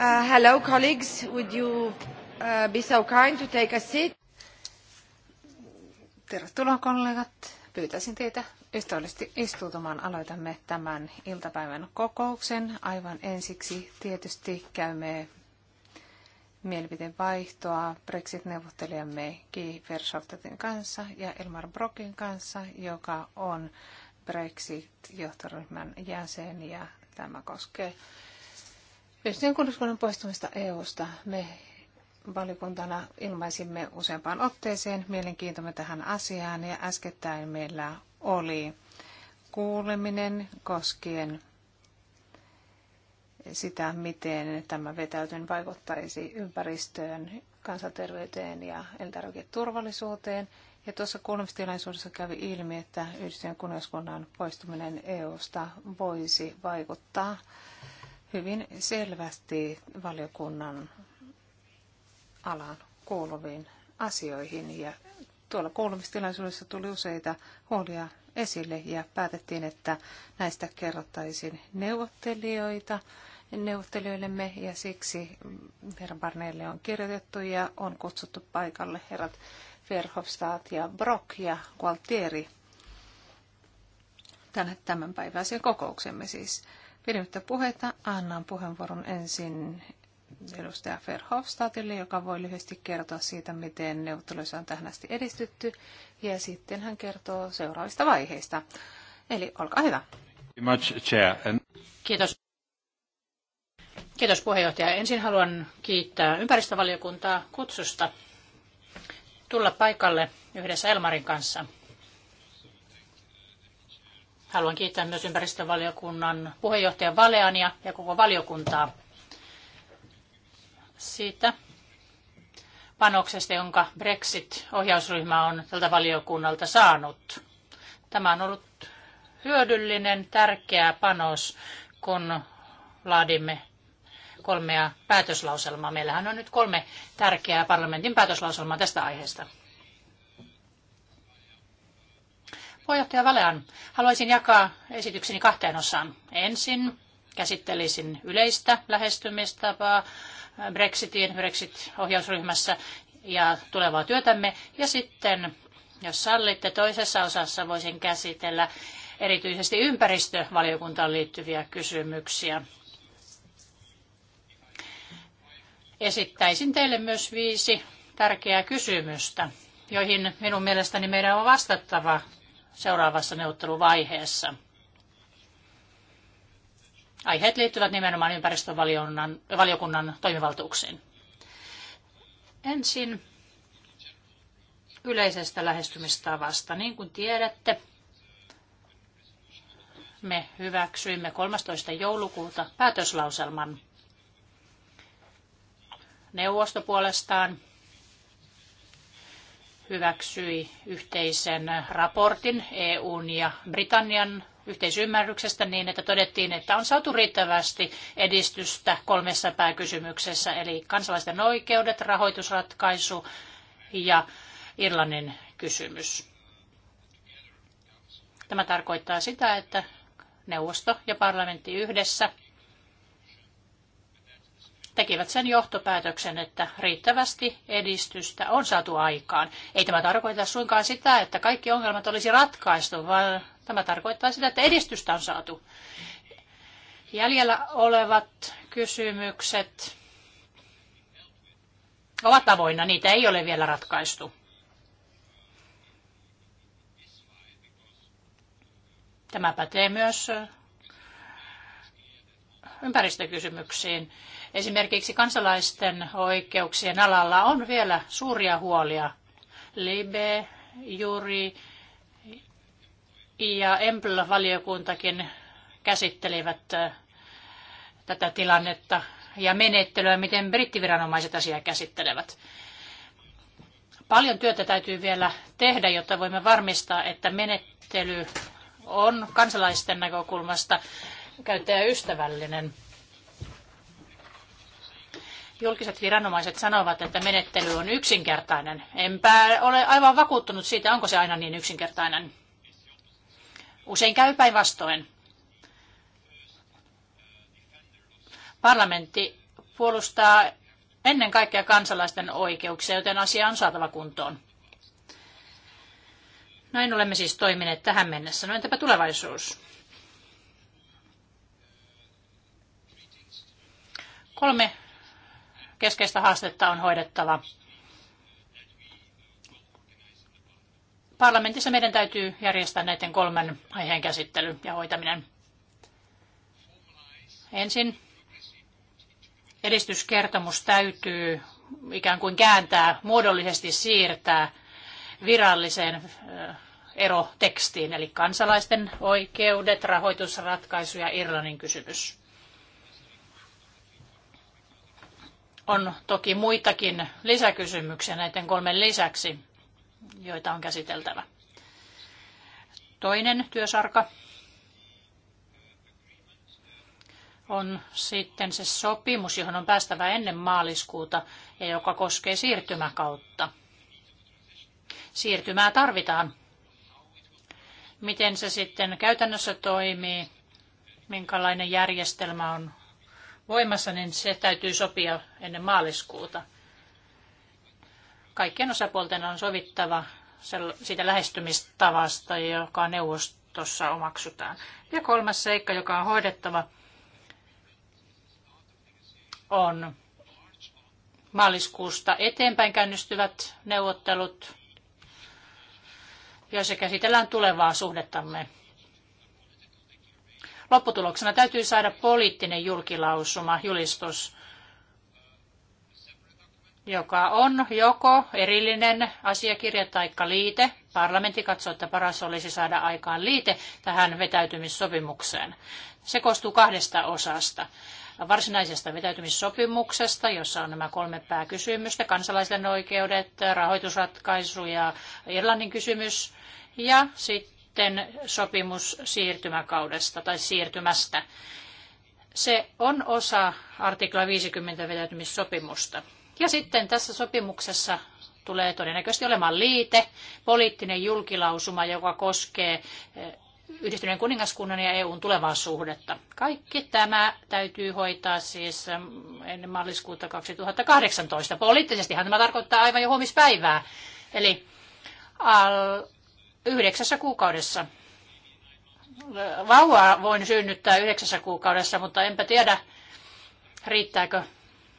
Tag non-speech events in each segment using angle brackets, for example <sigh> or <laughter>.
Uh, hello, colleagues. Would you uh, be so kind to take a seat? Tervetuloa kollegat. Pyytäisin teitä ystävällisesti istuutumaan. Aloitamme tämän iltapäivän kokouksen. Aivan ensiksi tietysti käymme mielipiteenvaihtoa Brexit-neuvottelijamme Guy Verhofstadtin kanssa ja Elmar Brokin kanssa, joka on Brexit-johtoryhmän jäsen ja tämä koskee Yhdistyneen kuningaskunnan poistumista EU-sta me valiokuntana ilmaisimme useampaan otteeseen mielenkiintomme tähän asiaan ja äskettäin meillä oli kuuleminen koskien sitä, miten tämä vetäytyminen vaikuttaisi ympäristöön, kansanterveyteen ja elintarviketurvallisuuteen. Ja tuossa kuulemistilaisuudessa kävi ilmi, että yhdistyneen kuningaskunnan poistuminen EU-sta voisi vaikuttaa hyvin selvästi valiokunnan alan kuuluviin asioihin ja tuolla kuulumistilaisuudessa tuli useita huolia esille ja päätettiin, että näistä kerrottaisiin neuvottelijoita neuvottelijoillemme ja siksi herra Barneille on kirjoitettu ja on kutsuttu paikalle herrat Verhofstadt ja Brock ja Gualtieri tänne tämän päiväisen kokouksemme siis. Pidemmittä puheita annan puheenvuoron ensin edustaja Verhofstadille, joka voi lyhyesti kertoa siitä, miten neuvotteluissa on tähän asti edistytty, ja sitten hän kertoo seuraavista vaiheista. Eli olkaa hyvä. Kiitos. Kiitos puheenjohtaja. Ensin haluan kiittää ympäristövaliokuntaa kutsusta tulla paikalle yhdessä Elmarin kanssa – Haluan kiittää myös ympäristövaliokunnan puheenjohtaja Valeania ja koko valiokuntaa siitä panoksesta, jonka Brexit-ohjausryhmä on tältä valiokunnalta saanut. Tämä on ollut hyödyllinen, tärkeä panos, kun laadimme kolmea päätöslauselmaa. Meillähän on nyt kolme tärkeää parlamentin päätöslauselmaa tästä aiheesta. Puheenjohtaja Valean, haluaisin jakaa esitykseni kahteen osaan. Ensin käsittelisin yleistä lähestymistapaa Brexitin, Brexit-ohjausryhmässä ja tulevaa työtämme. Ja sitten, jos sallitte, toisessa osassa voisin käsitellä erityisesti ympäristövaliokuntaan liittyviä kysymyksiä. Esittäisin teille myös viisi tärkeää kysymystä, joihin minun mielestäni meidän on vastattava seuraavassa neuvotteluvaiheessa. Aiheet liittyvät nimenomaan ympäristövaliokunnan toimivaltuuksiin. Ensin yleisestä lähestymistavasta. Niin kuin tiedätte, me hyväksyimme 13. joulukuuta päätöslauselman neuvosto puolestaan hyväksyi yhteisen raportin EUn ja Britannian yhteisymmärryksestä niin, että todettiin, että on saatu riittävästi edistystä kolmessa pääkysymyksessä, eli kansalaisten oikeudet, rahoitusratkaisu ja Irlannin kysymys. Tämä tarkoittaa sitä, että neuvosto ja parlamentti yhdessä tekivät sen johtopäätöksen, että riittävästi edistystä on saatu aikaan. Ei tämä tarkoita suinkaan sitä, että kaikki ongelmat olisi ratkaistu, vaan tämä tarkoittaa sitä, että edistystä on saatu. Jäljellä olevat kysymykset ovat avoinna, niitä ei ole vielä ratkaistu. Tämä pätee myös ympäristökysymyksiin. Esimerkiksi kansalaisten oikeuksien alalla on vielä suuria huolia. Libe, Juri ja Empl-valiokuntakin käsittelivät tätä tilannetta ja menettelyä, miten brittiviranomaiset asiaa käsittelevät. Paljon työtä täytyy vielä tehdä, jotta voimme varmistaa, että menettely on kansalaisten näkökulmasta käyttäjäystävällinen julkiset viranomaiset sanovat, että menettely on yksinkertainen. Enpä ole aivan vakuuttunut siitä, onko se aina niin yksinkertainen. Usein käy päinvastoin. Parlamentti puolustaa ennen kaikkea kansalaisten oikeuksia, joten asia on saatava kuntoon. Näin olemme siis toimineet tähän mennessä. No entäpä tulevaisuus? Kolme keskeistä haastetta on hoidettava. Parlamentissa meidän täytyy järjestää näiden kolmen aiheen käsittely ja hoitaminen. Ensin edistyskertomus täytyy ikään kuin kääntää, muodollisesti siirtää viralliseen erotekstiin, eli kansalaisten oikeudet, rahoitusratkaisu ja Irlannin kysymys. On toki muitakin lisäkysymyksiä näiden kolmen lisäksi, joita on käsiteltävä. Toinen työsarka on sitten se sopimus, johon on päästävä ennen maaliskuuta ja joka koskee siirtymäkautta. Siirtymää tarvitaan. Miten se sitten käytännössä toimii, minkälainen järjestelmä on voimassa, niin se täytyy sopia ennen maaliskuuta. Kaikkien osapuolten on sovittava siitä lähestymistavasta, joka neuvostossa omaksutaan. Ja kolmas seikka, joka on hoidettava, on maaliskuusta eteenpäin käynnistyvät neuvottelut, joissa käsitellään tulevaa suhdettamme Lopputuloksena täytyy saada poliittinen julkilausuma, julistus, joka on joko erillinen asiakirja tai liite. Parlamentti katsoo, että paras olisi saada aikaan liite tähän vetäytymissopimukseen. Se koostuu kahdesta osasta varsinaisesta vetäytymissopimuksesta, jossa on nämä kolme pääkysymystä, kansalaisten oikeudet, rahoitusratkaisu ja Irlannin kysymys. Ja sitten sitten sopimus siirtymäkaudesta tai siirtymästä. Se on osa artikla 50 vetäytymissopimusta. Ja sitten tässä sopimuksessa tulee todennäköisesti olemaan liite, poliittinen julkilausuma, joka koskee eh, yhdistyneen kuningaskunnan ja EUn tulevaa suhdetta. Kaikki tämä täytyy hoitaa siis eh, ennen maaliskuuta 2018. Poliittisestihan tämä tarkoittaa aivan jo huomispäivää. Eli al- yhdeksässä kuukaudessa. Vauvaa voin synnyttää yhdeksässä kuukaudessa, mutta enpä tiedä, riittääkö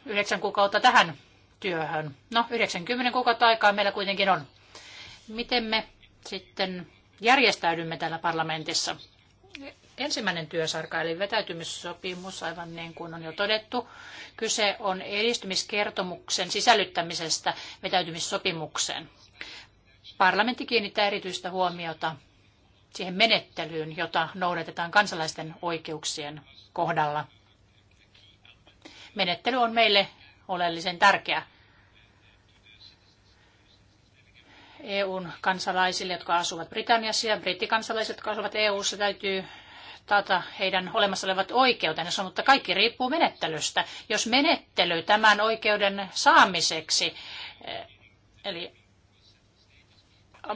yhdeksän kuukautta tähän työhön. No, 90 kuukautta aikaa meillä kuitenkin on. Miten me sitten järjestäydymme täällä parlamentissa? Ensimmäinen työsarka, eli vetäytymissopimus, aivan niin kuin on jo todettu. Kyse on edistymiskertomuksen sisällyttämisestä vetäytymissopimukseen. Parlamentti kiinnittää erityistä huomiota siihen menettelyyn, jota noudatetaan kansalaisten oikeuksien kohdalla. Menettely on meille oleellisen tärkeä. EUn kansalaisille, jotka asuvat Britanniassa ja brittikansalaiset, jotka asuvat EUssa, täytyy taata heidän olemassa olevat oikeutensa, mutta kaikki riippuu menettelystä. Jos menettely tämän oikeuden saamiseksi, eh, eli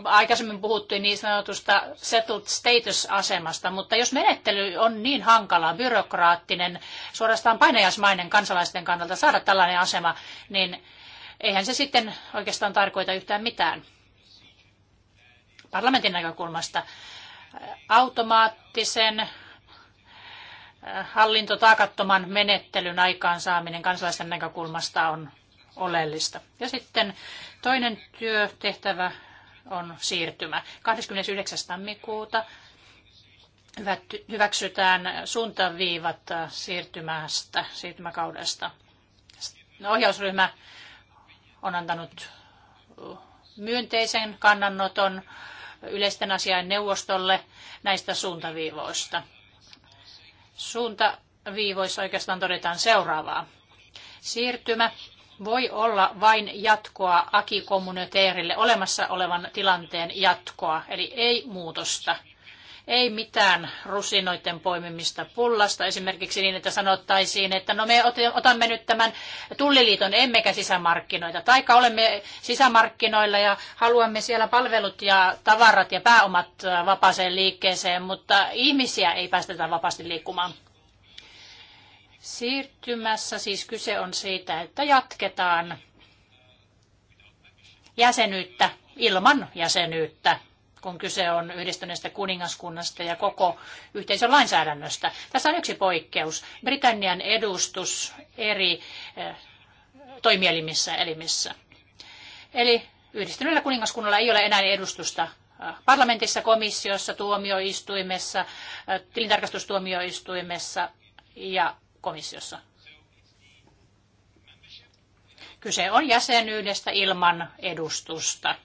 aikaisemmin puhuttiin niin sanotusta settled status-asemasta, mutta jos menettely on niin hankala, byrokraattinen, suorastaan painajasmainen kansalaisten kannalta saada tällainen asema, niin eihän se sitten oikeastaan tarkoita yhtään mitään. Parlamentin näkökulmasta äh, automaattisen äh, hallintotaakattoman menettelyn aikaansaaminen kansalaisten näkökulmasta on oleellista. Ja sitten toinen työtehtävä on siirtymä. 29. tammikuuta hyväksytään suuntaviivat äh, siirtymästä, siirtymäkaudesta. No, ohjausryhmä on antanut uh, myönteisen kannanoton yleisten asiain neuvostolle näistä suuntaviivoista. Suuntaviivoissa oikeastaan todetaan seuraavaa. Siirtymä voi olla vain jatkoa akikommuniteerille, olemassa olevan tilanteen jatkoa, eli ei muutosta. Ei mitään rusinoiden poimimista pullasta, esimerkiksi niin, että sanottaisiin, että no me otamme nyt tämän tulliliiton emmekä sisämarkkinoita, taikka olemme sisämarkkinoilla ja haluamme siellä palvelut ja tavarat ja pääomat vapaaseen liikkeeseen, mutta ihmisiä ei päästetä vapaasti liikkumaan siirtymässä. Siis kyse on siitä, että jatketaan jäsenyyttä ilman jäsenyyttä, kun kyse on yhdistyneestä kuningaskunnasta ja koko yhteisön lainsäädännöstä. Tässä on yksi poikkeus. Britannian edustus eri eh, toimielimissä elimissä. Eli yhdistyneellä kuningaskunnalla ei ole enää edustusta eh, parlamentissa, komissiossa, tuomioistuimessa, eh, tilintarkastustuomioistuimessa ja komissiossa. Kyse on jäsenyydestä ilman edustusta.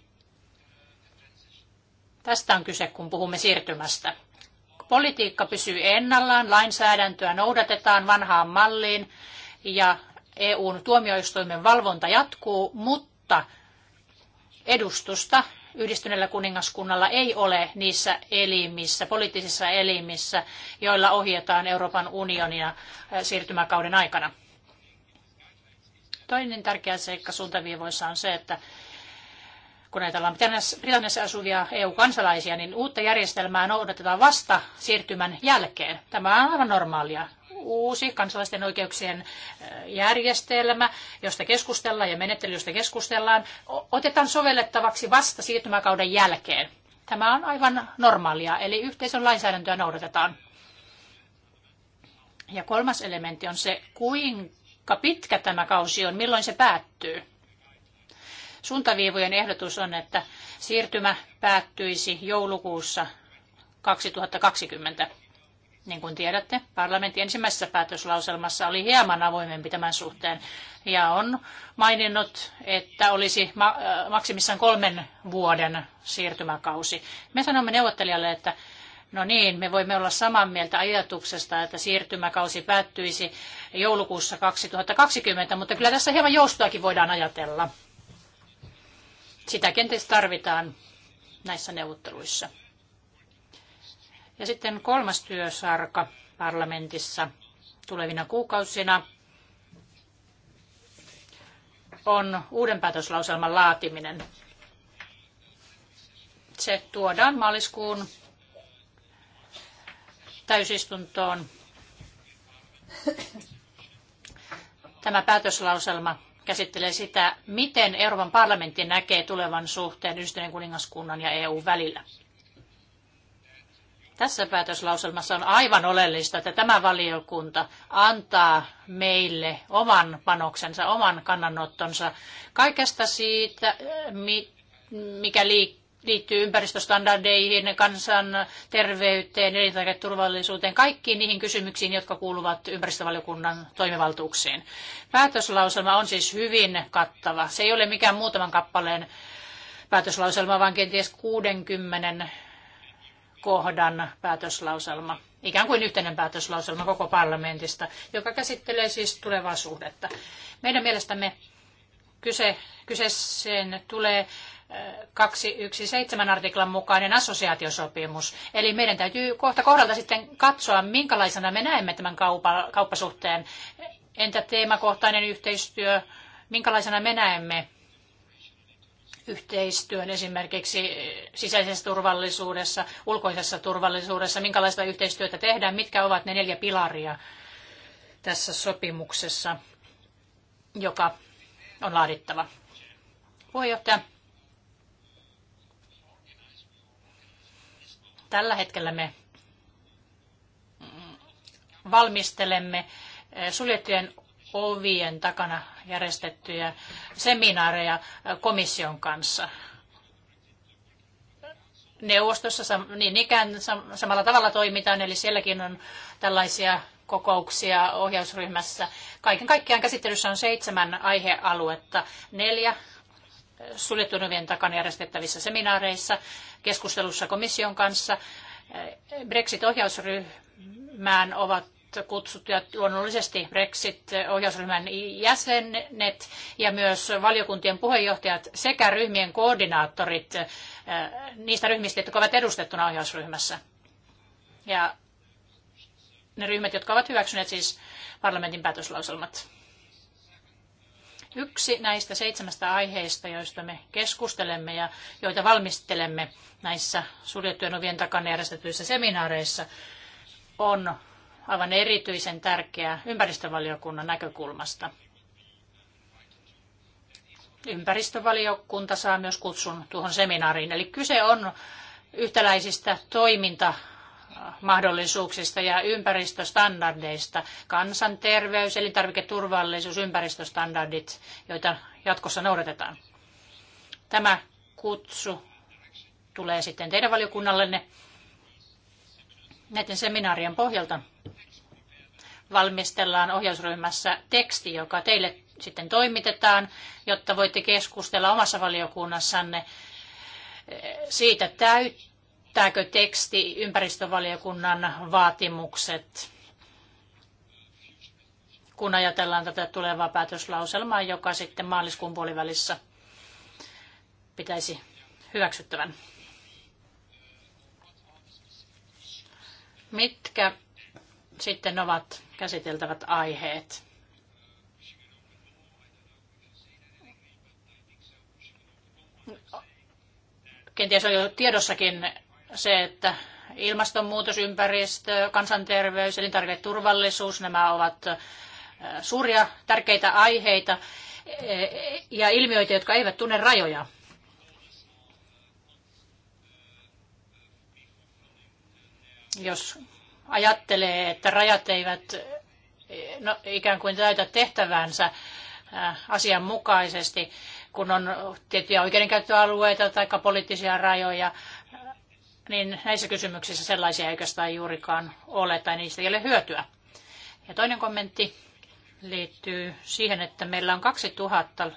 Tästä on kyse, kun puhumme siirtymästä. Politiikka pysyy ennallaan, lainsäädäntöä noudatetaan vanhaan malliin ja EUn tuomioistuimen valvonta jatkuu, mutta edustusta yhdistyneellä kuningaskunnalla ei ole niissä elimissä, poliittisissa elimissä, joilla ohjataan Euroopan unionia siirtymäkauden aikana. Toinen tärkeä seikka suuntaviivoissa on se, että kun ajatellaan Britanniassa asuvia EU-kansalaisia, niin uutta järjestelmää noudatetaan vasta siirtymän jälkeen. Tämä on aivan normaalia uusi kansalaisten oikeuksien järjestelmä, josta keskustellaan ja menettely, josta keskustellaan, otetaan sovellettavaksi vasta siirtymäkauden jälkeen. Tämä on aivan normaalia, eli yhteisön lainsäädäntöä noudatetaan. Ja kolmas elementti on se, kuinka pitkä tämä kausi on, milloin se päättyy. Suuntaviivojen ehdotus on, että siirtymä päättyisi joulukuussa 2020. Niin kuin tiedätte, parlamentin ensimmäisessä päätöslauselmassa oli hieman avoimempi tämän suhteen ja on maininnut, että olisi äh, maksimissaan kolmen vuoden siirtymäkausi. Me sanomme neuvottelijalle, että No niin, me voimme olla samaa mieltä ajatuksesta, että siirtymäkausi päättyisi joulukuussa 2020, mutta kyllä tässä hieman joustoakin voidaan ajatella. Sitä kenties tarvitaan näissä neuvotteluissa. Ja sitten kolmas työsarka parlamentissa tulevina kuukausina on uuden päätöslauselman laatiminen. Se tuodaan maaliskuun täysistuntoon. Tämä päätöslauselma käsittelee sitä, miten Euroopan parlamentti näkee tulevan suhteen Yhdistyneen kuningaskunnan ja EU välillä. Tässä päätöslauselmassa on aivan oleellista, että tämä valiokunta antaa meille oman panoksensa, oman kannanottonsa kaikesta siitä, mikä liittyy ympäristöstandardeihin, kansanterveyteen, elintarviketurvallisuuteen, kaikkiin niihin kysymyksiin, jotka kuuluvat ympäristövaliokunnan toimivaltuuksiin. Päätöslauselma on siis hyvin kattava. Se ei ole mikään muutaman kappaleen päätöslauselma, vaan kenties 60 kohdan päätöslauselma, ikään kuin yhteinen päätöslauselma koko parlamentista, joka käsittelee siis tulevaa suhdetta. Meidän mielestämme kyse, kyseeseen tulee 217 äh, artiklan mukainen assosiaatiosopimus. Eli meidän täytyy kohta kohdalta sitten katsoa, minkälaisena me näemme tämän kaupa, kauppasuhteen. Entä teemakohtainen yhteistyö, minkälaisena me näemme yhteistyön esimerkiksi sisäisessä turvallisuudessa, ulkoisessa turvallisuudessa, minkälaista yhteistyötä tehdään, mitkä ovat ne neljä pilaria tässä sopimuksessa, joka on laadittava. Puheenjohtaja, tällä hetkellä me valmistelemme suljettujen ovien takana järjestettyjä seminaareja komission kanssa. Neuvostossa niin ikään samalla tavalla toimitaan, eli sielläkin on tällaisia kokouksia ohjausryhmässä. Kaiken kaikkiaan käsittelyssä on seitsemän aihealuetta, neljä suljettujen ovien takana järjestettävissä seminaareissa, keskustelussa komission kanssa. Brexit-ohjausryhmään ovat kutsut ja luonnollisesti Brexit-ohjausryhmän jäsenet ja myös valiokuntien puheenjohtajat sekä ryhmien koordinaattorit äh, niistä ryhmistä, jotka ovat edustettuna ohjausryhmässä. Ja ne ryhmät, jotka ovat hyväksyneet siis parlamentin päätöslauselmat. Yksi näistä seitsemästä aiheesta, joista me keskustelemme ja joita valmistelemme näissä suljettujen ovien takana järjestetyissä seminaareissa, on aivan erityisen tärkeä ympäristövaliokunnan näkökulmasta. Ympäristövaliokunta saa myös kutsun tuohon seminaariin. Eli kyse on yhtäläisistä toimintamahdollisuuksista ja ympäristöstandardeista. Kansanterveys, elintarviketurvallisuus, ympäristöstandardit, joita jatkossa noudatetaan. Tämä kutsu tulee sitten teidän valiokunnallenne näiden seminaarien pohjalta valmistellaan ohjausryhmässä teksti, joka teille sitten toimitetaan, jotta voitte keskustella omassa valiokunnassanne eh, siitä, täyttääkö teksti ympäristövaliokunnan vaatimukset, kun ajatellaan tätä tulevaa päätöslauselmaa, joka sitten maaliskuun puolivälissä pitäisi hyväksyttävän. Mitkä sitten ovat käsiteltävät aiheet? Kenties on jo tiedossakin se, että ilmastonmuutos, ympäristö, kansanterveys, elintarviketurvallisuus, nämä ovat suuria tärkeitä aiheita e, e, ja ilmiöitä, jotka eivät tunne rajoja. jos ajattelee, että rajat eivät no, ikään kuin täytä tehtävänsä äh, asianmukaisesti, kun on tiettyjä oikeudenkäyttöalueita tai poliittisia rajoja, niin näissä kysymyksissä sellaisia ei oikeastaan juurikaan ole tai niistä ei ole hyötyä. Ja toinen kommentti liittyy siihen, että meillä on 2000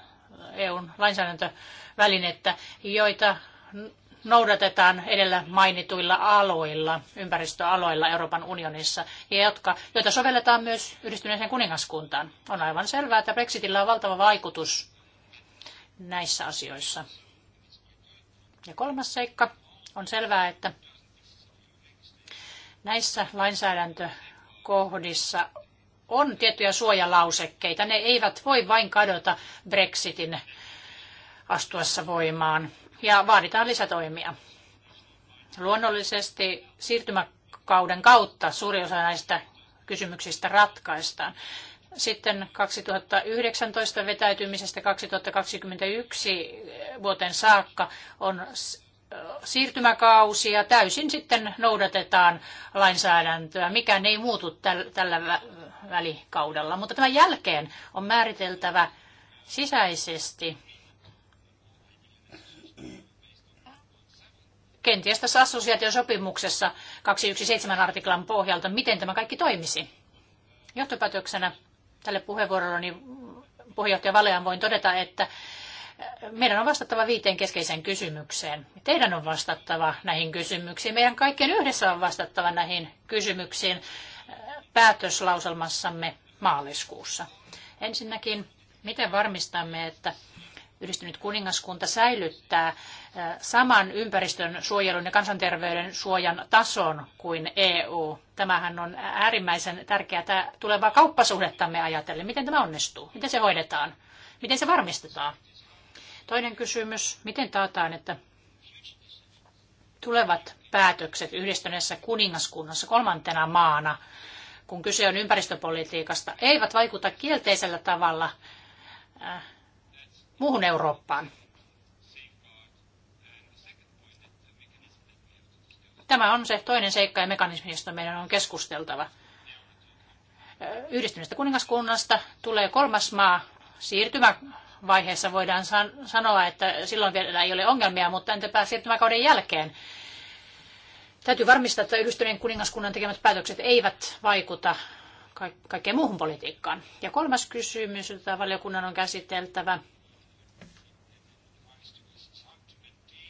EUn lainsäädäntövälinettä, joita noudatetaan edellä mainituilla aloilla, ympäristöaloilla Euroopan unionissa, ja jotka, joita sovelletaan myös yhdistyneeseen kuningaskuntaan. On aivan selvää, että Brexitillä on valtava vaikutus näissä asioissa. Ja kolmas seikka on selvää, että näissä lainsäädäntökohdissa on tiettyjä suojalausekkeita. Ne eivät voi vain kadota Brexitin astuessa voimaan ja vaaditaan lisätoimia. Luonnollisesti siirtymäkauden kautta suuri osa näistä kysymyksistä ratkaistaan. Sitten 2019 vetäytymisestä 2021 vuoteen saakka on siirtymäkausi ja täysin sitten noudatetaan lainsäädäntöä. Mikään ei muutu tällä välikaudella, mutta tämän jälkeen on määriteltävä sisäisesti kenties tässä assosiaatiosopimuksessa 217 artiklan pohjalta, miten tämä kaikki toimisi. Johtopäätöksenä tälle puheenvuorollani puheenjohtaja Valean voin todeta, että äh, meidän on vastattava viiteen keskeiseen kysymykseen. Teidän on vastattava näihin kysymyksiin. Meidän kaikkien yhdessä on vastattava näihin kysymyksiin äh, päätöslauselmassamme maaliskuussa. Ensinnäkin, miten varmistamme, että yhdistynyt kuningaskunta säilyttää saman ympäristön suojelun ja kansanterveyden suojan tason kuin EU. Tämähän on äärimmäisen tärkeää tulevaa kauppasuhdettamme ajatellen. Miten tämä onnistuu? Miten se hoidetaan? Miten se varmistetaan? Toinen kysymys, miten taataan, että tulevat päätökset yhdistyneessä kuningaskunnassa kolmantena maana, kun kyse on ympäristöpolitiikasta, eivät vaikuta kielteisellä tavalla äh, muuhun Eurooppaan. Tämä on se toinen seikka ja mekanismi, josta meidän on keskusteltava. Yhdistyneestä kuningaskunnasta tulee kolmas maa. Siirtymävaiheessa voidaan sanoa, että silloin vielä ei ole ongelmia, mutta entäpä siirtymäkauden jälkeen? Täytyy varmistaa, että yhdistyneen kuningaskunnan tekemät päätökset eivät vaikuta kaikkeen muuhun politiikkaan. Ja kolmas kysymys, jota valiokunnan on käsiteltävä,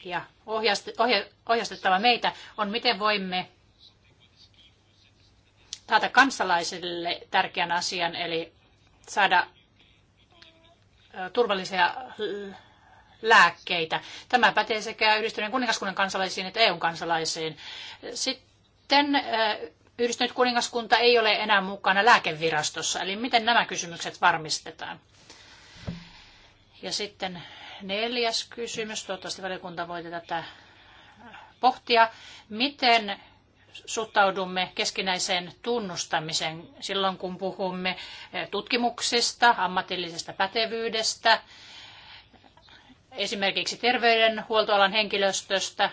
ja ohjastettava meitä on, miten voimme taata kansalaisille tärkeän asian, eli saada turvallisia lääkkeitä. Tämä pätee sekä yhdistyneen kuningaskunnan kansalaisiin että eu kansalaisiin. Sitten yhdistynyt kuningaskunta ei ole enää mukana lääkevirastossa, eli miten nämä kysymykset varmistetaan? Ja sitten neljäs kysymys. Toivottavasti valiokunta voi tätä pohtia. Miten suhtaudumme keskinäiseen tunnustamiseen silloin, kun puhumme tutkimuksesta, ammatillisesta pätevyydestä, esimerkiksi terveydenhuoltoalan henkilöstöstä.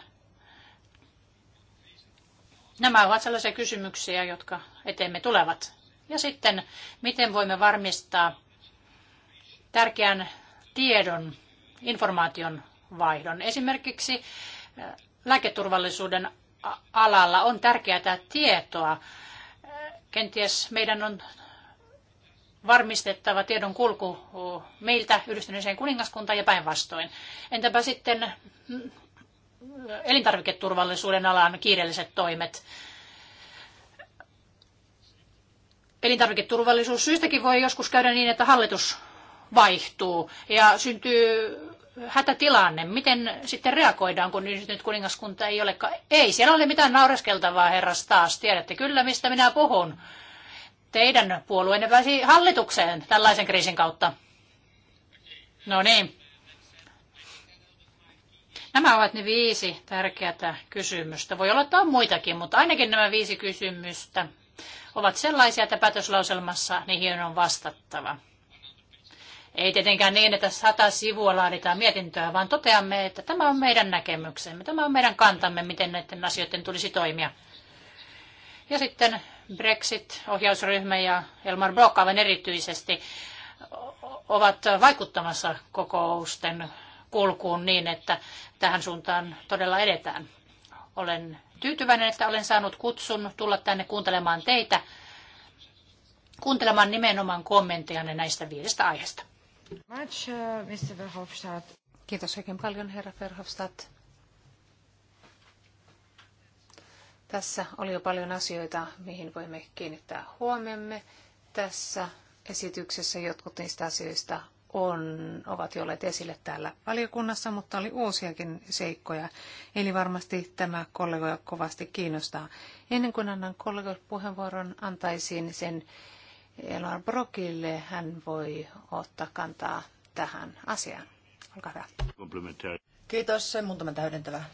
Nämä ovat sellaisia kysymyksiä, jotka eteemme tulevat. Ja sitten, miten voimme varmistaa tärkeän tiedon informaation vaihdon. Esimerkiksi lääketurvallisuuden alalla on tärkeää tietoa. Kenties meidän on varmistettava tiedon kulku meiltä yhdistyneeseen kuningaskuntaan ja päinvastoin. Entäpä sitten mm, elintarviketurvallisuuden alan kiireelliset toimet? Elintarviketurvallisuus syystäkin voi joskus käydä niin, että hallitus vaihtuu ja syntyy hätätilanne, miten sitten reagoidaan, kun nyt kuningaskunta ei olekaan? Ei, siellä ole mitään naureskeltavaa herras taas. Tiedätte kyllä, mistä minä puhun. Teidän puolueenne pääsi hallitukseen tällaisen kriisin kautta. No niin. Nämä ovat ne viisi tärkeää kysymystä. Voi olla, että on muitakin, mutta ainakin nämä viisi kysymystä ovat sellaisia, että päätöslauselmassa niihin on vastattava. Ei tietenkään niin, että sata sivua laaditaan mietintöä, vaan toteamme, että tämä on meidän näkemyksemme, tämä on meidän kantamme, miten näiden asioiden tulisi toimia. Ja sitten Brexit-ohjausryhmä ja Elmar Brock aivan erityisesti ovat vaikuttamassa kokousten kulkuun niin, että tähän suuntaan todella edetään. Olen tyytyväinen, että olen saanut kutsun tulla tänne kuuntelemaan teitä, kuuntelemaan nimenomaan kommenttejanne näistä viidestä aiheesta. Much, uh, Mr. Verhofstadt. Kiitos oikein paljon, herra Verhofstadt. Tässä oli jo paljon asioita, mihin voimme kiinnittää huomiomme. Tässä esityksessä jotkut niistä asioista on, ovat jo olleet esille täällä valiokunnassa, mutta oli uusiakin seikkoja. Eli varmasti tämä kollegoja kovasti kiinnostaa. Ennen kuin annan kollegoille puheenvuoron, antaisin sen Elon Brokille. Hän voi ottaa kantaa tähän asiaan. Olkaa hyvä. Kiitos. Muutama täydentävä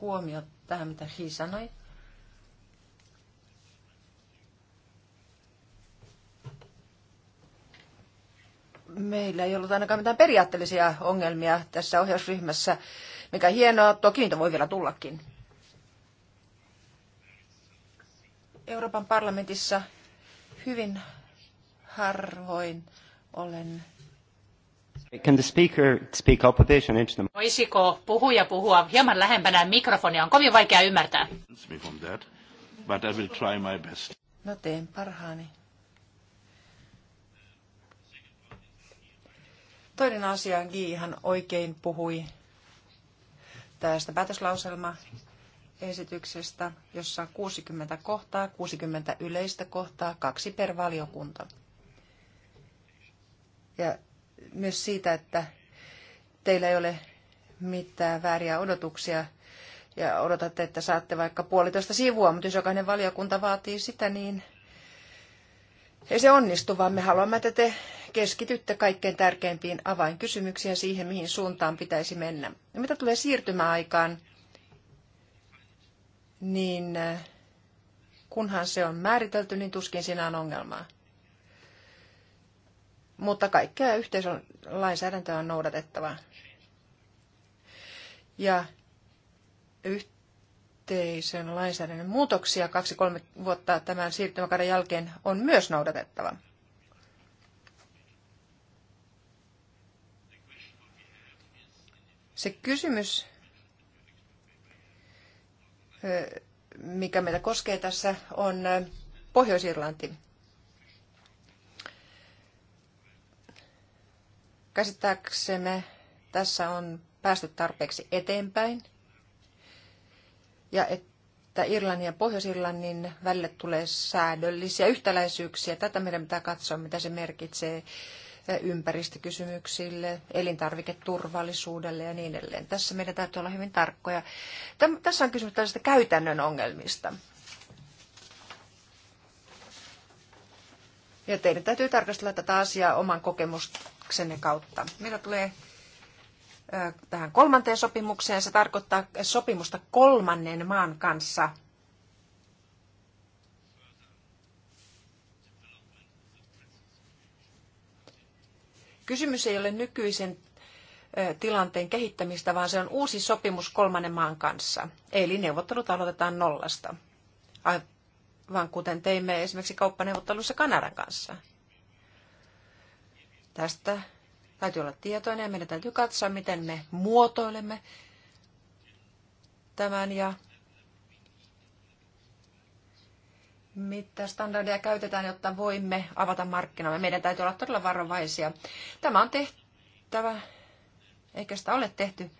huomio tähän, mitä Hi sanoi. meillä ei ollut ainakaan mitään periaatteellisia ongelmia tässä ohjausryhmässä, mikä hienoa, toki niitä voi vielä tullakin. Euroopan parlamentissa Hyvin harvoin olen Can the speaker speak up a bit and the... Voisiko puhuja puhua hieman lähempänä mikrofonia? On kovin vaikea ymmärtää. That, but I will try my best. No teen parhaani. Toinen asia, Gi ihan oikein puhui tästä päätöslauselma esityksestä, jossa on 60 kohtaa, 60 yleistä kohtaa, kaksi per valiokunta. Ja myös siitä, että teillä ei ole mitään vääriä odotuksia ja odotatte, että saatte vaikka puolitoista sivua, mutta jos jokainen valiokunta vaatii sitä, niin ei se onnistu, vaan me haluamme, että te keskitytte kaikkein tärkeimpiin avainkysymyksiin ja siihen, mihin suuntaan pitäisi mennä. Ja mitä tulee siirtymäaikaan, niin eh, kunhan se on määritelty, niin tuskin siinä on ongelmaa. Mutta kaikkea yhteisön lainsäädäntöä on noudatettava. Ja yhteisön lainsäädännön muutoksia kaksi-kolme vuotta tämän siirtymäkauden jälkeen on myös noudatettava. Se kysymys, mikä meitä koskee tässä, on Pohjois-Irlanti. Käsittääksemme tässä on päästy tarpeeksi eteenpäin ja että Irlannin ja Pohjois-Irlannin välille tulee säädöllisiä yhtäläisyyksiä. Tätä meidän pitää katsoa, mitä se merkitsee ympäristökysymyksille, elintarviketurvallisuudelle ja niin edelleen. Tässä meidän täytyy olla hyvin tarkkoja. Täm, tässä on kysymys tällaista käytännön ongelmista. Ja teidän täytyy tarkastella tätä asiaa oman kokemuksenne kautta. Meillä tulee tähän kolmanteen sopimukseen, se tarkoittaa sopimusta kolmannen maan kanssa – Kysymys ei ole nykyisen tilanteen kehittämistä, vaan se on uusi sopimus kolmannen maan kanssa. Eli neuvottelut aloitetaan nollasta, aivan kuten teimme esimerkiksi kauppaneuvottelussa Kanadan kanssa. Tästä täytyy olla tietoinen ja meidän täytyy katsoa, miten me muotoilemme tämän ja mitä standardeja käytetään, jotta voimme avata markkinamme. Meidän täytyy olla todella varovaisia. Tämä on tehtävä, eikä sitä ole tehty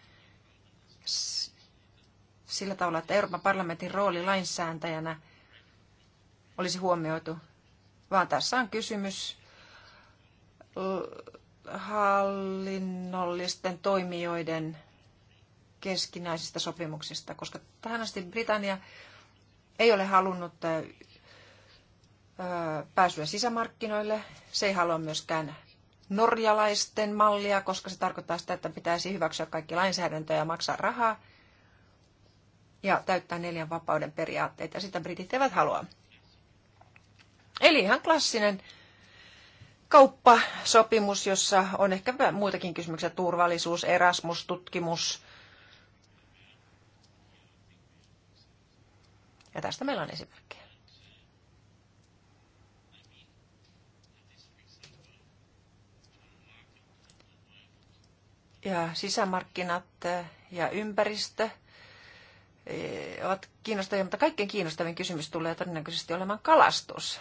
sillä tavalla, että Euroopan parlamentin rooli lainsääntäjänä olisi huomioitu, vaan tässä on kysymys hallinnollisten toimijoiden keskinäisistä sopimuksista, koska tähän asti Britannia ei ole halunnut pääsyä sisämarkkinoille. Se ei halua myöskään norjalaisten mallia, koska se tarkoittaa sitä, että pitäisi hyväksyä kaikki lainsäädäntö ja maksaa rahaa ja täyttää neljän vapauden periaatteita. Ja sitä britit eivät halua. Eli ihan klassinen kauppasopimus, jossa on ehkä muitakin kysymyksiä, turvallisuus, Erasmus, tutkimus. Ja tästä meillä on esimerkki. ja sisämarkkinat eh, ja ympäristö eh, ovat kiinnostavia, mutta kaikkein kiinnostavin kysymys tulee todennäköisesti olemaan kalastus.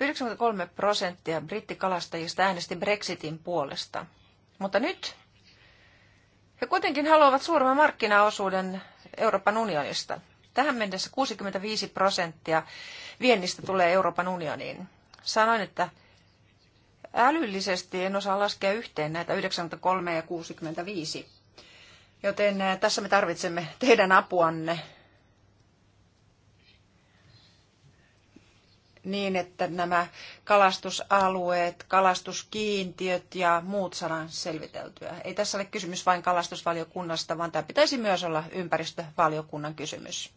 93 prosenttia brittikalastajista äänesti Brexitin puolesta. Mutta nyt he kuitenkin haluavat suuremman markkinaosuuden Euroopan unionista. Tähän mennessä 65 prosenttia viennistä tulee Euroopan unioniin. Sanoin, että Älyllisesti en osaa laskea yhteen näitä 93 ja 65. Joten eh, tässä me tarvitsemme teidän apuanne niin, että nämä kalastusalueet, kalastuskiintiöt ja muut saadaan selviteltyä. Ei tässä ole kysymys vain kalastusvaliokunnasta, vaan tämä pitäisi myös olla ympäristövaliokunnan kysymys.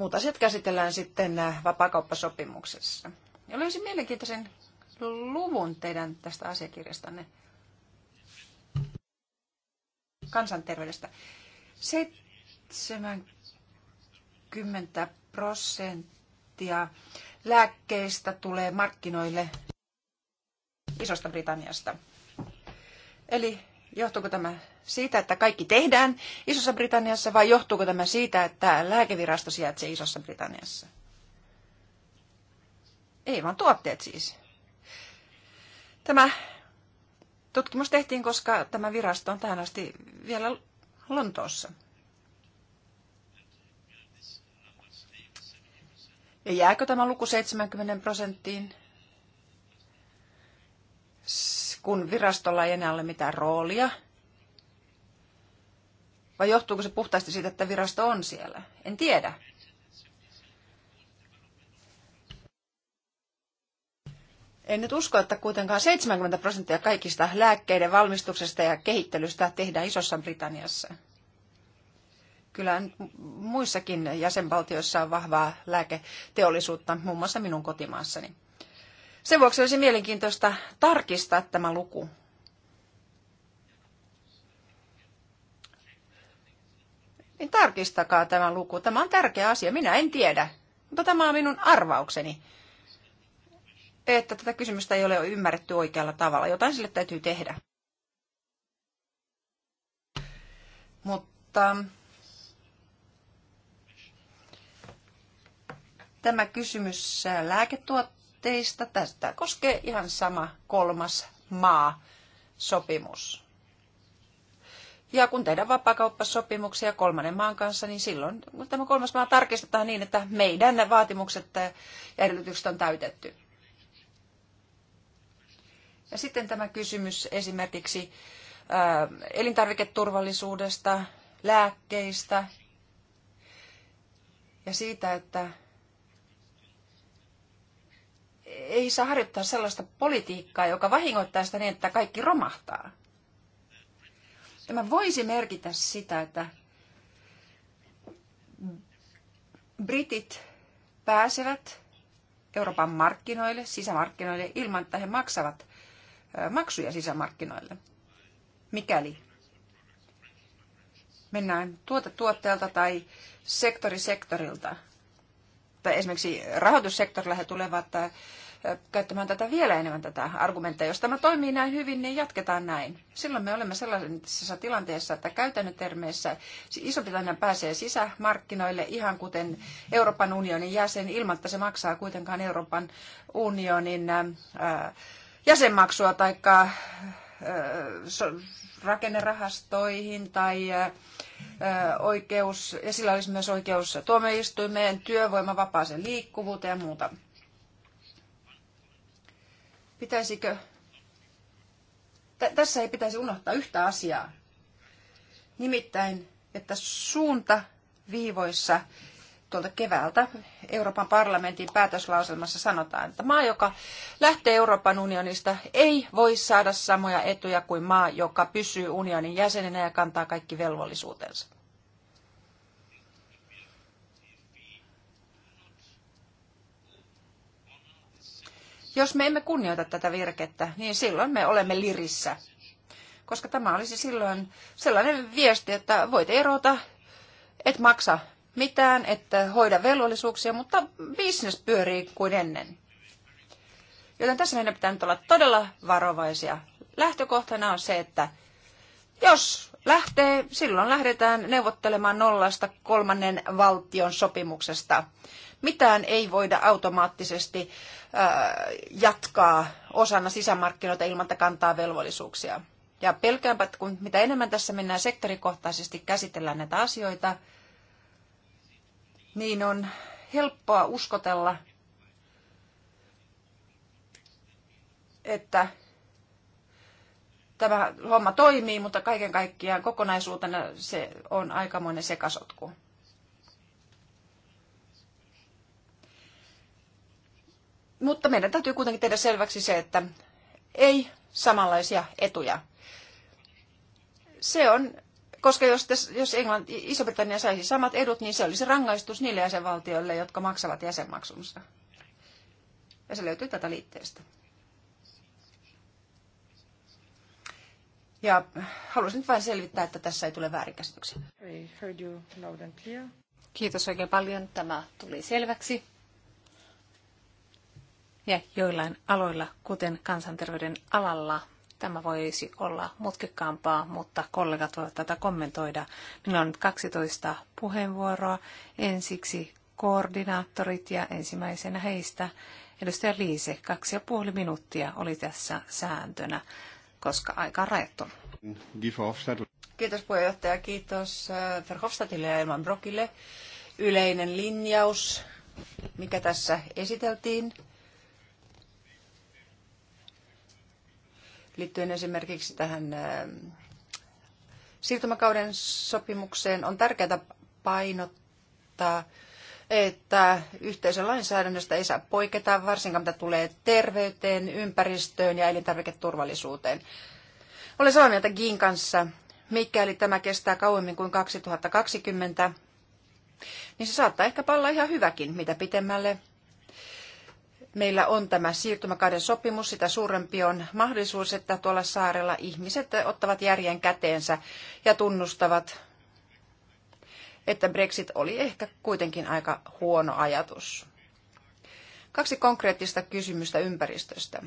Muut asiat käsitellään sitten äh, vapaakauppasopimuksessa. Ja löysin mielenkiintoisen luvun teidän tästä asiakirjastanne kansanterveydestä. 70 prosenttia lääkkeistä tulee markkinoille Isosta Britanniasta. Eli Johtuuko tämä siitä, että kaikki tehdään Isossa Britanniassa vai johtuuko tämä siitä, että lääkevirasto sijaitsee Isossa Britanniassa? Ei vaan tuotteet siis. Tämä tutkimus tehtiin, koska tämä virasto on tähän asti vielä Lontoossa. Ja jääkö tämä luku 70 prosenttiin? kun virastolla ei enää ole mitään roolia? Vai johtuuko se puhtaasti siitä, että virasto on siellä? En tiedä. En nyt usko, että kuitenkaan 70 prosenttia kaikista lääkkeiden valmistuksesta ja kehittelystä tehdään Isossa Britanniassa. Kyllä muissakin jäsenvaltioissa on vahvaa lääketeollisuutta, muun muassa minun kotimaassani. Sen vuoksi olisi mielenkiintoista tarkistaa tämä luku. Niin tarkistakaa tämä luku. Tämä on tärkeä asia. Minä en tiedä, mutta tämä on minun arvaukseni, että tätä kysymystä ei ole ymmärretty oikealla tavalla. Jotain sille täytyy tehdä. Mutta tämä kysymys lääketuotteesta tuotteista. Tästä koskee ihan sama kolmas maa sopimus. Ja kun tehdään vapaakauppasopimuksia kolmannen maan kanssa, niin silloin tämä kolmas maa tarkistetaan niin, että meidän vaatimukset ja edellytykset on täytetty. Ja sitten tämä kysymys esimerkiksi äh, elintarviketurvallisuudesta, lääkkeistä ja siitä, että ei saa harjoittaa sellaista politiikkaa, joka vahingoittaa sitä niin, että kaikki romahtaa. Tämä voisi merkitä sitä, että britit pääsevät Euroopan markkinoille, sisämarkkinoille, ilman että he maksavat maksuja sisämarkkinoille. Mikäli mennään tuota tuotteelta tai sektori sektorilta, tai esimerkiksi rahoitussektorilla he tulevat äh, käyttämään tätä vielä enemmän tätä argumenttia. Jos tämä toimii näin hyvin, niin jatketaan näin. Silloin me olemme sellaisessa tilanteessa, että käytännön termeissä Iso-Britannia pääsee sisämarkkinoille ihan kuten Euroopan unionin jäsen ilman, että se maksaa kuitenkaan Euroopan unionin äh, jäsenmaksua tai rakennerahastoihin tai oikeus, ja sillä olisi myös oikeus tuomioistuimeen, työvoiman vapaaseen liikkuvuuteen ja muuta. Pitäisikö, tässä ei pitäisi unohtaa yhtä asiaa, nimittäin, että suunta viivoissa tuolta keväältä Euroopan parlamentin päätöslauselmassa sanotaan, että maa, joka lähtee Euroopan unionista, ei voi saada samoja etuja kuin maa, joka pysyy unionin jäsenenä ja kantaa kaikki velvollisuutensa. Jos me emme kunnioita tätä virkettä, niin silloin me olemme lirissä. Koska tämä olisi silloin sellainen viesti, että voit erota, et maksa mitään, että hoida velvollisuuksia, mutta bisnes pyörii kuin ennen. Joten tässä meidän pitää nyt olla todella varovaisia. Lähtökohtana on se, että jos lähtee, silloin lähdetään neuvottelemaan nollasta kolmannen valtion sopimuksesta. Mitään ei voida automaattisesti jatkaa osana sisämarkkinoita ilman, että kantaa velvollisuuksia. Ja pelkäänpä, että kun mitä enemmän tässä mennään sektorikohtaisesti käsitellään näitä asioita, niin on helppoa uskotella, että tämä homma toimii, mutta kaiken kaikkiaan kokonaisuutena se on aikamoinen sekasotku. Mutta meidän täytyy kuitenkin tehdä selväksi se, että ei samanlaisia etuja. Se on koska jos, jos Englanti, Iso-Britannia saisi samat edut, niin se olisi rangaistus niille jäsenvaltioille, jotka maksavat jäsenmaksunsa. Ja se löytyy tätä liitteestä. Ja halusin nyt vain selvittää, että tässä ei tule väärinkäsityksiä. Kiitos oikein paljon. Tämä tuli selväksi. Ja joillain aloilla, kuten kansanterveyden alalla, Tämä voisi olla mutkikkaampaa, mutta kollegat voivat tätä kommentoida. Minulla on nyt 12 puheenvuoroa. Ensiksi koordinaattorit ja ensimmäisenä heistä edustaja Liise. Kaksi ja puoli minuuttia oli tässä sääntönä, koska aika on rajattu. Kiitos puheenjohtaja, kiitos äh, Verhofstadtille ja Elman Brokille. Yleinen linjaus, mikä tässä esiteltiin, liittyen esimerkiksi tähän siirtymäkauden sopimukseen, on tärkeää painottaa, että yhteisön lainsäädännöstä ei saa poiketa, varsinkaan mitä tulee terveyteen, ympäristöön ja elintarviketurvallisuuteen. Olen samaa mieltä Gin kanssa, mikäli tämä kestää kauemmin kuin 2020, niin se saattaa ehkä palla ihan hyväkin, mitä pitemmälle meillä on tämä siirtymäkauden sopimus, sitä suurempi on mahdollisuus, että tuolla saarella ihmiset ottavat järjen käteensä ja tunnustavat, että Brexit oli ehkä kuitenkin aika huono ajatus. Kaksi konkreettista kysymystä ympäristöstä.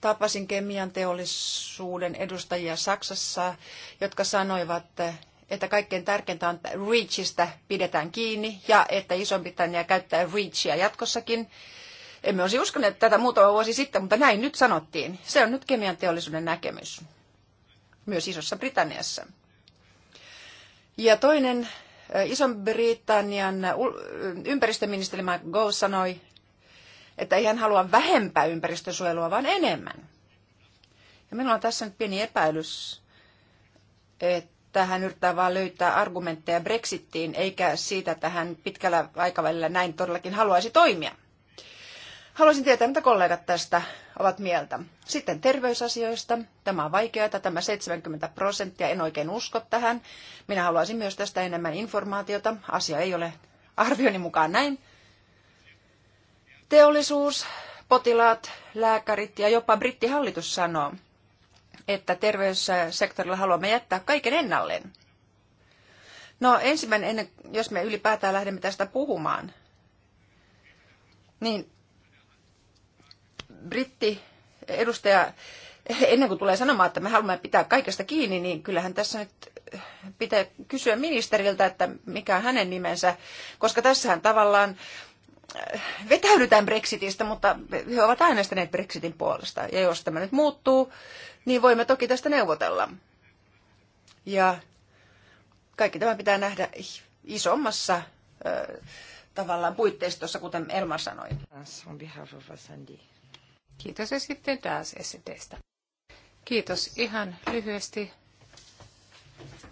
Tapasin kemian teollisuuden edustajia Saksassa, jotka sanoivat, että kaikkein tärkeintä on, että REACHista pidetään kiinni ja että Iso-Britannia käyttää REACHia jatkossakin. Emme olisi uskoneet tätä muutama vuosi sitten, mutta näin nyt sanottiin. Se on nyt kemian teollisuuden näkemys, myös Isossa Britanniassa. Ja toinen eh, iso britannian ympäristöministeri Go sanoi, että ei hän halua vähempää ympäristösuojelua, vaan enemmän. Ja minulla on tässä nyt pieni epäilys, että tähän yrittää vain löytää argumentteja Brexittiin, eikä siitä tähän pitkällä aikavälillä näin todellakin haluaisi toimia. Haluaisin tietää, mitä kollegat tästä ovat mieltä. Sitten terveysasioista. Tämä on vaikeaa, tämä 70 prosenttia, en oikein usko tähän. Minä haluaisin myös tästä enemmän informaatiota. Asia ei ole arvioni mukaan näin. Teollisuus, potilaat, lääkärit ja jopa brittihallitus sanoo, että terveyssektorilla haluamme jättää kaiken ennalleen. No ensimmäinen, ennen, jos me ylipäätään lähdemme tästä puhumaan, niin britti edustaja, ennen kuin tulee sanomaan, että me haluamme pitää kaikesta kiinni, niin kyllähän tässä nyt pitää kysyä ministeriltä, että mikä on hänen nimensä, koska tässähän tavallaan äh, vetäydytään Brexitistä, mutta he ovat äänestäneet Brexitin puolesta. Ja jos tämä nyt muuttuu, niin voimme toki tästä neuvotella. Ja kaikki tämä pitää nähdä isommassa äh, tavallaan puitteistossa, kuten Elma sanoi. Kiitos ja sitten taas esiteistä. Kiitos ihan lyhyesti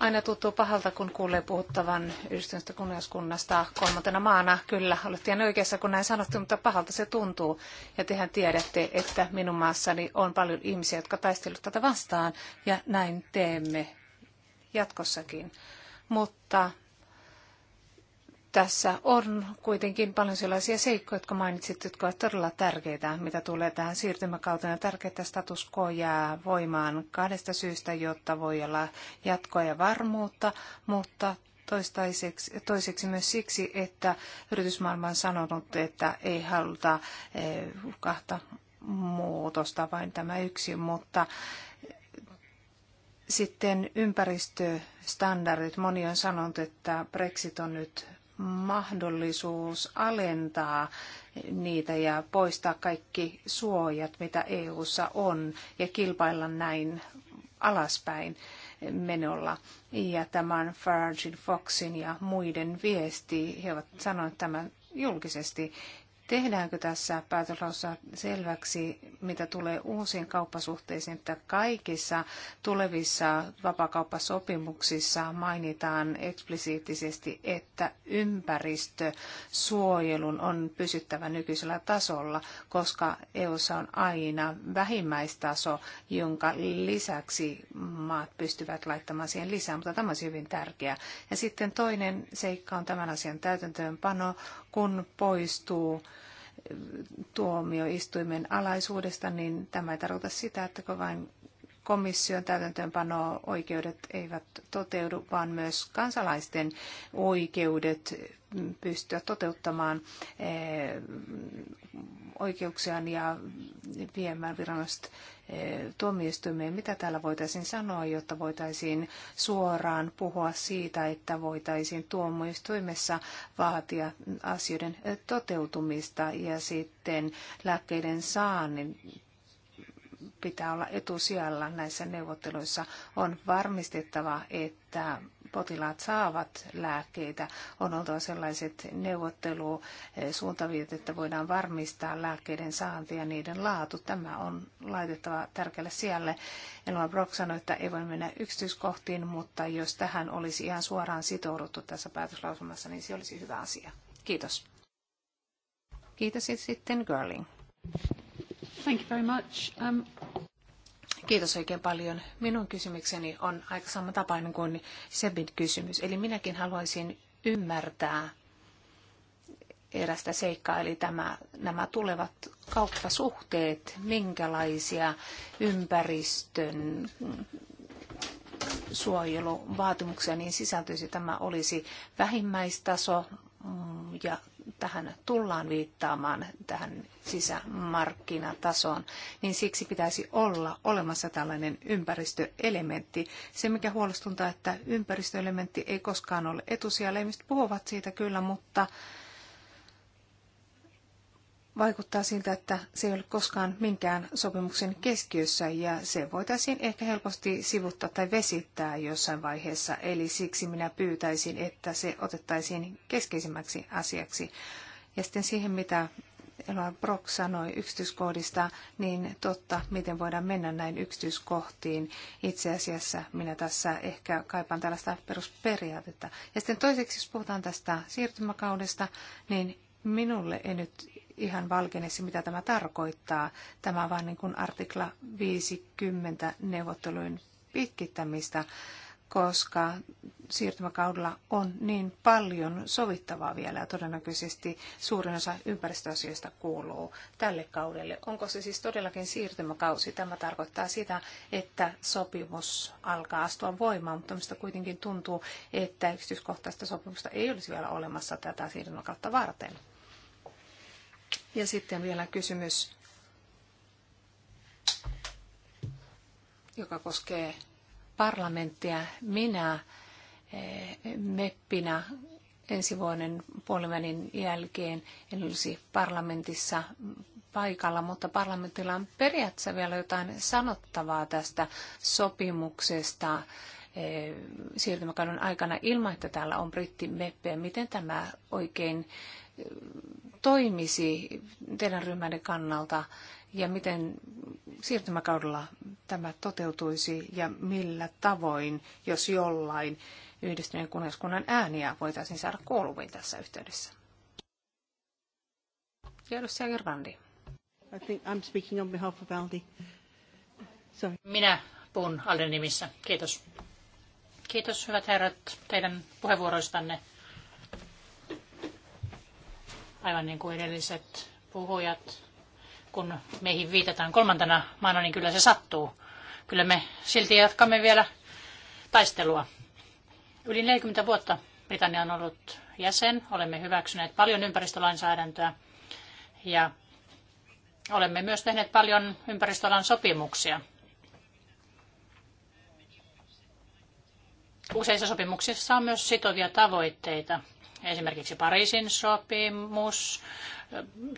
Aina tuntuu pahalta, kun kuulee puhuttavan yhdistyneestä kuningaskunnasta kolmantena maana. Kyllä, olette ihan oikeassa, kun näin sanottu, mutta pahalta se tuntuu. Ja tehän tiedätte, että minun maassani on paljon ihmisiä, jotka taistelevat tätä vastaan, ja näin teemme jatkossakin. Mutta tässä on kuitenkin paljon sellaisia seikkoja, jotka mainitsit, jotka ovat todella tärkeitä, mitä tulee tähän siirtymäkauteen. Tärkeää status quo jää voimaan kahdesta syystä, jotta voi olla jatkoa ja varmuutta, mutta toistaiseksi, toiseksi myös siksi, että yritysmaailma on sanonut, että ei haluta eh, kahta muutosta, vain tämä yksi, mutta sitten ympäristöstandardit. Moni on sanonut, että Brexit on nyt mahdollisuus alentaa niitä ja poistaa kaikki suojat, mitä EU:ssa on, ja kilpailla näin alaspäin menolla. Ja tämän Farage Foxin ja muiden viesti, he ovat sanoneet tämän julkisesti. Tehdäänkö tässä päätöslaussa selväksi, mitä tulee uusiin kauppasuhteisiin, että kaikissa tulevissa vapakauppasopimuksissa mainitaan eksplisiittisesti, että ympäristösuojelun on pysyttävä nykyisellä tasolla, koska EUssa on aina vähimmäistaso, jonka lisäksi maat pystyvät laittamaan siihen lisää, mutta tämä on hyvin tärkeää. Ja sitten toinen seikka on tämän asian täytäntöönpano, kun poistuu tuomioistuimen alaisuudesta, niin tämä ei tarkoita sitä, että vain komission täytäntöönpano oikeudet eivät toteudu, vaan myös kansalaisten oikeudet pystyä toteuttamaan eh, oikeuksiaan ja viemään viranomaiset eh, tuomioistuimeen. Mitä täällä voitaisiin sanoa, jotta voitaisiin suoraan puhua siitä, että voitaisiin tuomioistuimessa vaatia asioiden eh, toteutumista ja sitten lääkkeiden saannin pitää olla etusijalla näissä neuvotteluissa. On varmistettava, että potilaat saavat lääkkeitä. On oltava sellaiset neuvottelusuuntaviit, että voidaan varmistaa lääkkeiden saanti ja niiden laatu. Tämä on laitettava tärkeälle sijalle. Elma Brock sanoi, että ei voi mennä yksityiskohtiin, mutta jos tähän olisi ihan suoraan sitouduttu tässä päätöslausumassa, niin se olisi hyvä asia. Kiitos. Kiitos sitten Girling. Thank you very much. Um... Kiitos oikein paljon. Minun kysymykseni on aika samantapainen kuin Sebin kysymys. Eli minäkin haluaisin ymmärtää erästä seikkaa, eli tämä, nämä tulevat kauppasuhteet, minkälaisia ympäristön suojeluvaatimuksia niin sisältyisi. Tämä olisi vähimmäistaso mm, ja tähän tullaan viittaamaan, tähän sisämarkkinatasoon, niin siksi pitäisi olla olemassa tällainen ympäristöelementti. Se, mikä huolestuntaa, että ympäristöelementti ei koskaan ole etusijalle, mistä puhuvat siitä kyllä, mutta vaikuttaa siltä, että se ei ole koskaan minkään sopimuksen keskiössä ja se voitaisiin ehkä helposti sivuttaa tai vesittää jossain vaiheessa. Eli siksi minä pyytäisin, että se otettaisiin keskeisimmäksi asiaksi. Ja sitten siihen, mitä Eloa Brock sanoi yksityiskohdista, niin totta, miten voidaan mennä näin yksityiskohtiin. Itse asiassa minä tässä ehkä kaipaan tällaista perusperiaatetta. Ja sitten toiseksi, jos puhutaan tästä siirtymäkaudesta, niin minulle ei nyt ihan valkenessa, mitä tämä tarkoittaa. Tämä on vain niin kuin artikla 50 neuvottelujen pitkittämistä, koska siirtymäkaudella on niin paljon sovittavaa vielä ja todennäköisesti suurin osa ympäristöasioista kuuluu tälle kaudelle. Onko se siis todellakin siirtymäkausi? Tämä tarkoittaa sitä, että sopimus alkaa astua voimaan, mutta mistä kuitenkin tuntuu, että yksityiskohtaista sopimusta ei olisi vielä olemassa tätä siirtymäkautta varten. Ja sitten vielä kysymys, joka koskee parlamenttia. Minä eh, meppinä ensi vuoden puolivälin jälkeen en olisi parlamentissa paikalla, mutta parlamentilla on periaatteessa vielä jotain sanottavaa tästä sopimuksesta eh, siirtymäkauden aikana ilman, että täällä on brittimeppejä. Miten tämä oikein toimisi teidän ryhmänne kannalta ja miten siirtymäkaudella tämä toteutuisi ja millä tavoin, jos jollain, yhdistyneen kuningaskunnan ääniä voitaisiin saada kuuluviin tässä yhteydessä. Ja edustaja I think I'm speaking on behalf of Aldi. Sorry. Minä puhun Alden nimissä. Kiitos. Kiitos hyvät herrat teidän puheenvuoroistanne. Aivan niin kuin edelliset puhujat, kun meihin viitataan kolmantena maana, niin kyllä se sattuu. Kyllä me silti jatkamme vielä taistelua. Yli 40 vuotta Britannia on ollut jäsen. Olemme hyväksyneet paljon ympäristölainsäädäntöä ja olemme myös tehneet paljon ympäristöalan sopimuksia. Useissa sopimuksissa on myös sitovia tavoitteita Esimerkiksi Pariisin sopimus,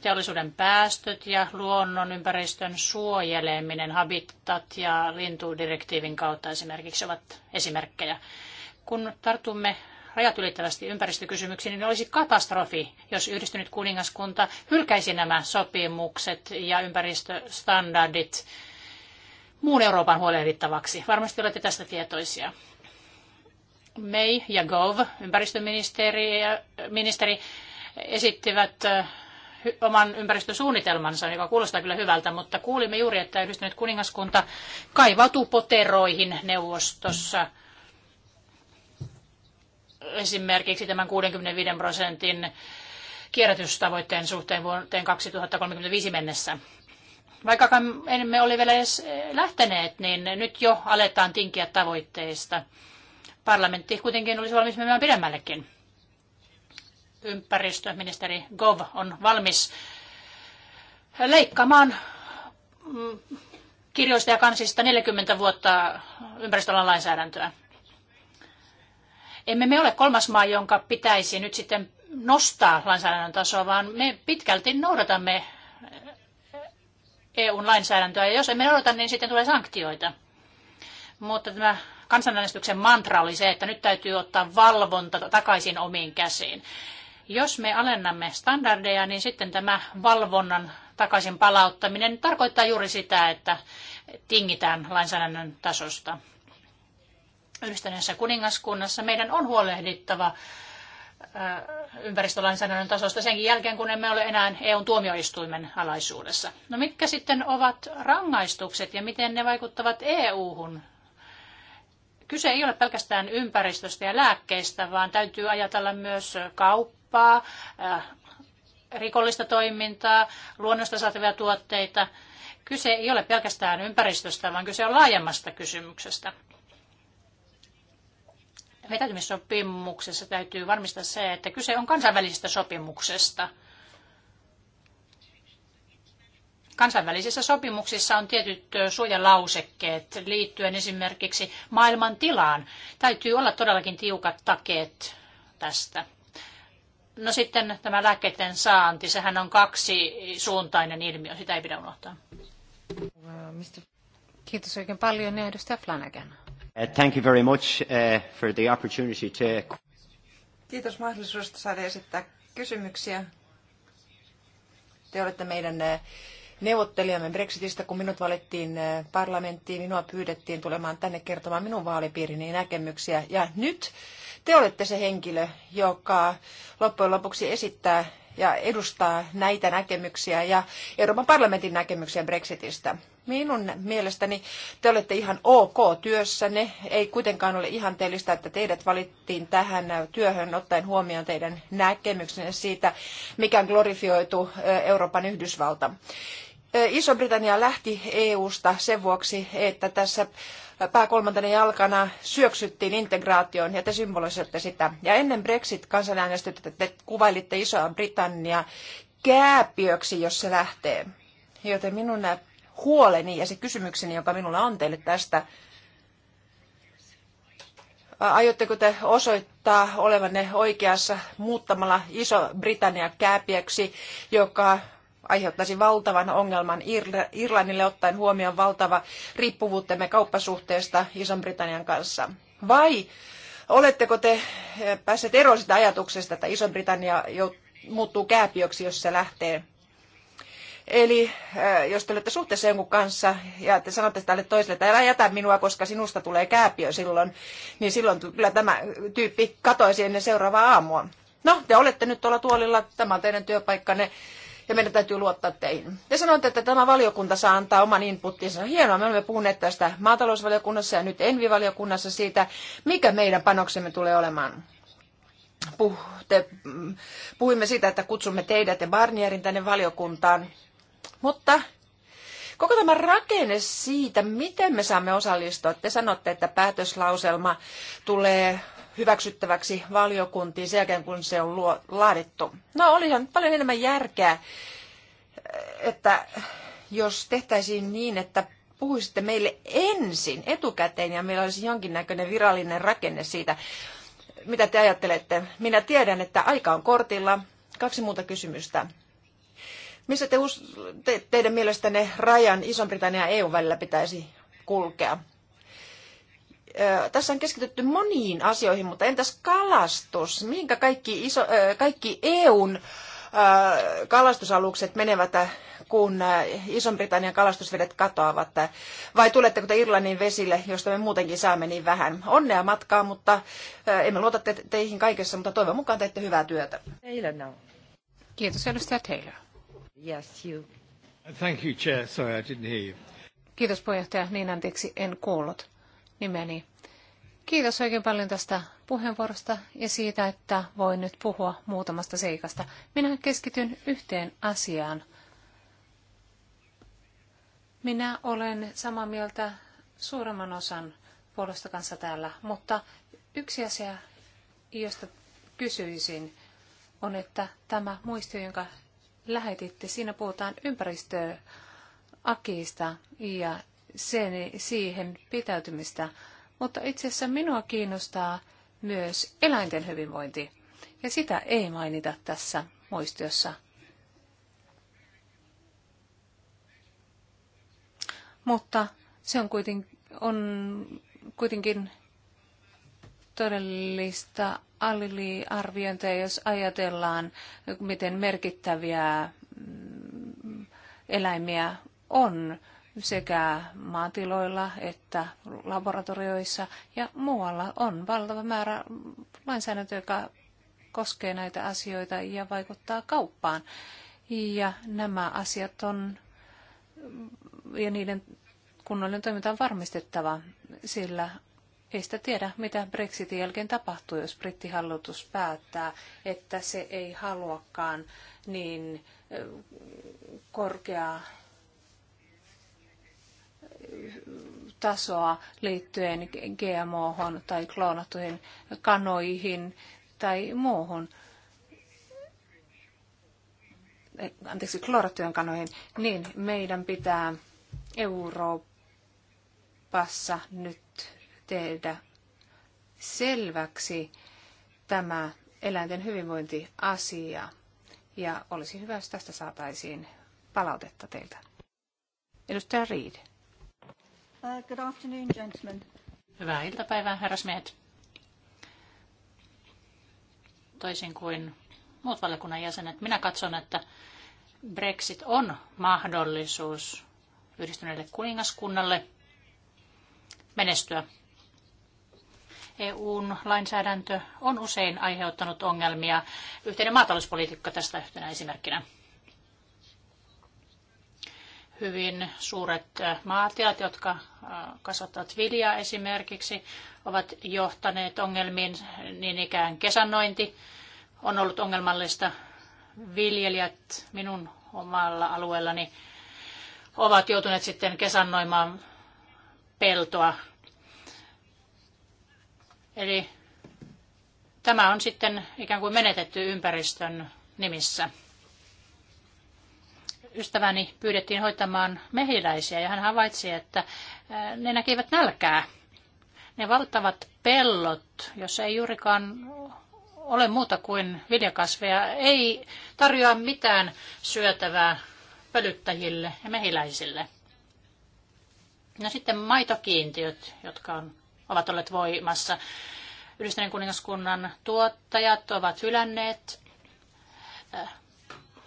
teollisuuden päästöt ja luonnon ympäristön suojeleminen, habitat ja lintudirektiivin kautta esimerkiksi ovat esimerkkejä. Kun tartumme rajat ylittävästi ympäristökysymyksiin, niin olisi katastrofi, jos yhdistynyt kuningaskunta hylkäisi nämä sopimukset ja ympäristöstandardit muun Euroopan huolehdittavaksi. Varmasti olette tästä tietoisia. May ja Gov, ympäristöministeri ministeri, esittivät oman ympäristösuunnitelmansa, joka kuulostaa kyllä hyvältä, mutta kuulimme juuri, että yhdistynyt kuningaskunta kaivautuu poteroihin neuvostossa esimerkiksi tämän 65 prosentin kierrätystavoitteen suhteen vuoteen 2035 mennessä. Vaikka emme ole vielä edes lähteneet, niin nyt jo aletaan tinkiä tavoitteista. Parlamentti kuitenkin olisi valmis menemään pidemmällekin. Ympäristöministeri Gov on valmis leikkaamaan mm, kirjoista ja kansista 40 vuotta ympäristöalan lainsäädäntöä. Emme me ole kolmas maa, jonka pitäisi nyt sitten nostaa lainsäädännön tasoa, vaan me pitkälti noudatamme EUn lainsäädäntöä, ja jos emme noudata, niin sitten tulee sanktioita. Mutta tämä kansanäänestyksen mantra oli se, että nyt täytyy ottaa valvonta takaisin omiin käsiin. Jos me alennamme standardeja, niin sitten tämä valvonnan takaisin palauttaminen tarkoittaa juuri sitä, että tingitään lainsäädännön tasosta. Yhdistyneessä kuningaskunnassa meidän on huolehdittava ympäristölainsäädännön tasosta senkin jälkeen, kun emme ole enää EUn tuomioistuimen alaisuudessa. No mitkä sitten ovat rangaistukset ja miten ne vaikuttavat EU-hun Kyse ei ole pelkästään ympäristöstä ja lääkkeistä, vaan täytyy ajatella myös kauppaa, äh, rikollista toimintaa, luonnosta saatavia tuotteita. Kyse ei ole pelkästään ympäristöstä, vaan kyse on laajemmasta kysymyksestä. Vetäytymissopimuksessa täytyy varmistaa se, että kyse on kansainvälisestä sopimuksesta – Kansainvälisissä sopimuksissa on tietyt suojalausekkeet liittyen esimerkiksi maailman tilaan. Täytyy olla todellakin tiukat takeet tästä. No sitten tämä lääkkeiden saanti, sehän on suuntainen ilmiö, sitä ei pidä unohtaa. Kiitos oikein paljon edustaja Flanagan. Uh, thank you very much uh, for the opportunity to... Kiitos mahdollisuudesta saada esittää kysymyksiä. Te olette meidän uh, neuvottelijamme Brexitistä, kun minut valittiin eh, parlamenttiin, minua pyydettiin tulemaan tänne kertomaan minun vaalipiirini näkemyksiä. Ja nyt te olette se henkilö, joka loppujen lopuksi esittää ja edustaa näitä näkemyksiä ja Euroopan parlamentin näkemyksiä Brexitistä. Minun mielestäni te olette ihan ok työssänne. Ei kuitenkaan ole ihanteellista, että teidät valittiin tähän työhön ottaen huomioon teidän näkemyksenne siitä, mikä on glorifioitu eh, Euroopan Yhdysvalta. Iso-Britannia lähti EU-sta sen vuoksi, että tässä pääkolmantena jalkana syöksyttiin integraatioon ja te symbolisoitte sitä. Ja ennen Brexit-kansanäänestystä te kuvailitte Isoa Britannia kääpiöksi, jos se lähtee. Joten minun huoleni ja se kysymykseni, joka minulla on teille tästä, aiotteko te osoittaa olevanne oikeassa muuttamalla Iso-Britannia kääpiöksi, joka aiheuttaisi valtavan ongelman Irlannille ottaen huomioon valtava riippuvuutemme kauppasuhteesta Ison-Britannian kanssa? Vai oletteko te eh, päässeet eroon sitä ajatuksesta, että Iso-Britannia muuttuu kääpiöksi, jos se lähtee Eli eh, jos te olette suhteessa jonkun kanssa ja te sanotte tälle toiselle, että älä jätä minua, koska sinusta tulee kääpiö silloin, niin silloin kyllä tämä tyyppi katoisi ennen seuraavaa aamua. No, te olette nyt tuolla tuolilla, tämä on teidän työpaikkanne, ja meidän täytyy luottaa teihin. Te sanoitte, että tämä valiokunta saa antaa oman inputtinsa. Hienoa, me olemme puhuneet tästä maatalousvaliokunnassa ja nyt Envivaliokunnassa siitä, mikä meidän panoksemme tulee olemaan. Puh, te, mm, puhuimme siitä, että kutsumme teidät ja Barnierin tänne valiokuntaan, mutta koko tämä rakenne siitä, miten me saamme osallistua. Te sanotte, että päätöslauselma tulee hyväksyttäväksi valiokuntiin sen jälkeen, kun se on luo, laadittu. No olihan paljon enemmän järkeä, että jos tehtäisiin niin, että puhuisitte meille ensin etukäteen ja meillä olisi jonkinnäköinen virallinen rakenne siitä, mitä te ajattelette. Minä tiedän, että aika on kortilla. Kaksi muuta kysymystä. Missä te, te, teidän mielestänne rajan Iso-Britannian ja EU välillä pitäisi kulkea? tässä on keskitytty moniin asioihin, mutta entäs kalastus? Mihinkä kaikki, iso, kaikki EUn kalastusalukset menevät, kun Ison-Britannian kalastusvedet katoavat? Vai tuletteko te Irlannin vesille, josta me muutenkin saamme niin vähän? Onnea matkaa, mutta emme luota te- teihin kaikessa, mutta toivon mukaan teette hyvää työtä. Taylor now. Kiitos, edustaja Taylor. Yes, you. Thank you, Chair. Sorry, I didn't hear you. Kiitos puheenjohtaja. Niin anteeksi, en kuullut nimeni. Kiitos oikein paljon tästä puheenvuorosta ja siitä, että voin nyt puhua muutamasta seikasta. Minä keskityn yhteen asiaan. Minä olen samaa mieltä suuremman osan puolesta kanssa täällä, mutta yksi asia, josta kysyisin, on, että tämä muisti, jonka lähetitte, siinä puhutaan ympäristöakiista ja sen, siihen pitäytymistä. Mutta itse asiassa minua kiinnostaa myös eläinten hyvinvointi. Ja sitä ei mainita tässä muistiossa. Mutta se on kuitenkin, on kuitenkin todellista aliliarviointia, jos ajatellaan, miten merkittäviä mm, eläimiä on sekä maatiloilla että laboratorioissa ja muualla on valtava määrä lainsäädäntöä, joka koskee näitä asioita ja vaikuttaa kauppaan. Ja nämä asiat on, ja niiden kunnollinen toiminta on varmistettava, sillä ei sitä tiedä, mitä Brexitin jälkeen tapahtuu, jos brittihallitus päättää, että se ei haluakaan niin korkeaa tasoa liittyen gmo tai kloonattuihin kanoihin tai muuhun anteeksi, klorattujen kanoihin, niin meidän pitää Euroopassa nyt tehdä selväksi tämä eläinten hyvinvointiasia. Ja olisi hyvä, jos tästä saataisiin palautetta teiltä. Edustaja Reid. Uh, good afternoon, gentlemen. Hyvää iltapäivää, herrasmiehet. Toisin kuin muut valiokunnan jäsenet, minä katson, että Brexit on mahdollisuus yhdistyneelle kuningaskunnalle menestyä. EUn lainsäädäntö on usein aiheuttanut ongelmia. Yhteinen maatalouspolitiikka tästä yhtenä esimerkkinä hyvin suuret äh, maatiat, jotka äh, kasvattavat viljaa esimerkiksi, ovat johtaneet ongelmiin niin ikään kesannointi on ollut ongelmallista. Viljelijät minun omalla alueellani ovat joutuneet sitten kesannoimaan peltoa. Eli tämä on sitten ikään kuin menetetty ympäristön nimissä ystäväni pyydettiin hoitamaan mehiläisiä ja hän havaitsi, että ne näkivät nälkää. Ne valtavat pellot, jos ei juurikaan ole muuta kuin viljakasveja, ei tarjoa mitään syötävää pölyttäjille ja mehiläisille. No sitten maitokiintiöt, jotka on, ovat olleet voimassa. Yhdistyneen kuningaskunnan tuottajat ovat hylänneet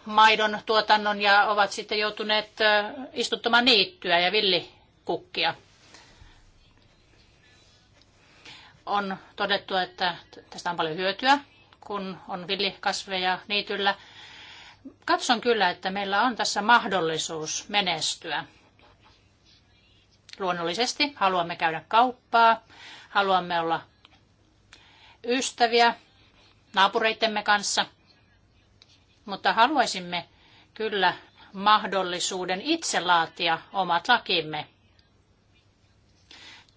maidon tuotannon ja ovat sitten joutuneet istuttamaan niittyä ja villikukkia. On todettu, että tästä on paljon hyötyä, kun on villikasveja niityllä. Katson kyllä, että meillä on tässä mahdollisuus menestyä. Luonnollisesti haluamme käydä kauppaa, haluamme olla ystäviä naapureittemme kanssa – mutta haluaisimme kyllä mahdollisuuden itse laatia omat lakimme.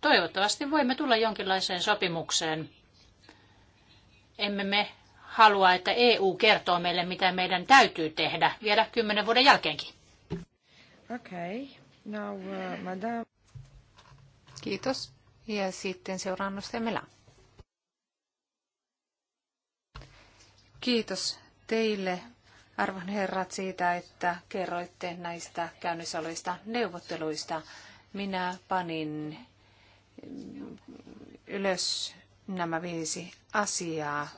Toivottavasti voimme tulla jonkinlaiseen sopimukseen. Emme me halua, että EU kertoo meille, mitä meidän täytyy tehdä vielä kymmenen vuoden jälkeenkin. Okay. Now, uh, madame. Kiitos. Ja sitten seuraannosta Mela. Kiitos teille arvon herrat siitä, että kerroitte näistä käynnissä olevista neuvotteluista. Minä panin mm, ylös nämä viisi asiaa,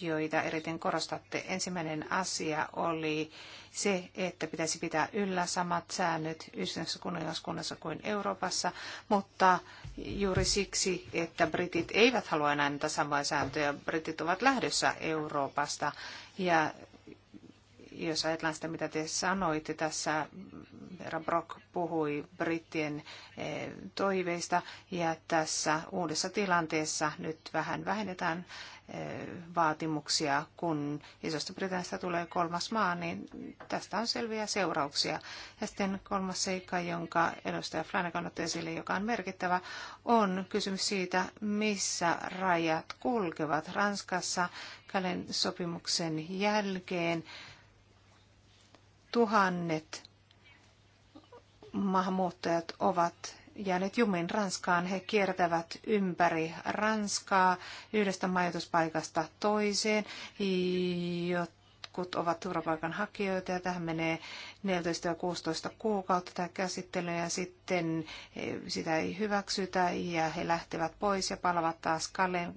joita eriten korostatte. Ensimmäinen asia oli se, että pitäisi pitää yllä samat säännöt yhdessä kuningaskunnassa kuin Euroopassa, mutta juuri siksi, että britit eivät halua enää näitä samoja sääntöjä, britit ovat lähdössä Euroopasta ja jos ajatellaan sitä, mitä te sanoitte tässä, herra Brock puhui brittien eh, toiveista, ja tässä uudessa tilanteessa nyt vähän vähennetään eh, vaatimuksia, kun isosta Britannista tulee kolmas maa, niin tästä on selviä seurauksia. Ja sitten kolmas seikka, jonka edustaja Flanagan otti esille, joka on merkittävä, on kysymys siitä, missä rajat kulkevat Ranskassa Kälen sopimuksen jälkeen. Tuhannet maahanmuuttajat ovat jääneet jumiin Ranskaan. He kiertävät ympäri Ranskaa yhdestä majoituspaikasta toiseen, jotkut ovat turvapaikanhakijoita ja tähän menee 14 ja 16 kuukautta tämä käsittely ja sitten eh, sitä ei hyväksytä ja he lähtevät pois ja palavat taas Kalleen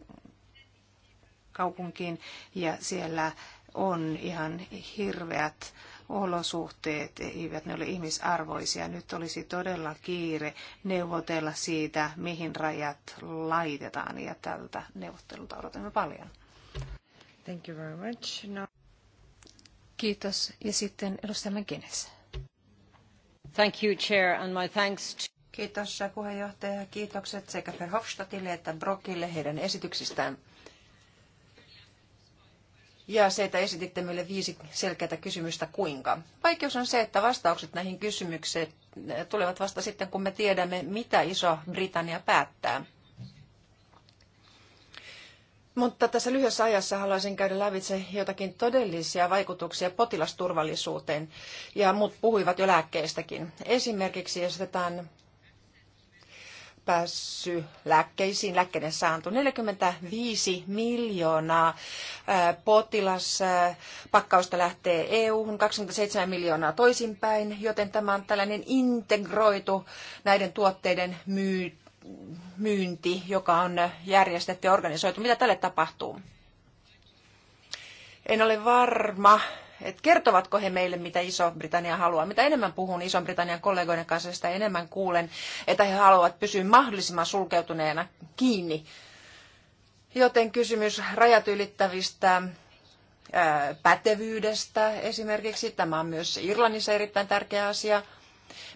kaupunkiin ja siellä on ihan hirveät olosuhteet eivät ne ole ihmisarvoisia. Nyt olisi todella kiire neuvotella siitä, mihin rajat laitetaan, ja tältä neuvottelulta odotamme paljon. Thank you very much. No. Kiitos. Ja sitten edustaja McGuinness. Thank you, Chair, and my thanks to... Kiitos puheenjohtaja. Kiitokset sekä Verhofstadtille että Brokille heidän esityksistään ja se, että esititte meille viisi selkeää kysymystä kuinka. Vaikeus on se, että vastaukset näihin kysymyksiin tulevat vasta sitten, kun me tiedämme, mitä Iso-Britannia päättää. Mutta tässä lyhyessä ajassa haluaisin käydä lävitse jotakin todellisia vaikutuksia potilasturvallisuuteen, ja muut puhuivat jo lääkkeistäkin. Esimerkiksi jos otetaan pääsy lääkkeisiin, lääkkeiden saanto. 45 miljoonaa potilaspakkausta lähtee EU-hun, 27 miljoonaa toisinpäin, joten tämä on tällainen integroitu näiden tuotteiden myynti, joka on järjestetty ja organisoitu. Mitä tälle tapahtuu? En ole varma, että kertovatko he meille, mitä Iso-Britannia haluaa. Mitä enemmän puhun Iso-Britannian kollegoiden kanssa, sitä enemmän kuulen, että he haluavat pysyä mahdollisimman sulkeutuneena kiinni. Joten kysymys rajat ylittävistä pätevyydestä esimerkiksi. Tämä on myös Irlannissa erittäin tärkeä asia.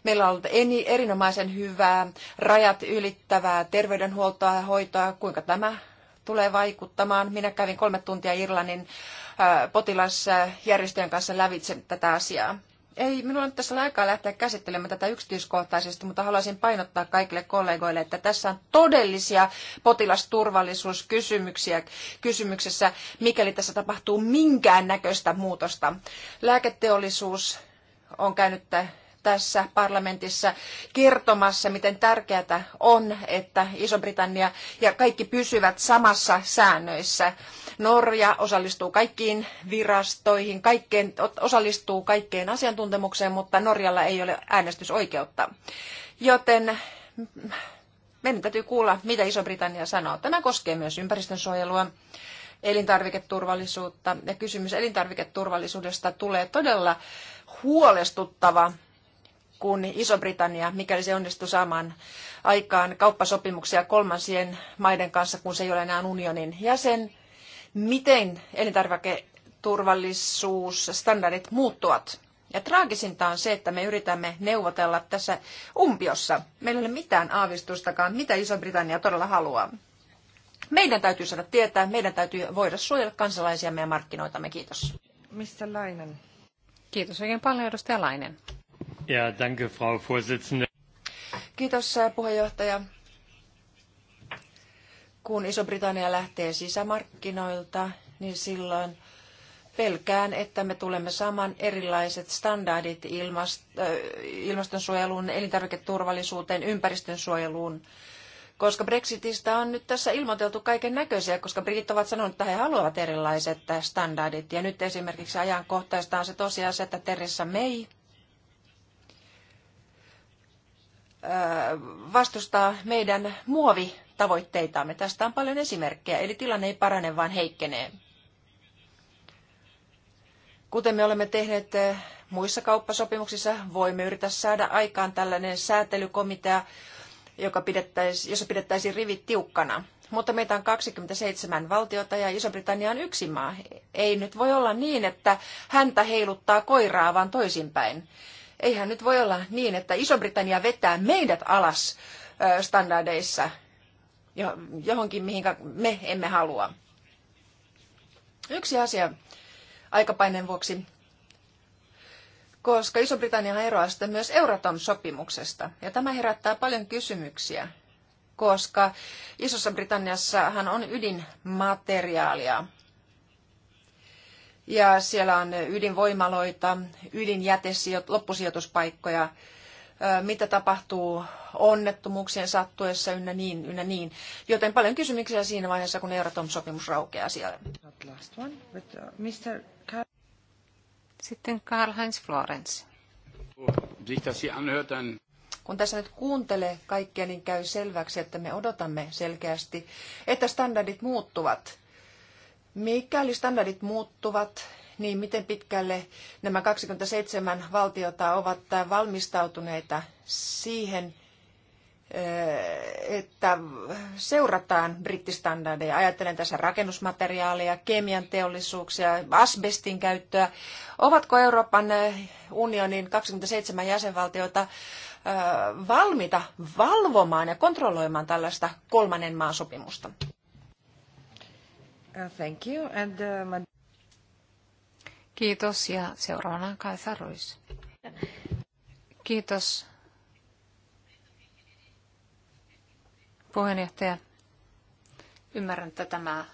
Meillä on ollut erinomaisen hyvää rajat ylittävää terveydenhuoltoa ja hoitoa, kuinka tämä tulee vaikuttamaan. Minä kävin kolme tuntia Irlannin potilasjärjestöjen kanssa lävitse tätä asiaa. Ei, minulla on tässä aikaa lähteä käsittelemään tätä yksityiskohtaisesti, mutta haluaisin painottaa kaikille kollegoille, että tässä on todellisia potilasturvallisuuskysymyksiä kysymyksessä, mikäli tässä tapahtuu minkään näköistä muutosta. Lääketeollisuus on käynyt tässä parlamentissa kertomassa, miten tärkeää on, että Iso-Britannia ja kaikki pysyvät samassa säännöissä. Norja osallistuu kaikkiin virastoihin, kaikkeen, osallistuu kaikkeen asiantuntemukseen, mutta Norjalla ei ole äänestysoikeutta. Joten meidän täytyy kuulla, mitä Iso-Britannia sanoo. Tämä koskee myös ympäristönsuojelua, elintarviketurvallisuutta ja kysymys elintarviketurvallisuudesta tulee todella huolestuttava kun Iso-Britannia, mikäli se onnistuu saamaan aikaan kauppasopimuksia kolmansien maiden kanssa, kun se ei ole enää unionin jäsen, miten elintarviketurvallisuusstandardit muuttuvat. Ja traagisinta on se, että me yritämme neuvotella tässä umpiossa. Meillä ei ole mitään aavistustakaan, mitä Iso-Britannia todella haluaa. Meidän täytyy saada tietää, meidän täytyy voida suojella kansalaisiamme ja markkinoitamme. Kiitos. Mr. Lainen. Kiitos oikein paljon, edustaja Lainen. Ja, danke, Frau Vorsitzende. Kiitos, äh, puheenjohtaja kun Iso-Britannia lähtee sisämarkkinoilta, niin silloin pelkään, että me tulemme saamaan erilaiset standardit äh, ilmastonsuojeluun, elintarviketurvallisuuteen, ympäristönsuojeluun, koska Brexitistä on nyt tässä ilmoiteltu kaiken näköisiä, koska Britit ovat sanoneet, että he haluavat erilaiset standardit. Ja nyt esimerkiksi ajankohtaista on se tosiasia, että Teressa May äh, vastustaa meidän muovi tavoitteitamme. Tästä on paljon esimerkkejä, eli tilanne ei parane, vaan heikkenee. Kuten me olemme tehneet eh, muissa kauppasopimuksissa, voimme yrittää saada aikaan tällainen säätelykomitea, joka pidettäisi, jossa pidettäisiin rivit tiukkana. Mutta meitä on 27 valtiota ja Iso-Britannia on yksi maa. Ei nyt voi olla niin, että häntä heiluttaa koiraa, vaan toisinpäin. Eihän nyt voi olla niin, että Iso-Britannia vetää meidät alas eh, standardeissa johonkin, mihin me emme halua. Yksi asia aikapaineen vuoksi, koska Iso-Britannia eroaa sitten myös Euratom-sopimuksesta. Ja tämä herättää paljon kysymyksiä, koska Isossa Britanniassahan on ydinmateriaalia. Ja siellä on ydinvoimaloita, ydinjätesijoit, loppusijoituspaikkoja, mitä tapahtuu onnettomuuksien sattuessa ynnä niin, ynnä niin. Joten paljon kysymyksiä siinä vaiheessa, kun Euratom-sopimus raukeaa siellä. Uh, Sitten Karl-Heinz Florence. Kun tässä nyt kuuntelee kaikkea, niin käy selväksi, että me odotamme selkeästi, että standardit muuttuvat. Mikäli standardit muuttuvat, niin miten pitkälle nämä 27 valtiota ovat valmistautuneita siihen, eh, että seurataan brittistandardeja. Ajattelen tässä rakennusmateriaaleja, kemian teollisuuksia, asbestin käyttöä. Ovatko Euroopan unionin 27 jäsenvaltiota eh, valmiita valvomaan ja kontrolloimaan tällaista kolmannen maan sopimusta? Uh, thank you. And, uh, Kiitos ja seuraavana Kaisa Ruis. Kiitos. Puheenjohtaja, ymmärrän, että tämä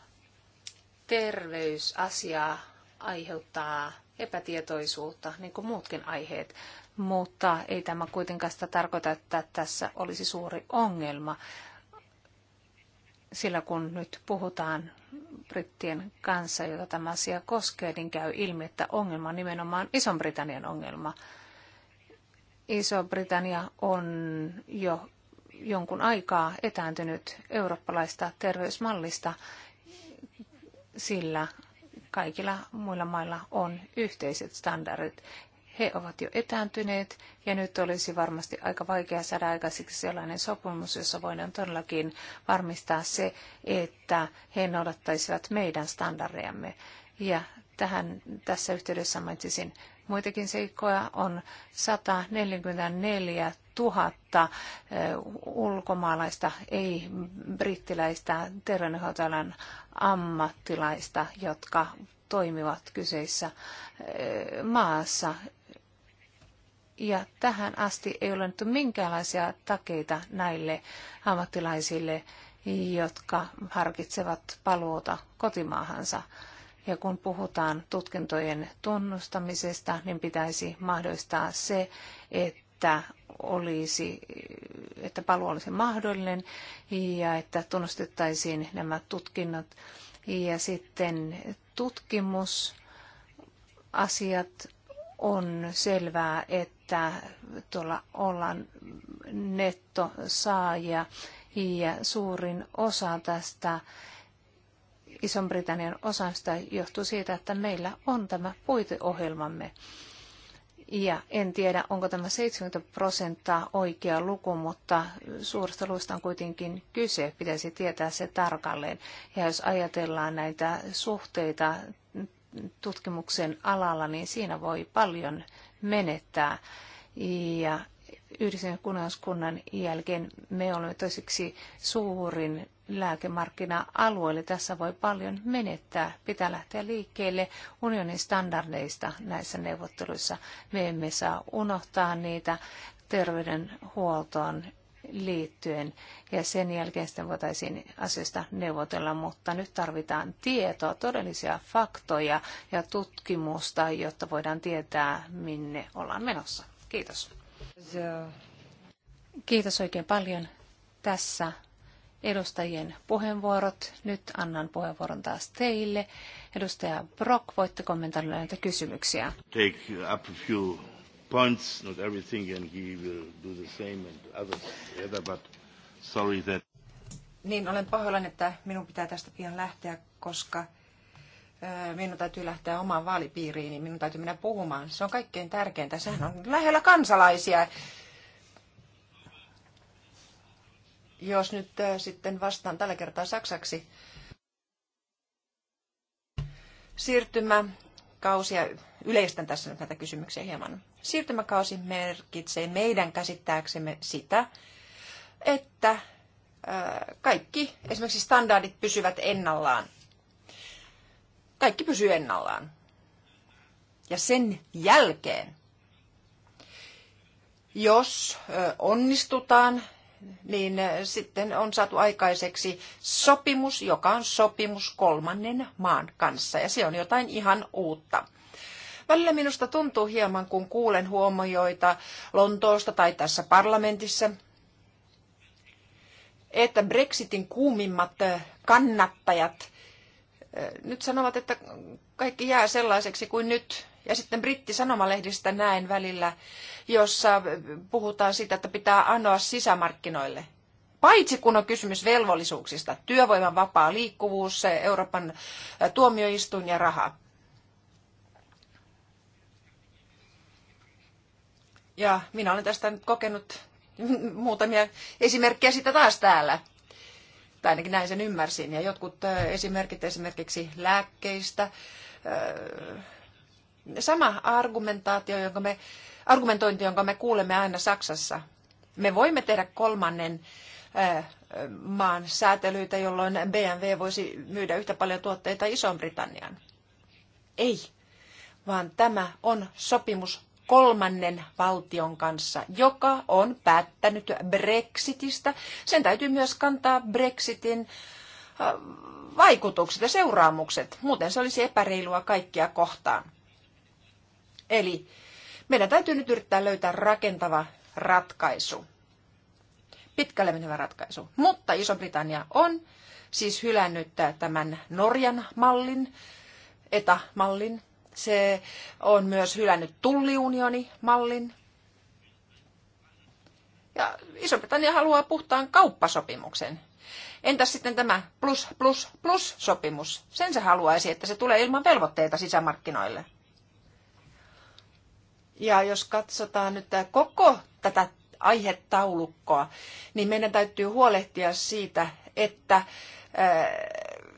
terveysasia aiheuttaa epätietoisuutta, niin kuin muutkin aiheet, mutta ei tämä kuitenkaan sitä tarkoita, että tässä olisi suuri ongelma sillä kun nyt puhutaan brittien kanssa, jota tämä asia koskee, niin käy ilmi, että ongelma on nimenomaan iso britannian ongelma. Iso-Britannia on jo jonkun aikaa etääntynyt eurooppalaista terveysmallista, sillä kaikilla muilla mailla on yhteiset standardit he ovat jo etääntyneet ja nyt olisi varmasti aika vaikea saada aikaiseksi sellainen sopimus, jossa voidaan todellakin varmistaa se, että he noudattaisivat meidän standardejamme. Ja tähän tässä yhteydessä mainitsisin muitakin seikkoja on 144 000 ulkomaalaista, ei brittiläistä terveydenhoitajan ammattilaista, jotka toimivat kyseisessä maassa. Ja tähän asti ei ole annettu minkäänlaisia takeita näille ammattilaisille, jotka harkitsevat paluuta kotimaahansa. Ja kun puhutaan tutkintojen tunnustamisesta, niin pitäisi mahdollistaa se, että olisi, että paluu olisi mahdollinen ja että tunnustettaisiin nämä tutkinnot. Ja sitten tutkimusasiat on selvää, että tuolla ollaan nettosaajia ja suurin osa tästä Ison-Britannian osasta johtuu siitä, että meillä on tämä puiteohjelmamme. Ja en tiedä, onko tämä 70 prosenttia oikea luku, mutta suurista luista on kuitenkin kyse. Pitäisi tietää se tarkalleen. Ja jos ajatellaan näitä suhteita tutkimuksen alalla, niin siinä voi paljon menettää. Ja Yhdistyneen kuningaskunnan jälkeen me olemme toiseksi suurin lääkemarkkina-alue, eli tässä voi paljon menettää. Pitää lähteä liikkeelle unionin standardeista näissä neuvotteluissa. Me emme saa unohtaa niitä terveydenhuoltoon liittyen ja sen jälkeen sitten voitaisiin asioista neuvotella, mutta nyt tarvitaan tietoa, todellisia faktoja ja tutkimusta, jotta voidaan tietää, minne ollaan menossa. Kiitos. Kiitos oikein paljon. Tässä edustajien puheenvuorot. Nyt annan puheenvuoron taas teille. Edustaja Brock, voitte kommentoida näitä kysymyksiä. Take up a few points, not everything, and he will do the same and others together, but sorry that... Niin, olen pahoillani, että minun pitää tästä pian lähteä, koska minun täytyy lähteä omaan vaalipiiriin, niin minun täytyy mennä puhumaan. Se on kaikkein tärkeintä. Sehän on lähellä kansalaisia. Jos nyt sitten vastaan tällä kertaa saksaksi. Siirtymä, kausia. Yleistän tässä nyt näitä kysymyksiä hieman. Siirtymäkausi merkitsee meidän käsittääksemme sitä, että kaikki esimerkiksi standardit pysyvät ennallaan. Kaikki pysyy ennallaan. Ja sen jälkeen, jos onnistutaan, niin sitten on saatu aikaiseksi sopimus, joka on sopimus kolmannen maan kanssa. Ja se on jotain ihan uutta. Välillä minusta tuntuu hieman, kun kuulen huomioita Lontoosta tai tässä parlamentissa, että Brexitin kuumimmat kannattajat nyt sanovat, että kaikki jää sellaiseksi kuin nyt. Ja sitten brittisanomalehdistä näen välillä, jossa puhutaan siitä, että pitää anoa sisämarkkinoille. Paitsi kun on kysymys velvollisuuksista, työvoiman vapaa liikkuvuus, Euroopan tuomioistuin ja raha. Ja minä olen tästä nyt kokenut <laughs> muutamia esimerkkejä sitä taas täällä. Tai ainakin näin sen ymmärsin. Ja jotkut esimerkit esimerkiksi lääkkeistä. Sama argumentaatio, jonka me, argumentointi, jonka me kuulemme aina Saksassa. Me voimme tehdä kolmannen maan säätelyitä, jolloin BMW voisi myydä yhtä paljon tuotteita Iso-Britannian. Ei, vaan tämä on sopimus kolmannen valtion kanssa, joka on päättänyt Brexitistä. Sen täytyy myös kantaa Brexitin äh, vaikutukset ja seuraamukset. Muuten se olisi epäreilua kaikkia kohtaan. Eli meidän täytyy nyt yrittää löytää rakentava ratkaisu. Pitkälle menevä ratkaisu. Mutta Iso-Britannia on siis hylännyt tämän Norjan mallin, etämallin, se on myös hylännyt tulliunionimallin. Ja Iso-Britannia haluaa puhtaan kauppasopimuksen. Entäs sitten tämä plus, plus, plus sopimus? Sen se haluaisi, että se tulee ilman velvoitteita sisämarkkinoille. Ja jos katsotaan nyt koko tätä aihetaulukkoa, niin meidän täytyy huolehtia siitä, että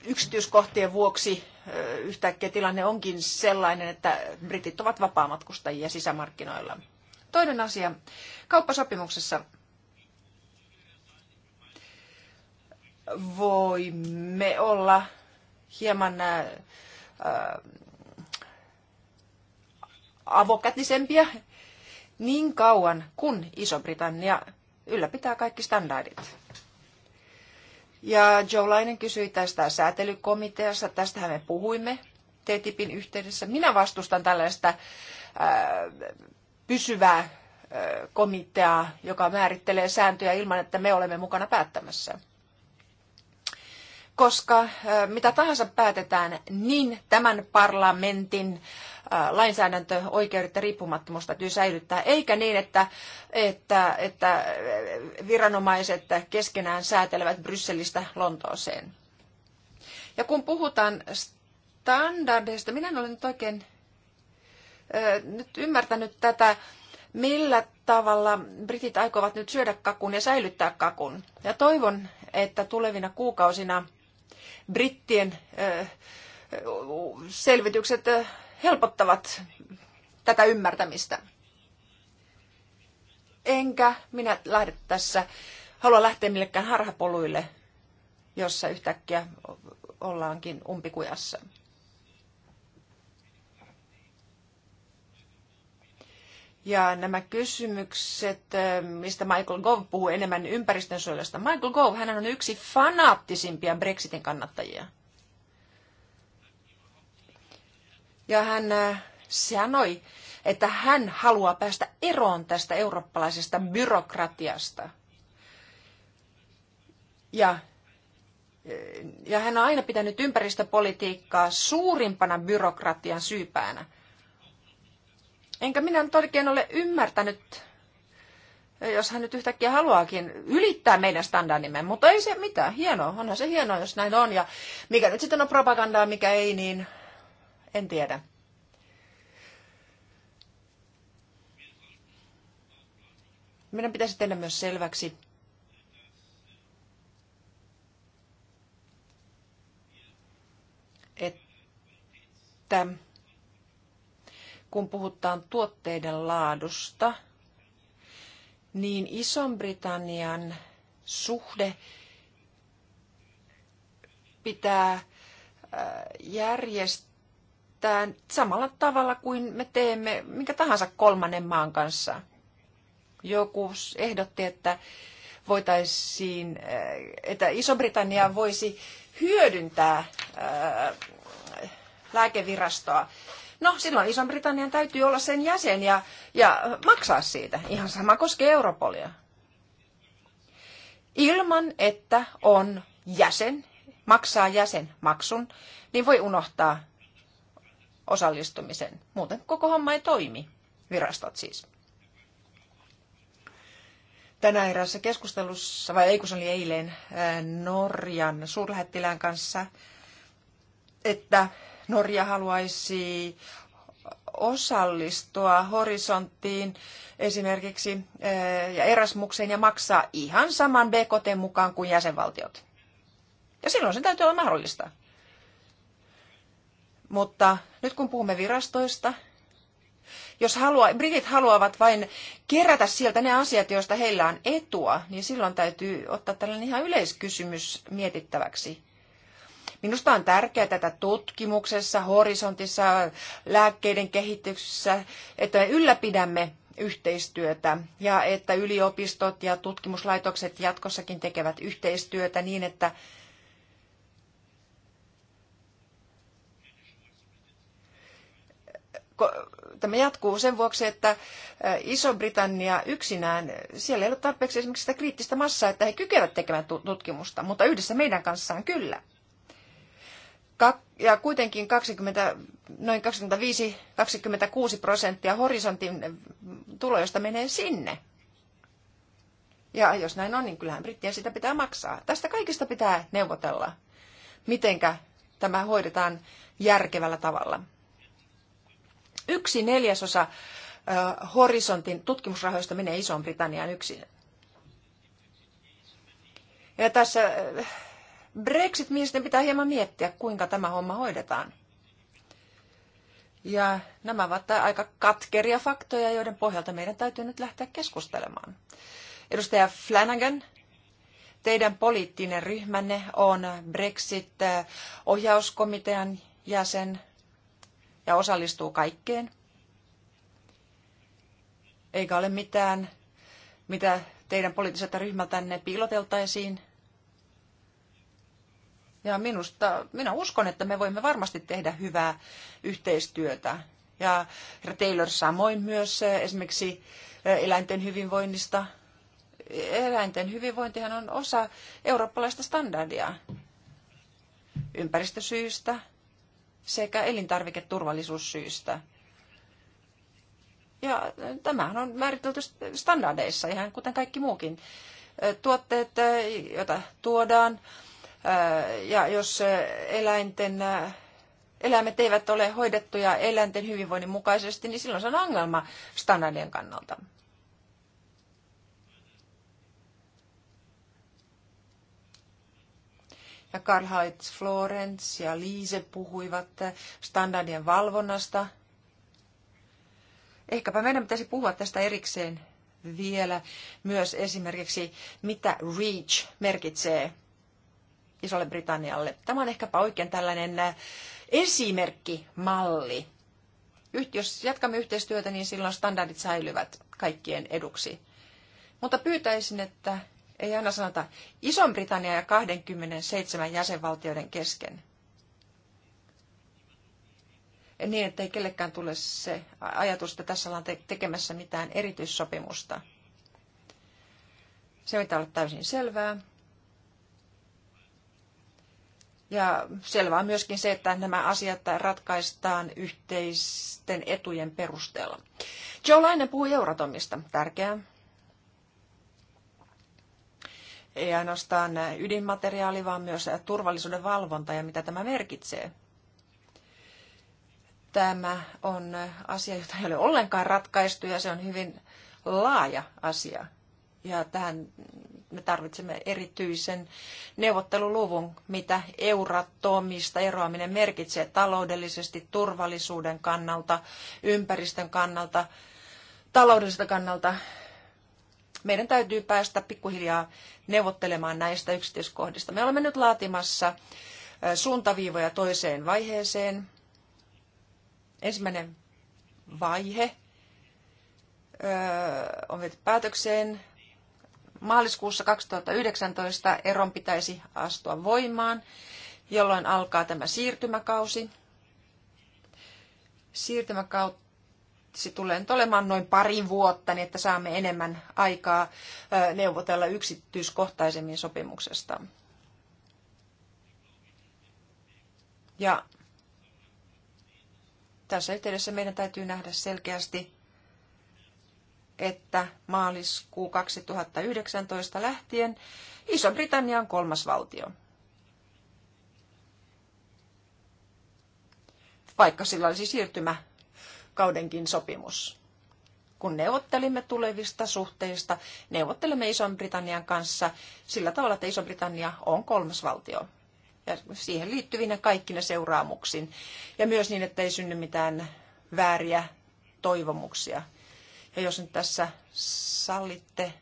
yksityiskohtien vuoksi yhtäkkiä tilanne onkin sellainen, että britit ovat vapaamatkustajia sisämarkkinoilla. Toinen asia. Kauppasopimuksessa voimme olla hieman äh, avokätisempiä niin kauan, kun Iso-Britannia ylläpitää kaikki standardit. Ja Joe Lainen kysyi tästä säätelykomiteassa, tästähän me puhuimme TTIPin yhteydessä. Minä vastustan tällaista ää, äh, pysyvää ää, äh, komiteaa, joka määrittelee sääntöjä ilman, että me olemme mukana päättämässä. Koska ää, äh, mitä tahansa päätetään, niin tämän parlamentin lainsäädäntö, oikeudet ja riippumattomuus täytyy säilyttää, eikä niin, että, että, että viranomaiset keskenään säätelevät Brysselistä Lontooseen. Ja kun puhutaan standardeista, minä en ole nyt oikein nyt ymmärtänyt tätä, millä tavalla britit aikovat nyt syödä kakun ja säilyttää kakun. Ja toivon, että tulevina kuukausina brittien selvitykset helpottavat tätä ymmärtämistä. Enkä minä lähde tässä, halua lähteä millekään harhapoluille, jossa yhtäkkiä ollaankin umpikujassa. Ja nämä kysymykset, eh, mistä Michael Gove puhuu enemmän ympäristönsuojelusta. Michael Gove, hän on yksi fanaattisimpia Brexitin kannattajia. Ja hän äh, sanoi, että hän haluaa päästä eroon tästä eurooppalaisesta byrokratiasta. Ja, äh, ja hän on aina pitänyt ympäristöpolitiikkaa suurimpana byrokratian syypäänä. Enkä minä nyt oikein ole ymmärtänyt, äh, jos hän nyt yhtäkkiä haluaakin ylittää meidän standardimme, mutta ei se mitään, hienoa, onhan se hienoa, jos näin on, ja mikä nyt sitten on propagandaa, mikä ei, niin en tiedä. Meidän pitäisi tehdä myös selväksi, että kun puhutaan tuotteiden laadusta, niin iso britannian suhde pitää äh, järjestää käyttämään samalla tavalla kuin me teemme minkä tahansa kolmannen maan kanssa. Joku ehdotti, että voitaisiin, äh, että Iso-Britannia voisi hyödyntää äh, lääkevirastoa. No, silloin Iso-Britannian täytyy olla sen jäsen ja, ja maksaa siitä. Ihan sama koskee Europolia. Ilman, että on jäsen, maksaa jäsenmaksun, niin voi unohtaa osallistumisen. Muuten koko homma ei toimi, virastot siis. Tänä erässä keskustelussa, vai ei kun se oli eilen, Norjan suurlähettilään kanssa, että Norja haluaisi osallistua horisonttiin esimerkiksi ja erasmukseen ja maksaa ihan saman BKT mukaan kuin jäsenvaltiot. Ja silloin se täytyy olla mahdollista. Mutta nyt kun puhumme virastoista, jos haluaa, britit haluavat vain kerätä sieltä ne asiat, joista heillä on etua, niin silloin täytyy ottaa tällainen ihan yleiskysymys mietittäväksi. Minusta on tärkeää tätä tutkimuksessa, horisontissa, lääkkeiden kehityksessä, että me ylläpidämme yhteistyötä ja että yliopistot ja tutkimuslaitokset jatkossakin tekevät yhteistyötä niin, että tämä jatkuu sen vuoksi, että Iso-Britannia yksinään, siellä ei ole tarpeeksi esimerkiksi sitä kriittistä massaa, että he kykenevät tekemään tutkimusta, mutta yhdessä meidän kanssaan kyllä. Ja kuitenkin 20, noin 25-26 prosenttia horisontin tuloista menee sinne. Ja jos näin on, niin kyllähän brittien sitä pitää maksaa. Tästä kaikesta pitää neuvotella, mitenkä tämä hoidetaan järkevällä tavalla. Yksi neljäsosa horisontin tutkimusrahoista menee Isoon britanniaan yksin. Ja tässä Brexit-miesten pitää hieman miettiä, kuinka tämä homma hoidetaan. Ja nämä ovat aika katkeria faktoja, joiden pohjalta meidän täytyy nyt lähteä keskustelemaan. Edustaja Flanagan, teidän poliittinen ryhmänne on Brexit-ohjauskomitean jäsen ja osallistuu kaikkeen. Eikä ole mitään, mitä teidän poliittiselta ryhmältänne piiloteltaisiin. Ja minusta, minä uskon, että me voimme varmasti tehdä hyvää yhteistyötä. Ja herra Taylor samoin myös eh, esimerkiksi eh, eläinten hyvinvoinnista. Eläinten hyvinvointihan on osa eurooppalaista standardia ympäristösyistä, sekä elintarviketurvallisuussyistä. Ja äh, tämähän on määritelty standardeissa, ihan kuten kaikki muukin. Äh, tuotteet, äh, joita tuodaan, ja jos eläinten, eläimet eivät ole hoidettuja eläinten hyvinvoinnin mukaisesti, niin silloin se on ongelma standardien kannalta. ja Karl-Heinz Florence ja Liise puhuivat standardien valvonnasta. Ehkäpä meidän pitäisi puhua tästä erikseen vielä myös esimerkiksi, mitä REACH merkitsee Isolle Britannialle. Tämä on ehkäpä oikein tällainen äh, esimerkkimalli. Jos jatkamme yhteistyötä, niin silloin standardit säilyvät kaikkien eduksi. Mutta pyytäisin, että ei aina sanota Ison-Britannia ja 27 jäsenvaltioiden kesken. Niin, ettei kellekään tule se ajatus, että tässä ollaan tekemässä mitään erityissopimusta. Se pitää olla täysin selvää. Ja selvää on myöskin se, että nämä asiat ratkaistaan yhteisten etujen perusteella. Joe Lainen puhui Euratomista. Tärkeää ei ainoastaan ydinmateriaali, vaan myös turvallisuuden valvonta ja mitä tämä merkitsee. Tämä on asia, jota ei ole ollenkaan ratkaistu ja se on hyvin laaja asia. Ja tähän me tarvitsemme erityisen neuvotteluluvun, mitä Euratomista eroaminen merkitsee taloudellisesti, turvallisuuden kannalta, ympäristön kannalta, taloudellisesta kannalta meidän täytyy päästä pikkuhiljaa neuvottelemaan näistä yksityiskohdista. Me olemme nyt laatimassa suuntaviivoja toiseen vaiheeseen. Ensimmäinen vaihe on viety päätökseen. Maaliskuussa 2019 eron pitäisi astua voimaan, jolloin alkaa tämä siirtymäkausi. Siirtymäkautta se tulee nyt olemaan noin pari vuotta, niin että saamme enemmän aikaa neuvotella yksityiskohtaisemmin sopimuksesta. Ja tässä yhteydessä meidän täytyy nähdä selkeästi, että maaliskuu 2019 lähtien Iso-Britannia on kolmas valtio. Vaikka sillä olisi siis siirtymä kaudenkin sopimus. Kun neuvottelimme tulevista suhteista, neuvottelemme Ison-Britannian kanssa sillä tavalla, että Iso-Britannia on kolmas valtio. Ja siihen liittyvinä kaikkina seuraamuksin. Ja myös niin, että ei synny mitään vääriä toivomuksia. Ja jos nyt tässä sallitte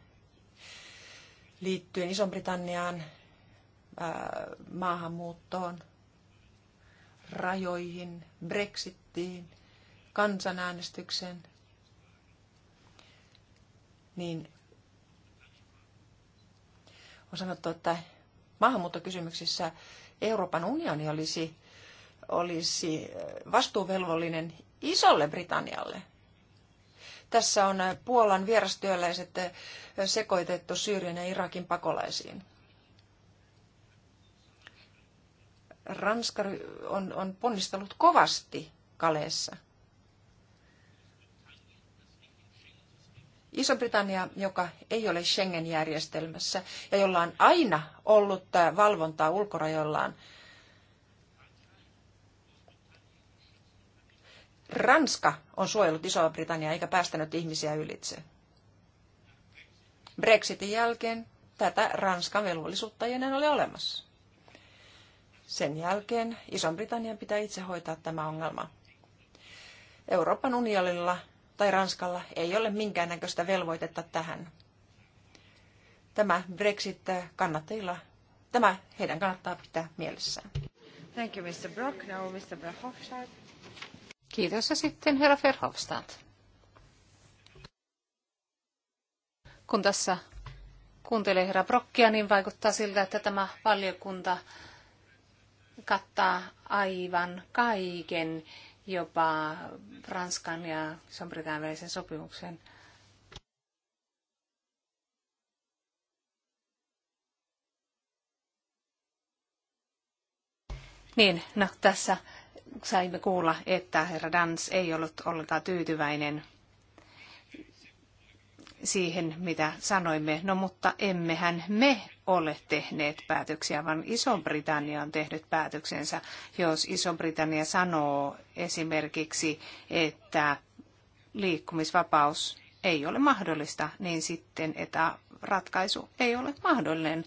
liittyen Iso-Britanniaan, maahanmuuttoon, rajoihin, Brexittiin – kansanäänestyksen, niin on sanottu, että maahanmuuttokysymyksissä Euroopan unioni olisi, olisi vastuuvelvollinen isolle Britannialle. Tässä on Puolan vierastyöläiset sekoitettu Syyrian ja Irakin pakolaisiin. Ranska on, on ponnistellut kovasti Kaleessa – Iso-Britannia, joka ei ole Schengen-järjestelmässä ja jolla on aina ollut äh, valvontaa ulkorajoillaan, Ranska on suojellut Iso-Britanniaa eikä päästänyt ihmisiä ylitse. Brexitin jälkeen tätä Ranskan velvollisuutta ei enää ole olemassa. Sen jälkeen Iso-Britannian pitää itse hoitaa tämä ongelma. Euroopan unionilla tai Ranskalla ei ole minkäännäköistä velvoitetta tähän. Tämä Brexit kannattajilla, tämä heidän kannattaa pitää mielessään. Thank you, Mr. Brock. Now Mr. Verhofstadt. Kiitos ja sitten herra Verhofstadt. Kun tässä kuuntelee herra Brockia, niin vaikuttaa siltä, että tämä valiokunta kattaa aivan kaiken jopa Ranskan ja Sombritään välisen sopimuksen. Niin, no tässä saimme kuulla, että herra Dans ei ollut ollenkaan tyytyväinen siihen, mitä sanoimme. No mutta emmehän me ole tehneet päätöksiä, vaan Iso-Britannia on tehnyt päätöksensä. Jos Iso-Britannia sanoo esimerkiksi, että liikkumisvapaus ei ole mahdollista, niin sitten että ratkaisu ei ole mahdollinen.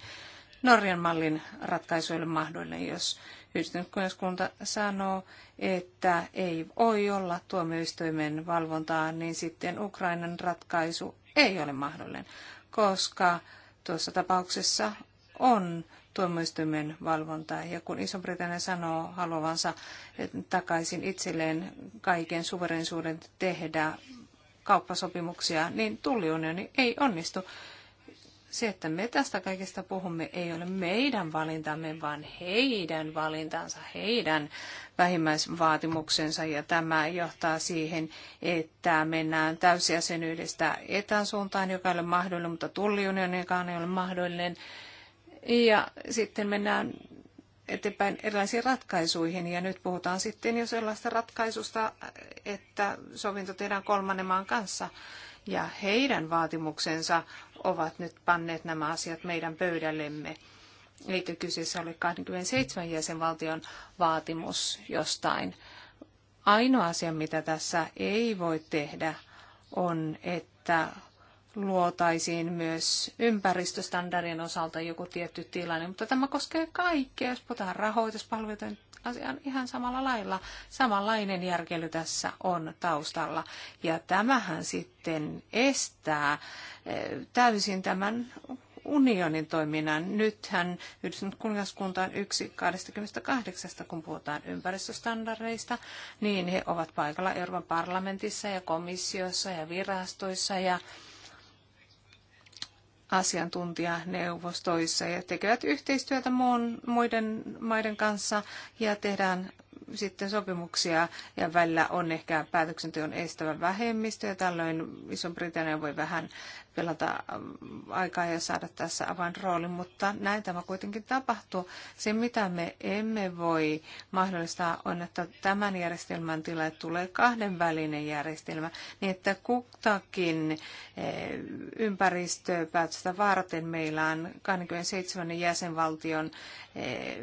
Norjan mallin ratkaisu ei ole mahdollinen, jos yhdistyskunta sanoo, että ei voi olla tuomioistuimen valvontaa, niin sitten Ukrainan ratkaisu ei ole mahdollinen, koska tuossa tapauksessa on tuomioistuimen valvonta Ja kun Iso-Britannia sanoo haluavansa takaisin itselleen kaiken suverensuuden tehdä kauppasopimuksia, niin tulliunioni ei onnistu se, että me tästä kaikesta puhumme, ei ole meidän valintamme, vaan heidän valintansa, heidän vähimmäisvaatimuksensa. Ja tämä johtaa siihen, että mennään täysjäsenyydestä etän suuntaan, joka ei ole mahdollinen, mutta tulliunionikaan ei ole mahdollinen. Ja sitten mennään eteenpäin erilaisiin ratkaisuihin. Ja nyt puhutaan sitten jo sellaista ratkaisusta, että sovinto tehdään kolmannen maan kanssa. Ja heidän vaatimuksensa ovat nyt panneet nämä asiat meidän pöydällemme. Eikö kyseessä ole 27 jäsenvaltion vaatimus jostain? Ainoa asia, mitä tässä ei voi tehdä, on, että luotaisiin myös ympäristöstandardien osalta joku tietty tilanne, mutta tämä koskee kaikkea, jos puhutaan rahoituspalveluita, niin asian ihan samalla lailla. Samanlainen järkely tässä on taustalla. Ja tämähän sitten estää eh, täysin tämän unionin toiminnan. Nythän yhdistynyt kuningaskunta on yksi 28, kun puhutaan ympäristöstandardeista, niin he ovat paikalla Euroopan parlamentissa ja komissiossa ja virastoissa ja asiantuntijaneuvostoissa ja tekevät yhteistyötä muun, muiden maiden kanssa ja tehdään sitten sopimuksia ja välillä on ehkä päätöksenteon estävä vähemmistö ja tällöin Iso-Britannia voi vähän pelata ähm, aikaa ja saada tässä avainroolin, mutta näin tämä kuitenkin tapahtuu. Se, mitä me emme voi mahdollistaa, on, että tämän järjestelmän tilalle tulee kahdenvälinen järjestelmä, niin että kuktakin eh, ympäristöpäätöstä varten meillä on 27 jäsenvaltion eh,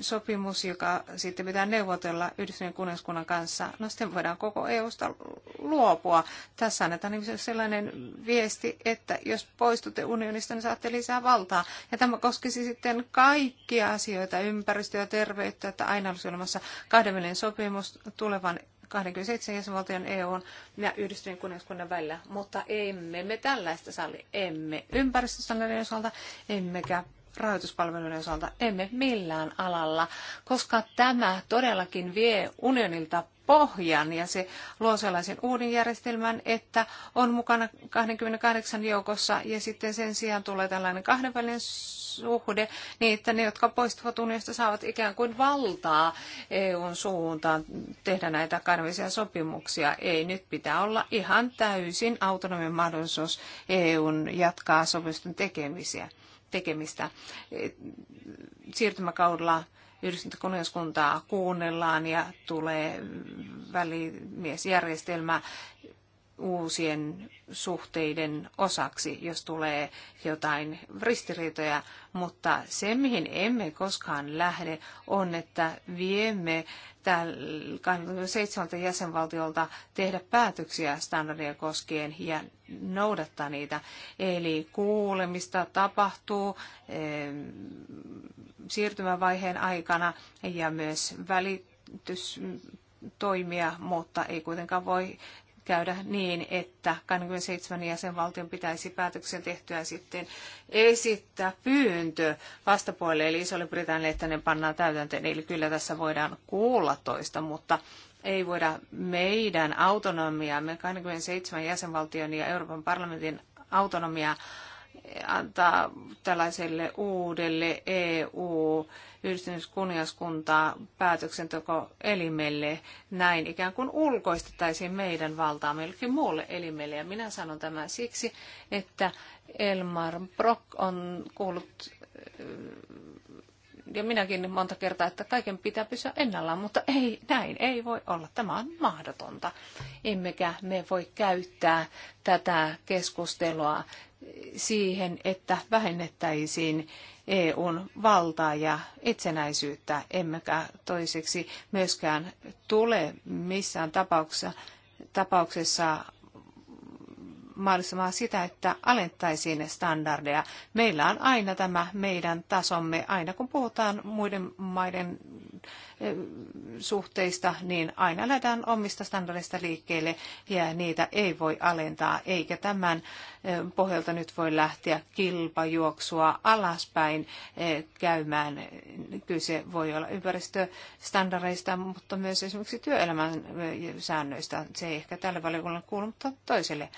sopimus, joka sitten pitää neuvotella Yhdistyneen kuningaskunnan kanssa. No sitten voidaan koko EUsta luopua. Tässä annetaan niin sellainen viesti, että että jos poistutte unionista, niin saatte lisää valtaa. Ja tämä koskisi sitten kaikkia asioita, ympäristöä ja terveyttä, että aina olisi olemassa kahdenvälinen sopimus tulevan 27 jäsenvaltion EUn ja yhdistyneen kuningaskunnan välillä. Mutta emme me tällaista salli, emme ympäristöstandardien osalta, emmekä rahoituspalveluiden osalta emme millään alalla, koska tämä todellakin vie unionilta pohjan ja se luo sellaisen uuden järjestelmän, että on mukana 28 joukossa ja sitten sen sijaan tulee tällainen kahdenvälinen suhde, niin että ne, jotka poistuvat unionista, saavat ikään kuin valtaa EUn suuntaan tehdä näitä kahdenvälisiä sopimuksia. Ei, nyt pitää olla ihan täysin autonominen mahdollisuus EUn jatkaa sopimusten tekemisiä tekemistä. Siirtymäkaudella yhdistyntä kuningaskuntaa kuunnellaan ja tulee välimiesjärjestelmä uusien suhteiden osaksi, jos tulee jotain ristiriitoja, mutta se, mihin emme koskaan lähde, on, että viemme 27 jäsenvaltiolta tehdä päätöksiä standardia koskien ja noudattaa niitä. Eli kuulemista tapahtuu siirtymävaiheen aikana ja myös välitys toimia, mutta ei kuitenkaan voi käydä niin, että 27 jäsenvaltion pitäisi päätöksen tehtyä sitten esittää pyyntö vastapuolelle, eli isolle britannialle että ne pannaan täytäntöön. Eli kyllä tässä voidaan kuulla toista, mutta ei voida meidän autonomiaa, me 27 jäsenvaltion ja Euroopan parlamentin autonomiaa antaa tällaiselle uudelle EU yhdistymiskuningaskuntaa päätöksentekoelimelle näin ikään kuin ulkoistettaisiin meidän valtaa melkein muulle elimelle. Ja minä sanon tämän siksi, että Elmar Brock on kuullut ja minäkin monta kertaa, että kaiken pitää pysyä ennallaan, mutta ei näin, ei voi olla. Tämä on mahdotonta. Emmekä me voi käyttää tätä keskustelua siihen, että vähennettäisiin EUn valtaa ja itsenäisyyttä, emmekä toiseksi myöskään tule missään tapauksessa, tapauksessa mahdollistamaan sitä, että alentaisiin standardeja. Meillä on aina tämä meidän tasomme, aina kun puhutaan muiden maiden eh, suhteista, niin aina lähdetään omista standardeista liikkeelle ja niitä ei voi alentaa, eikä tämän eh, pohjalta nyt voi lähteä kilpajuoksua alaspäin eh, käymään. Kyse voi olla ympäristöstandardeista, mutta myös esimerkiksi työelämän säännöistä. Se ei ehkä tälle valiokunnalle kuulu, mutta toiselle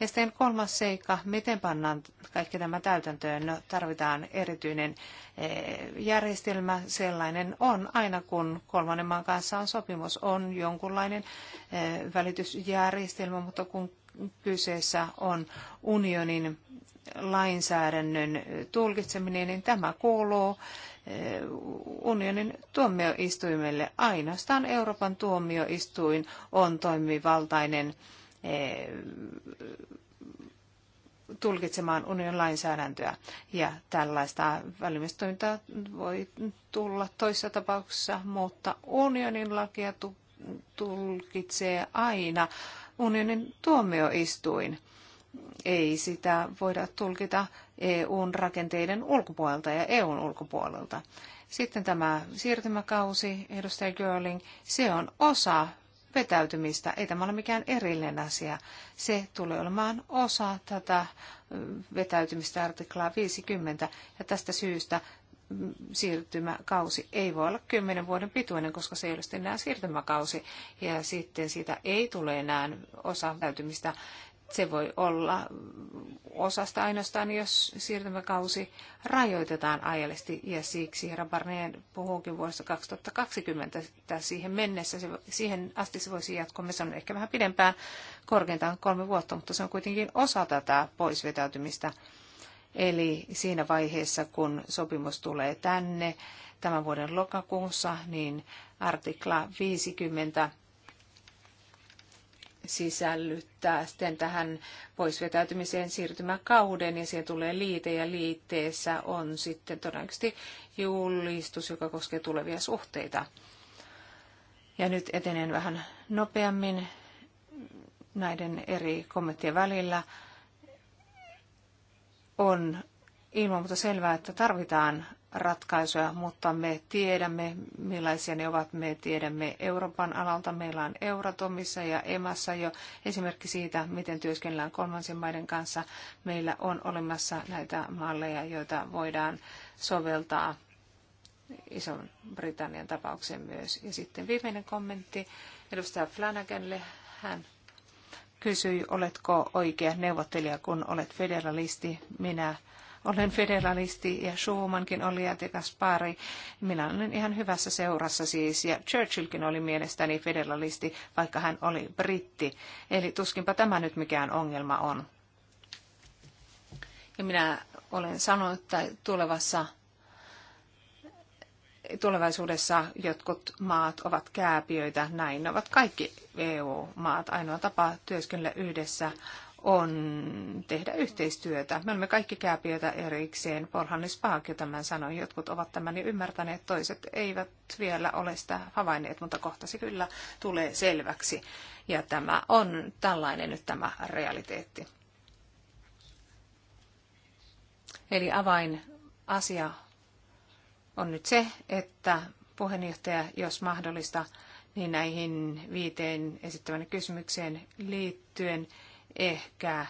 ja sitten kolmas seikka, miten pannaan kaikki tämä täytäntöön. No, tarvitaan erityinen eh, järjestelmä. Sellainen on aina, kun kolmannen maan kanssa on sopimus. On jonkunlainen eh, välitysjärjestelmä, mutta kun kyseessä on unionin lainsäädännön tulkitseminen, niin tämä kuuluu eh, unionin tuomioistuimelle. Ainoastaan Euroopan tuomioistuin on toimivaltainen Eh, tulkitsemaan unionin lainsäädäntöä. Ja tällaista välimistoimintaa voi tulla toisessa tapauksessa, mutta unionin lakia tulkitsee aina unionin tuomioistuin. Ei sitä voida tulkita EUn rakenteiden ulkopuolelta ja EUn ulkopuolelta. Sitten tämä siirtymäkausi, edustaja Görling, se on osa vetäytymistä. Ei tämä ole mikään erillinen asia. Se tulee olemaan osa tätä vetäytymistä artiklaa 50 ja tästä syystä siirtymäkausi ei voi olla kymmenen vuoden pituinen, koska se ei ole sitten enää siirtymäkausi. Ja sitten siitä ei tule enää osa vetäytymistä se voi olla osasta ainoastaan, jos siirtymäkausi rajoitetaan ajallisesti, ja siksi herra Barnier puhuukin vuodesta 2020 tai siihen mennessä, se, siihen asti se voisi jatkoa, me sanon ehkä vähän pidempään, korkeintaan kolme vuotta, mutta se on kuitenkin osa tätä poisvetäytymistä. Eli siinä vaiheessa, kun sopimus tulee tänne tämän vuoden lokakuussa, niin artikla 50 sisällyttää sitten tähän poisvetäytymiseen siirtymäkauden ja siihen tulee liite ja liitteessä on sitten todennäköisesti julistus, joka koskee tulevia suhteita. Ja nyt etenen vähän nopeammin näiden eri kommenttien välillä. On ilman muuta selvää, että tarvitaan ratkaisuja, mutta me tiedämme, millaisia ne ovat. Me tiedämme Euroopan alalta. Meillä on Euratomissa ja EMassa jo esimerkki siitä, miten työskennellään kolmansien maiden kanssa. Meillä on olemassa näitä malleja, joita voidaan soveltaa ison Britannian tapaukseen myös. Ja sitten viimeinen kommentti edustaja Flanaganille. Hän kysyi, oletko oikea neuvottelija, kun olet federalisti. Minä olen federalisti ja Schumannkin oli ja pari Minä olen ihan hyvässä seurassa siis ja Churchillkin oli mielestäni federalisti, vaikka hän oli britti. Eli tuskinpa tämä nyt mikään ongelma on. Ja minä olen sanonut, että tulevassa tulevaisuudessa jotkut maat ovat kääpiöitä, näin ne ovat kaikki EU-maat. Ainoa tapa työskennellä yhdessä on tehdä yhteistyötä. Me olemme kaikki kääpiötä erikseen. Polhannis Paak jo tämän sanoi. Jotkut ovat tämän jo ymmärtäneet, toiset eivät vielä ole sitä havainneet, mutta kohta se kyllä tulee selväksi. Ja tämä on tällainen nyt tämä realiteetti. Eli avain asia on nyt se, että puheenjohtaja, jos mahdollista, niin näihin viiteen esittävän kysymykseen liittyen – ehkä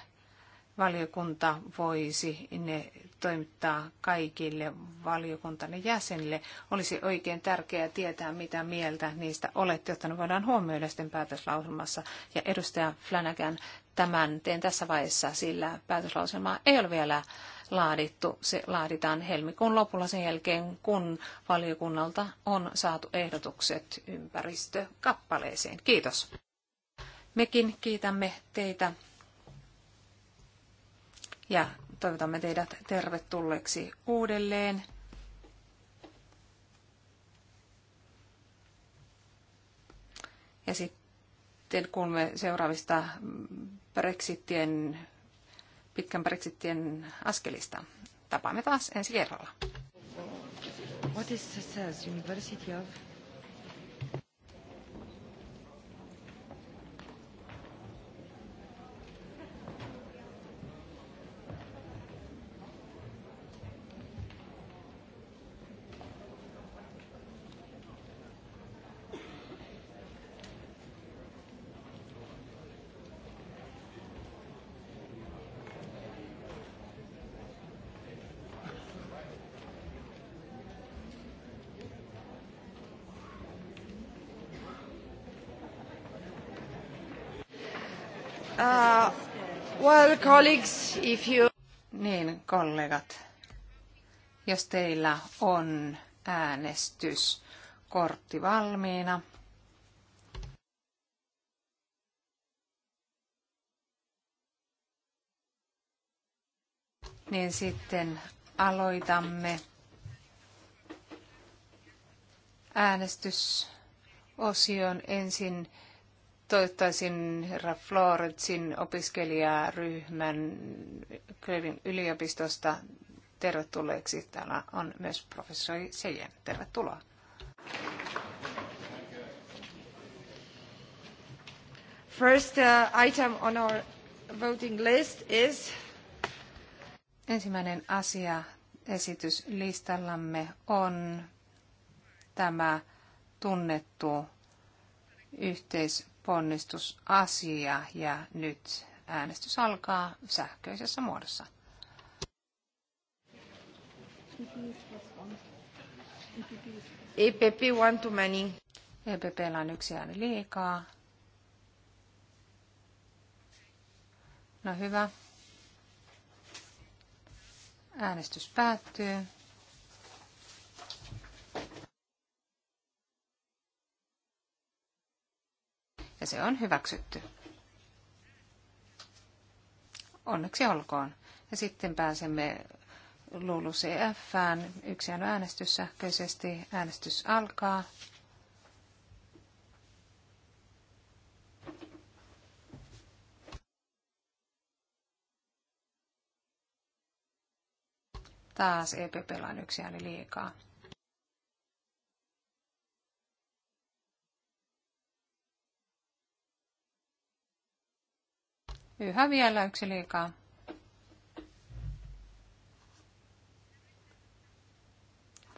valiokunta voisi ne toimittaa kaikille valiokuntanne jäsenille. Olisi oikein tärkeää tietää, mitä mieltä niistä olette, jotta ne voidaan huomioida sitten päätöslauselmassa. Ja edustaja Flanagan, tämän teen tässä vaiheessa, sillä päätöslauselmaa ei ole vielä laadittu. Se laaditaan helmikuun lopulla sen jälkeen, kun valiokunnalta on saatu ehdotukset ympäristökappaleeseen. Kiitos. Mekin kiitämme teitä ja toivotamme teidät tervetulleeksi uudelleen. Ja sitten kuulemme seuraavista Brexitien, pitkän Brexitien askelista. Tapaamme taas ensi kerralla. What is the University of? colleagues, if you... Niin, kollegat, jos teillä on äänestyskortti valmiina, niin sitten aloitamme äänestysosion ensin toivottaisin herra Floretsin opiskelijaryhmän Kölvin yliopistosta tervetulleeksi. Täällä on myös professori Sejen. Tervetuloa. First uh, item on our voting list is... Ensimmäinen asia esityslistallamme on tämä tunnettu yhteis ponnistusasia ja nyt äänestys alkaa sähköisessä muodossa. EPP one too many. EPP on yksi ääni liikaa. No hyvä. Äänestys päättyy. ja se on hyväksytty. Onneksi olkoon. Ja sitten pääsemme LULUCF-ään Yksi äänestys sähköisesti. Äänestys alkaa. Taas EPP on yksi ääni liikaa. Yhä vielä yksi liikaa.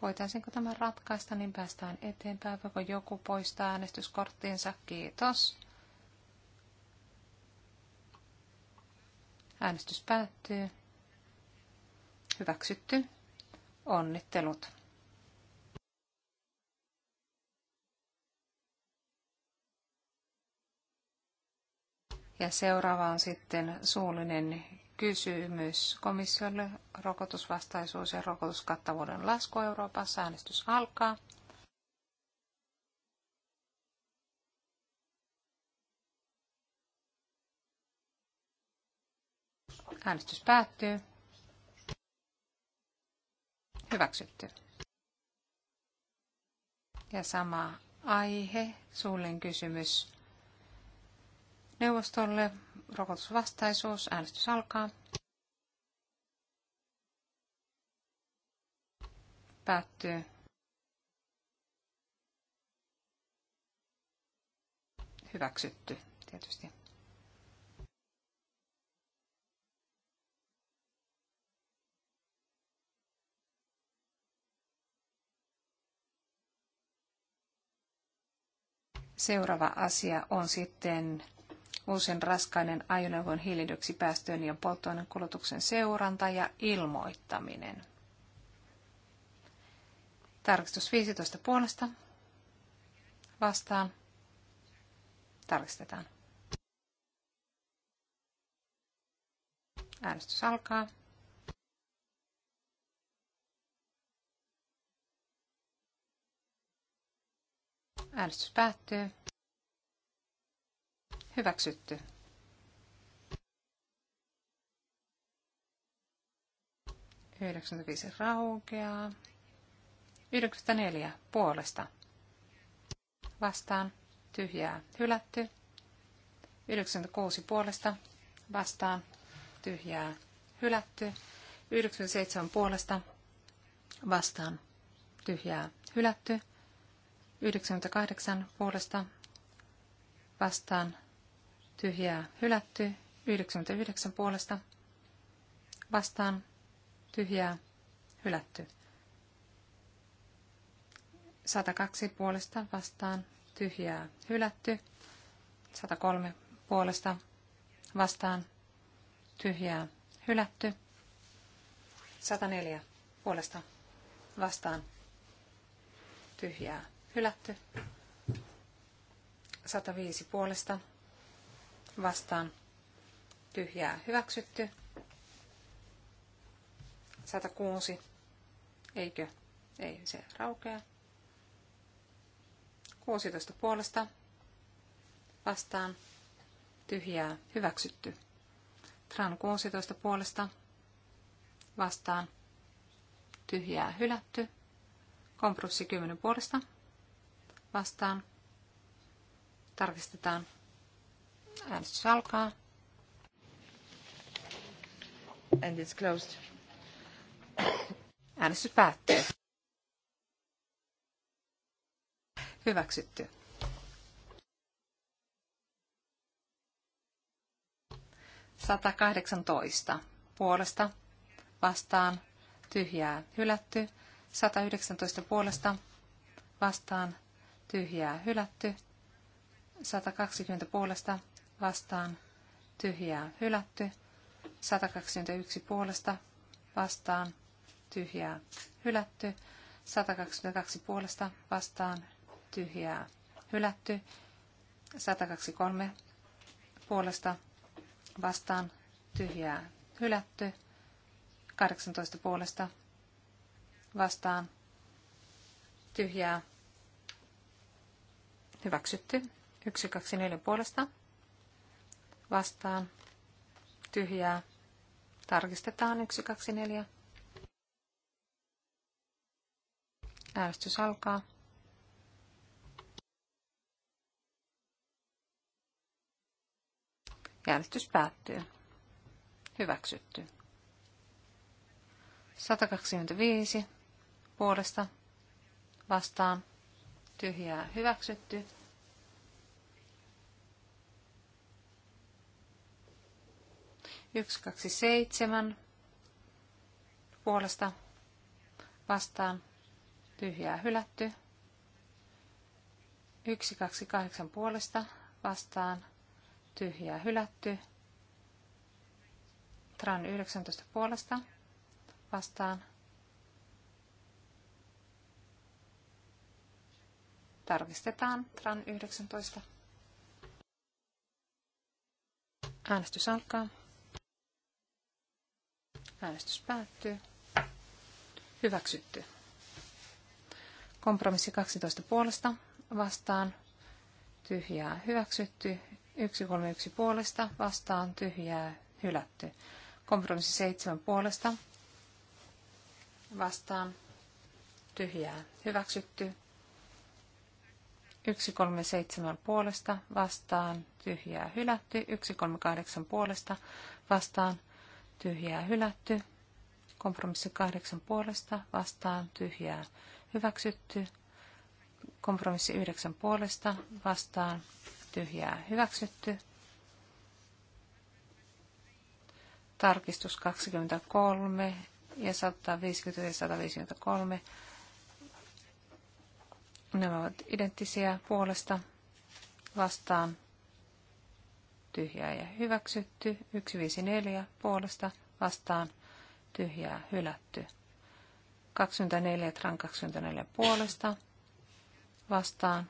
Voitaisinko tämä ratkaista, niin päästään eteenpäin. Voiko joku poistaa äänestyskorttinsa? Kiitos. Äänestys päättyy. Hyväksytty. Onnittelut. Ja seuraava on sitten suullinen kysymys komissiolle rokotusvastaisuus ja rokotuskattavuuden lasku Euroopassa. Äänestys alkaa. Äänestys päättyy. Hyväksytty. Ja sama aihe, suullinen kysymys neuvostolle. Rokotusvastaisuus. Äänestys alkaa. Päättyy. Hyväksytty tietysti. Seuraava asia on sitten uusien raskainen ajoneuvon hiilidioksipäästöjen ja polttoaineen kulutuksen seuranta ja ilmoittaminen. Tarkistus 15 puolesta. Vastaan. Tarkistetaan. Äänestys alkaa. Äänestys päättyy. Hyväksytty. Yhdeksänkymmentäviisi raukeaa. neljä puolesta. Vastaan. Tyhjää. Hylätty. 96 puolesta. Vastaan. Tyhjää. Hylätty. 97 puolesta. Vastaan. Tyhjää. Hylätty. 98 puolesta. Vastaan tyhjää hylätty, 99 puolesta vastaan tyhjää hylätty. 102 puolesta vastaan tyhjää hylätty, 103 puolesta vastaan tyhjää hylätty, 104 puolesta vastaan tyhjää hylätty, 105 puolesta vastaan tyhjää hyväksytty. 106. Eikö? Ei se raukea. 16 puolesta vastaan tyhjää hyväksytty. Tran 16 puolesta vastaan tyhjää hylätty. Komprussi 10 puolesta vastaan tarkistetaan Äänestys alkaa. And it's closed. Äänestys päättyy. Hyväksytty. Sata kahdeksantoista. Puolesta vastaan tyhjää hylätty. 119 puolesta vastaan tyhjää hylätty. 120 puolesta vastaan tyhjää hylätty. 121 puolesta vastaan tyhjää hylätty. 122 puolesta vastaan tyhjää hylätty. 123 puolesta vastaan tyhjää hylätty. 18 puolesta vastaan tyhjää hyväksytty. 124 puolesta vastaan tyhjää. Tarkistetaan 1, 2, 4. Äänestys alkaa. Äänestys päättyy. Hyväksytty. 125 puolesta vastaan tyhjää hyväksytty. 127 puolesta vastaan tyhjää hylätty. 128 puolesta vastaan tyhjää hylätty. Tran 19 puolesta vastaan tarkistetaan Tran 19. Äänestys alkaa. Äänestys päättyy. Hyväksytty. Kompromissi 12 puolesta vastaan tyhjää hyväksytty. 131 puolesta vastaan tyhjää hylätty. Kompromissi 7 puolesta vastaan tyhjää hyväksytty. 137 puolesta vastaan tyhjää hylätty. 138 puolesta vastaan tyhjää hylätty. Kompromissi kahdeksan puolesta vastaan tyhjää hyväksytty. Kompromissi yhdeksän puolesta vastaan tyhjää hyväksytty. Tarkistus 23 ja 150 ja 153. Nämä ovat identtisiä puolesta vastaan tyhjää ja hyväksytty. 154 puolesta vastaan tyhjää hylätty. 24 tran 24 puolesta vastaan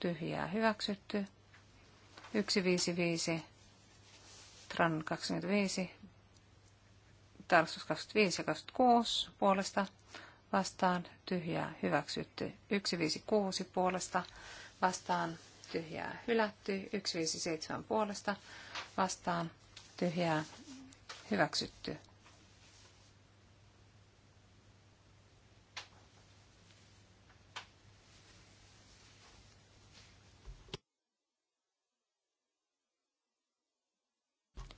tyhjää hyväksytty. 155 tran 25 tarkastus 25 ja 26 puolesta vastaan tyhjää hyväksytty. 156 puolesta vastaan tyhjää hylätty, 157 puolesta vastaan tyhjää hyväksytty.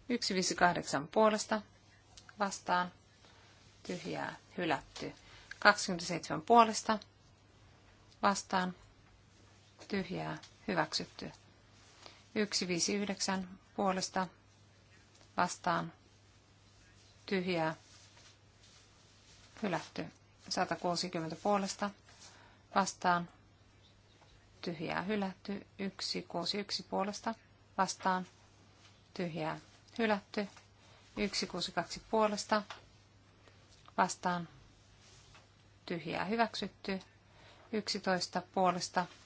Yksi viisi kahdeksan puolesta vastaan tyhjää hylätty. 27 puolesta vastaan tyhjää hyväksytty. 159 puolesta vastaan tyhjää hylätty. 160 puolesta vastaan tyhjää hylätty. 161 puolesta vastaan tyhjää hylätty. 162 puolesta vastaan tyhjää hyväksytty. 11 puolesta vastaan,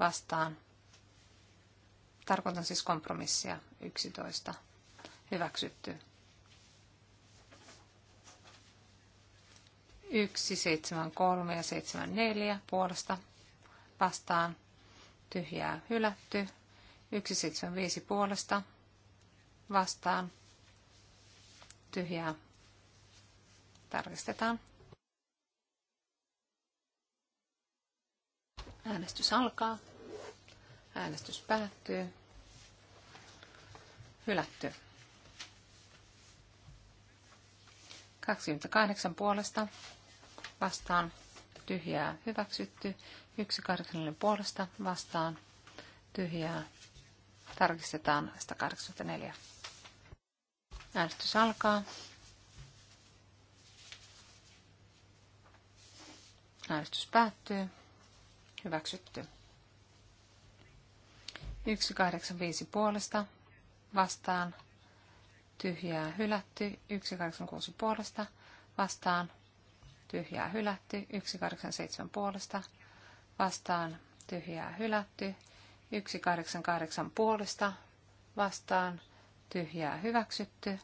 vastaan. Tarkoitan siis kompromissia 11. Hyväksytty. 1, 7, 3 ja 7, 4 puolesta vastaan. Tyhjää hylätty. 1, 7, 5 puolesta vastaan. Tyhjää tarkistetaan. Äänestys alkaa. Äänestys päättyy. Hylätty. 28 puolesta vastaan tyhjää hyväksytty. 184 puolesta vastaan tyhjää. Tarkistetaan 184. Äänestys alkaa. Äänestys päättyy. Hyväksytty. 185 puolesta vastaan tyhjää hylätty 186 puolesta vastaan tyhjää hylätty 187 puolesta vastaan tyhjää hylätty 188 puolesta vastaan tyhjää hyväksytty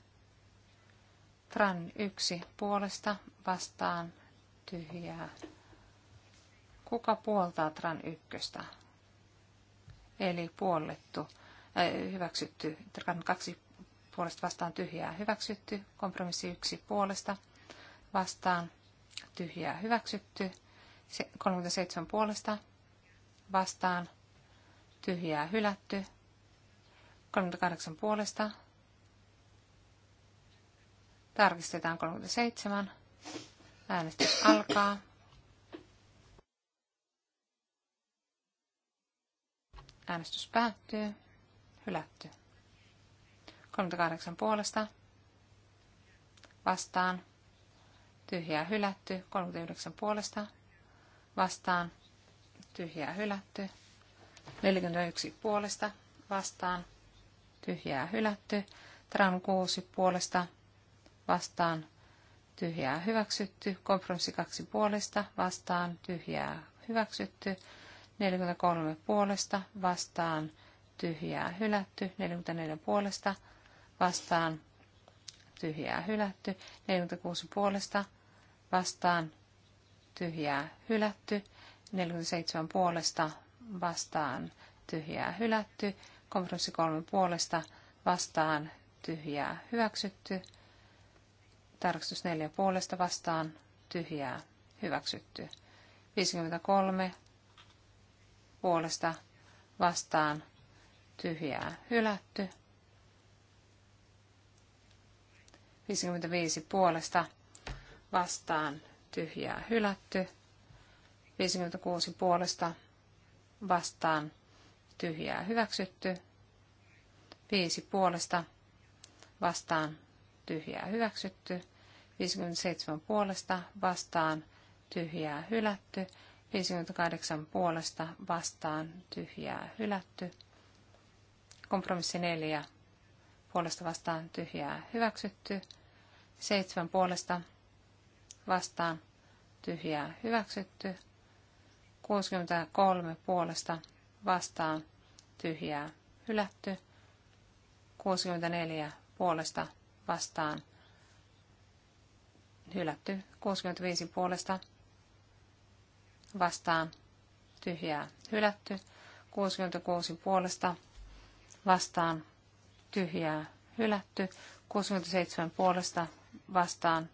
Tran 1 puolesta vastaan tyhjää. Kuka puoltaa Tran ykköstä? eli puollettu, äh, hyväksytty, kaksi puolesta vastaan tyhjää hyväksytty, kompromissi yksi puolesta vastaan tyhjää hyväksytty, 37 puolesta vastaan tyhjää hylätty, 38 puolesta tarkistetaan 37, äänestys alkaa. Äänestys päättyy. Hylätty. 38 puolesta. Vastaan. Tyhjää hylätty. 39 puolesta. Vastaan. Tyhjää hylätty. 41 puolesta. Vastaan. Tyhjää hylätty. Tran 6 puolesta. Vastaan. Tyhjää hyväksytty. Kompromissi 2 puolesta. Vastaan. Tyhjää hyväksytty. 43 puolesta vastaan tyhjää hylätty. 44 puolesta vastaan tyhjää hylätty. 46 puolesta vastaan tyhjää hylätty. 47 puolesta vastaan tyhjää hylätty. Kompromissi 3 puolesta vastaan tyhjää hyväksytty. Tarkastus 4 puolesta vastaan tyhjää hyväksytty. 53 puolesta vastaan tyhjää hylätty. 55 puolesta vastaan tyhjää hylätty. 56 puolesta vastaan tyhjää hyväksytty. 5 puolesta vastaan tyhjää hyväksytty. 57 puolesta vastaan tyhjää hylätty. 58 puolesta vastaan tyhjää hylätty. Kompromissi 4 puolesta vastaan tyhjää hyväksytty. 7 puolesta vastaan tyhjää hyväksytty. 63 puolesta vastaan tyhjää hylätty. 64 puolesta vastaan hylätty. 65 puolesta vastaan vastaan tyhjää hylätty. 66 puolesta vastaan tyhjää hylätty. 67 puolesta vastaan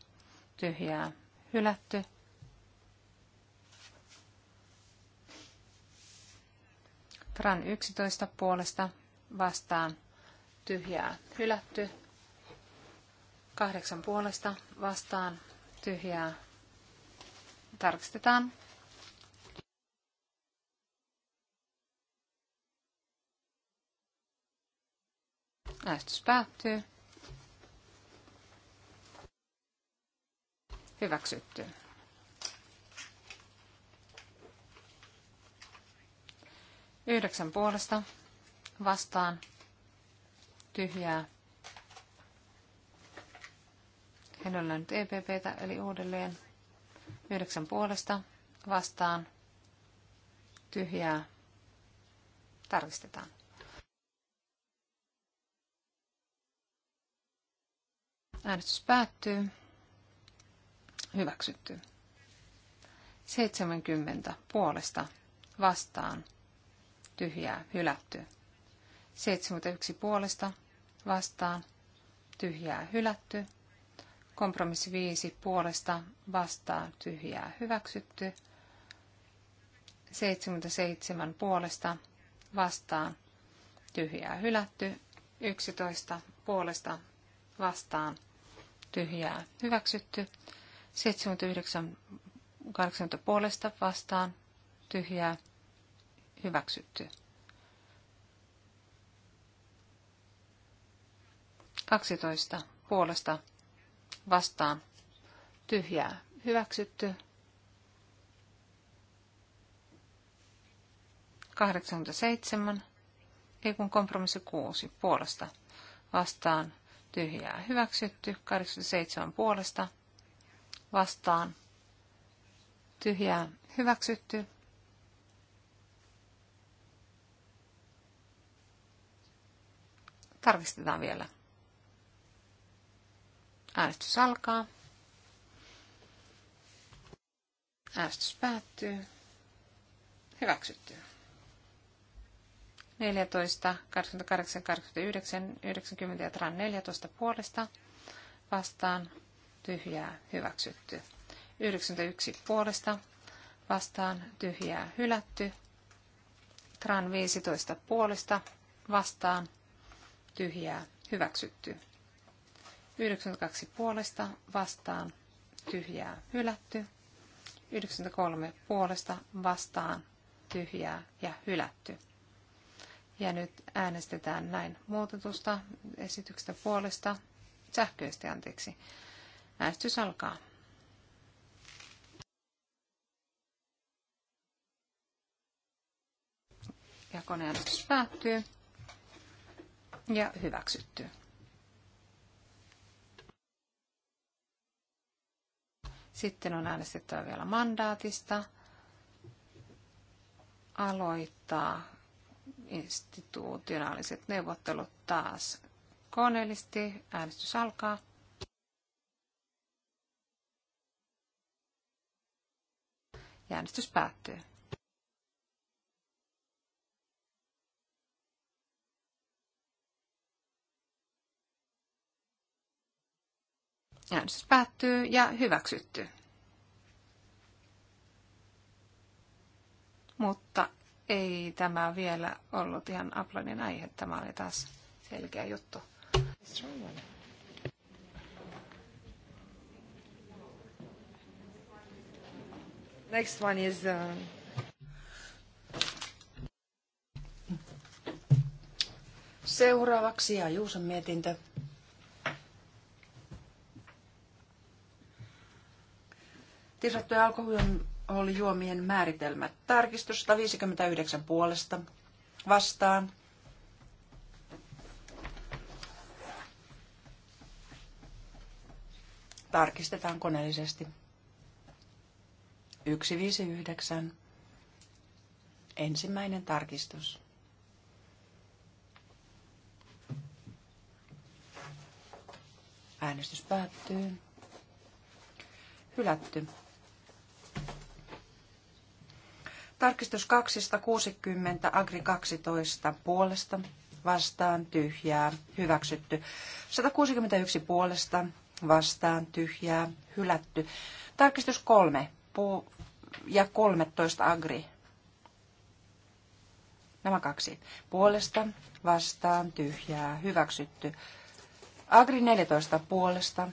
tyhjää hylätty. Tran 11 puolesta vastaan tyhjää hylätty. 8 puolesta vastaan tyhjää tarkistetaan. Äänestys päättyy. Hyväksytty. Yhdeksän puolesta vastaan tyhjää. En ole nyt EPPtä, eli uudelleen. Yhdeksän puolesta vastaan tyhjää. Tarkistetaan. Äänestys päättyy. Hyväksytty. 70 puolesta vastaan. Tyhjää. Hylätty. 71 puolesta vastaan. Tyhjää. Hylätty. Kompromissi 5 puolesta vastaan. Tyhjää. Hyväksytty. 77 puolesta vastaan. Tyhjää. Hylätty. 11 puolesta vastaan tyhjää hyväksytty. 79 80 puolesta vastaan tyhjää hyväksytty. 12 puolesta vastaan tyhjää hyväksytty. 87, ei kun kompromissi 6 puolesta vastaan tyhjää hyväksytty. 87 puolesta vastaan tyhjää hyväksytty. Tarkistetaan vielä. Äänestys alkaa. Äänestys päättyy. Hyväksytty. 14, 88, 89, 90 ja tran 14 puolesta vastaan tyhjää hyväksytty. 91 puolesta vastaan tyhjää hylätty. Tran 15 puolesta vastaan tyhjää hyväksytty. 92 puolesta vastaan tyhjää hylätty. 93 puolesta vastaan tyhjää ja hylätty. Ja nyt äänestetään näin muutetusta esityksestä puolesta, sähköisesti anteeksi. Äänestys alkaa. Ja koneäänestys päättyy ja hyväksytty. Sitten on äänestettävä vielä mandaatista. Aloittaa institutionaaliset neuvottelut taas koneellisesti. Äänestys alkaa. Ja äänestys päättyy. Äänestys päättyy ja hyväksytty. Mutta ei tämä vielä ollut ihan aplodin aihe. Tämä oli taas selkeä juttu. Next one is... Uh... Seuraavaksi ja Juusan mietintö. Tisattuja alkoholin oli juomien määritelmät. Tarkistus 159 puolesta vastaan. Tarkistetaan koneellisesti. 159. Ensimmäinen tarkistus. Äänestys päättyy. Hylätty. Tarkistus 260, Agri 12 puolesta, vastaan, tyhjää, hyväksytty. 161 puolesta, vastaan, tyhjää, hylätty. Tarkistus 3 puu ja 13 Agri. Nämä kaksi. Puolesta, vastaan, tyhjää, hyväksytty. Agri 14 puolesta,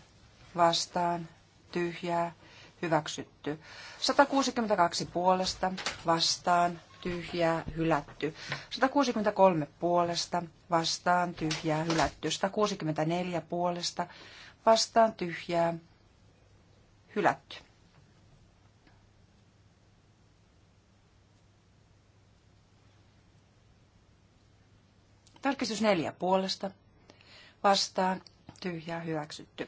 vastaan, tyhjää, hyväksytty. 162 puolesta, vastaan, tyhjää, hylätty. 163 puolesta, vastaan, tyhjää, hylätty. 164 puolesta, vastaan, tyhjää, hylätty. Tarkistus neljä puolesta, vastaan, tyhjää, hyväksytty.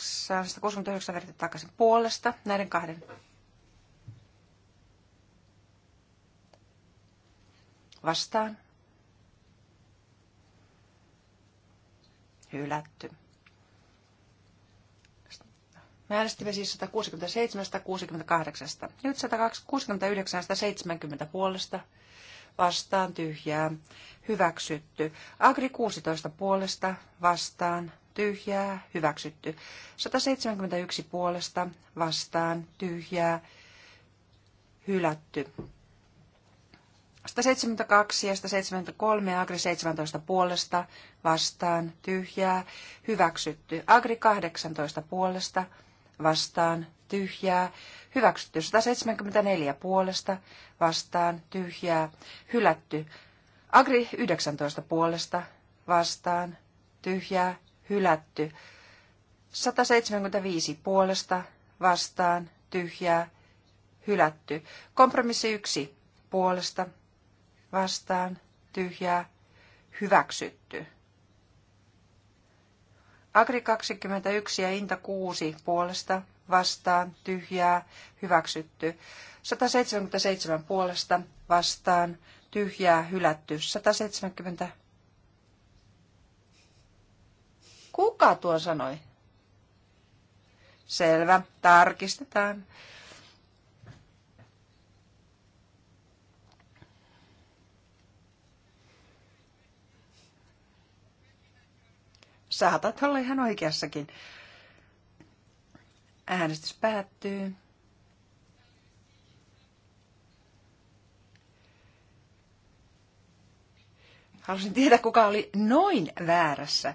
168, 169 takaisin puolesta näiden kahden vastaan. Hylätty. Mä äänestimme siis 167-168. Nyt 169-170 puolesta vastaan tyhjää. Hyväksytty. Agri 16 puolesta vastaan tyhjää, hyväksytty. 171 puolesta, vastaan, tyhjää, hylätty. 172 ja 173 Agri 17 puolesta, vastaan, tyhjää, hyväksytty. Agri 18 puolesta, vastaan, tyhjää, hyväksytty. 174 puolesta, vastaan, tyhjää, hylätty. Agri 19 puolesta, vastaan, tyhjää, hylätty. 175 puolesta vastaan tyhjää hylätty. Kompromissi 1 puolesta vastaan tyhjää hyväksytty. Agri 21 ja Inta 6 puolesta vastaan tyhjää hyväksytty. 177 puolesta vastaan tyhjää hylätty. 170 Kuka tuo sanoi? Selvä, tarkistetaan. Saatat olla ihan oikeassakin. Äänestys päättyy. Halusin tietää, kuka oli noin väärässä.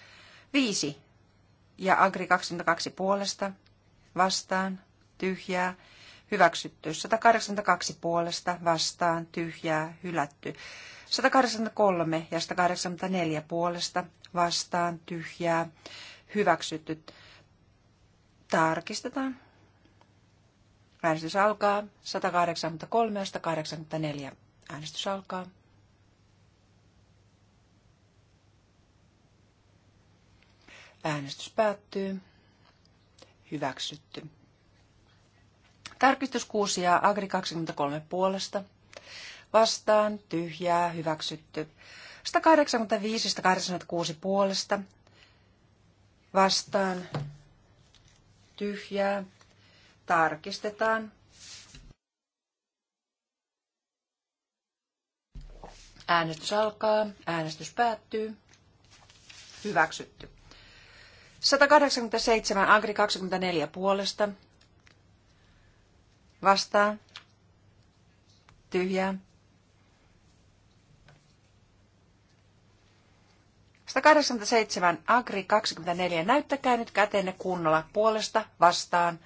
viisi ja Agri 22 puolesta, vastaan, tyhjää, hyväksytty. 182 puolesta, vastaan, tyhjää, hylätty. 183 ja 184 puolesta, vastaan, tyhjää, hyväksytty. Tarkistetaan. Äänestys alkaa. 183 ja 184. Äänestys alkaa. Äänestys päättyy. Hyväksytty. Tarkistus 6 ja Agri 23 puolesta. Vastaan tyhjää hyväksytty. 185 86 puolesta. Vastaan tyhjää. Tarkistetaan. Äänestys alkaa. Äänestys päättyy. Hyväksytty. 187 Agri 24 puolesta. Vastaan. Tyhjää. 187 Agri 24. Näyttäkää nyt käteenne kunnolla puolesta vastaan.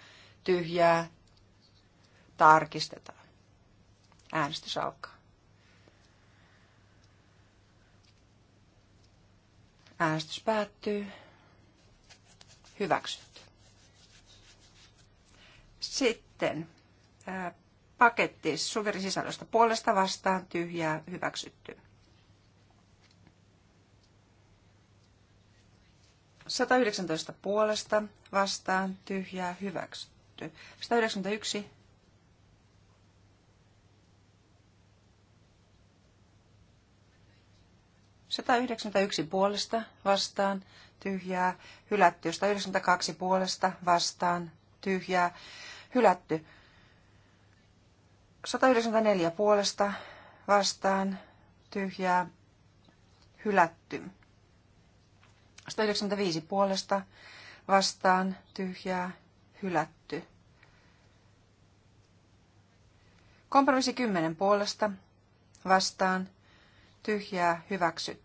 Tyhjää. Tarkistetaan. Äänestys alkaa. Äänestys päättyy. Hyväksytty. Sitten paketti sisällöstä puolesta vastaan tyhjää hyväksytty. 119 puolesta vastaan tyhjää hyväksytty. 191 191 puolesta vastaan tyhjää, hylätty. 192 puolesta vastaan, tyhjää, hylätty. 194 puolesta vastaan, tyhjää, hylätty. 195 puolesta vastaan, tyhjää, hylätty. Kompromissi 10 puolesta vastaan, tyhjää, hyväksytty.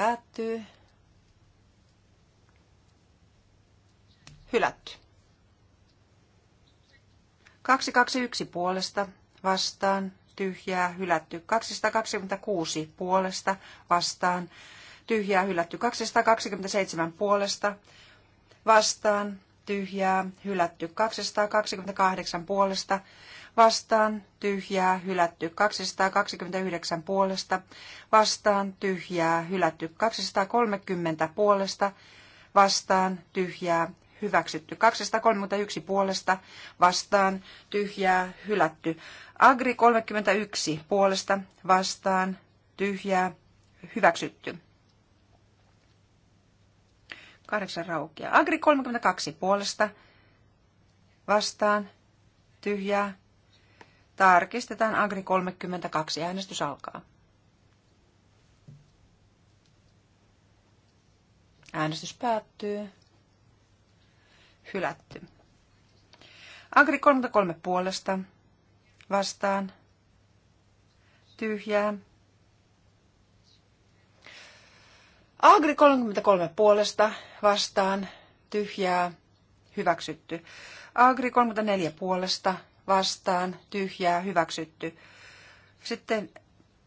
Päättyy. Hylätty. 221 puolesta vastaan tyhjää hylätty 226 puolesta vastaan tyhjää hylätty 227 puolesta vastaan tyhjää hylätty 228 puolesta vastaan tyhjää hylätty 229 puolesta, vastaan tyhjää hylätty 230 puolesta, vastaan tyhjää hyväksytty 231 puolesta, vastaan tyhjää hylätty. Agri 31 puolesta, vastaan tyhjää hyväksytty. Kahdeksan raukia. Agri 32 puolesta, vastaan tyhjää Tarkistetaan Agri 32. Äänestys alkaa. Äänestys päättyy. Hylätty. Agri 33 puolesta. Vastaan. Tyhjää. Agri 33 puolesta. Vastaan. Tyhjää. Hyväksytty. Agri 34 puolesta vastaan tyhjää hyväksytty. Sitten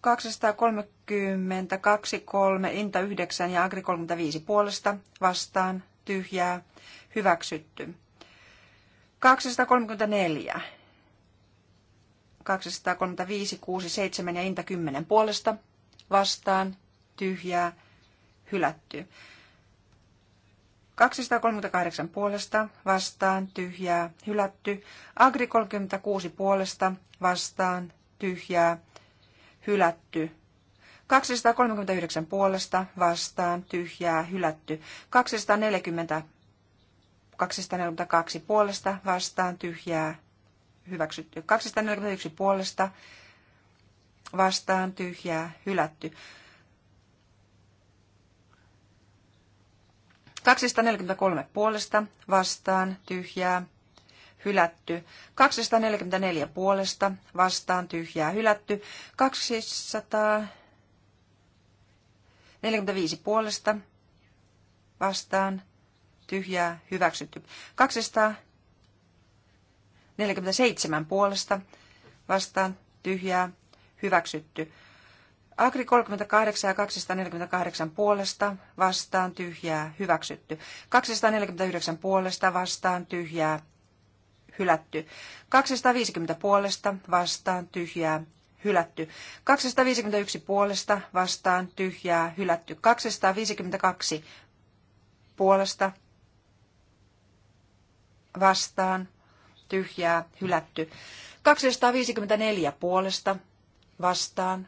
232, 3, Inta 9 ja Agri 35 puolesta vastaan tyhjää hyväksytty. 234, 235, 6, 7 ja Inta 10 puolesta vastaan tyhjää hylätty. 238 puolesta, vastaan, tyhjää, hylätty. Agri 36 puolesta, vastaan, tyhjää, hylätty. 239 puolesta, vastaan, tyhjää, hylätty. 240, 242 puolesta, vastaan, tyhjää, hyväksytty. 241 puolesta, vastaan, tyhjää, hylätty. 243 puolesta vastaan tyhjää hylätty. 244 puolesta vastaan tyhjää hylätty. 245 puolesta vastaan tyhjää hyväksytty. 247 puolesta vastaan tyhjää hyväksytty. Agri 38 ja 248 puolesta vastaan tyhjää hyväksytty. 249 puolesta vastaan tyhjää hylätty. 250 puolesta vastaan tyhjää hylätty. 251 puolesta vastaan tyhjää hylätty. 252 puolesta vastaan tyhjää hylätty. 254 puolesta vastaan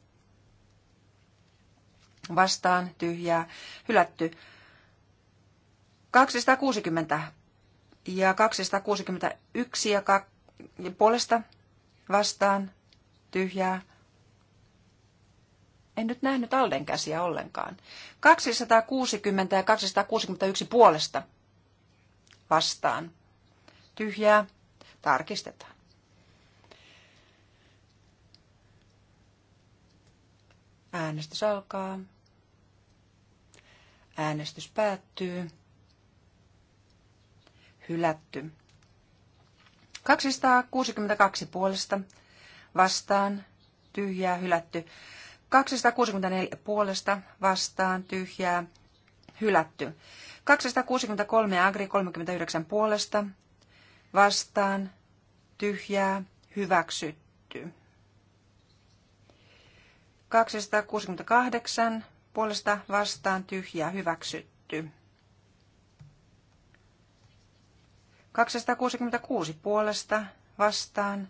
vastaan tyhjää hylätty. 260 ja 261 ja, ka- ja puolesta vastaan tyhjää. En nyt nähnyt Alden käsiä ollenkaan. 260 ja 261 puolesta vastaan tyhjää tarkistetaan. Äänestys alkaa. Äänestys päättyy. Hylätty. 262 puolesta vastaan tyhjää hylätty. 264 puolesta vastaan tyhjää hylätty. 263 agri 39 puolesta vastaan tyhjää hyväksytty. 268 puolesta vastaan tyhjä hyväksytty. 266 puolesta vastaan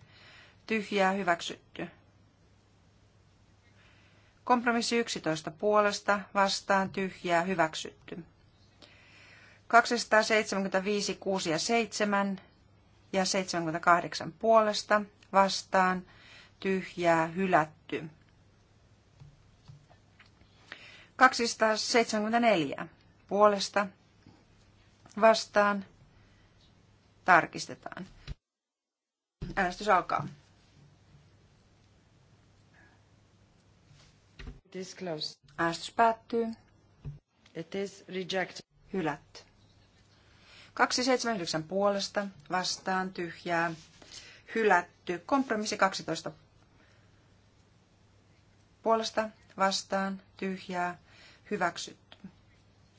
tyhjää hyväksytty. Kompromissi 11 puolesta vastaan tyhjää hyväksytty. 275, 6 ja 7 ja 78 puolesta vastaan tyhjää hylätty. 274 puolesta vastaan tarkistetaan. Äänestys alkaa. closed. Äänestys päättyy. It is rejected. Hylätty. 279 puolesta vastaan tyhjää. Hylätty. Kompromissi 12 puolesta vastaan tyhjää hyväksytty.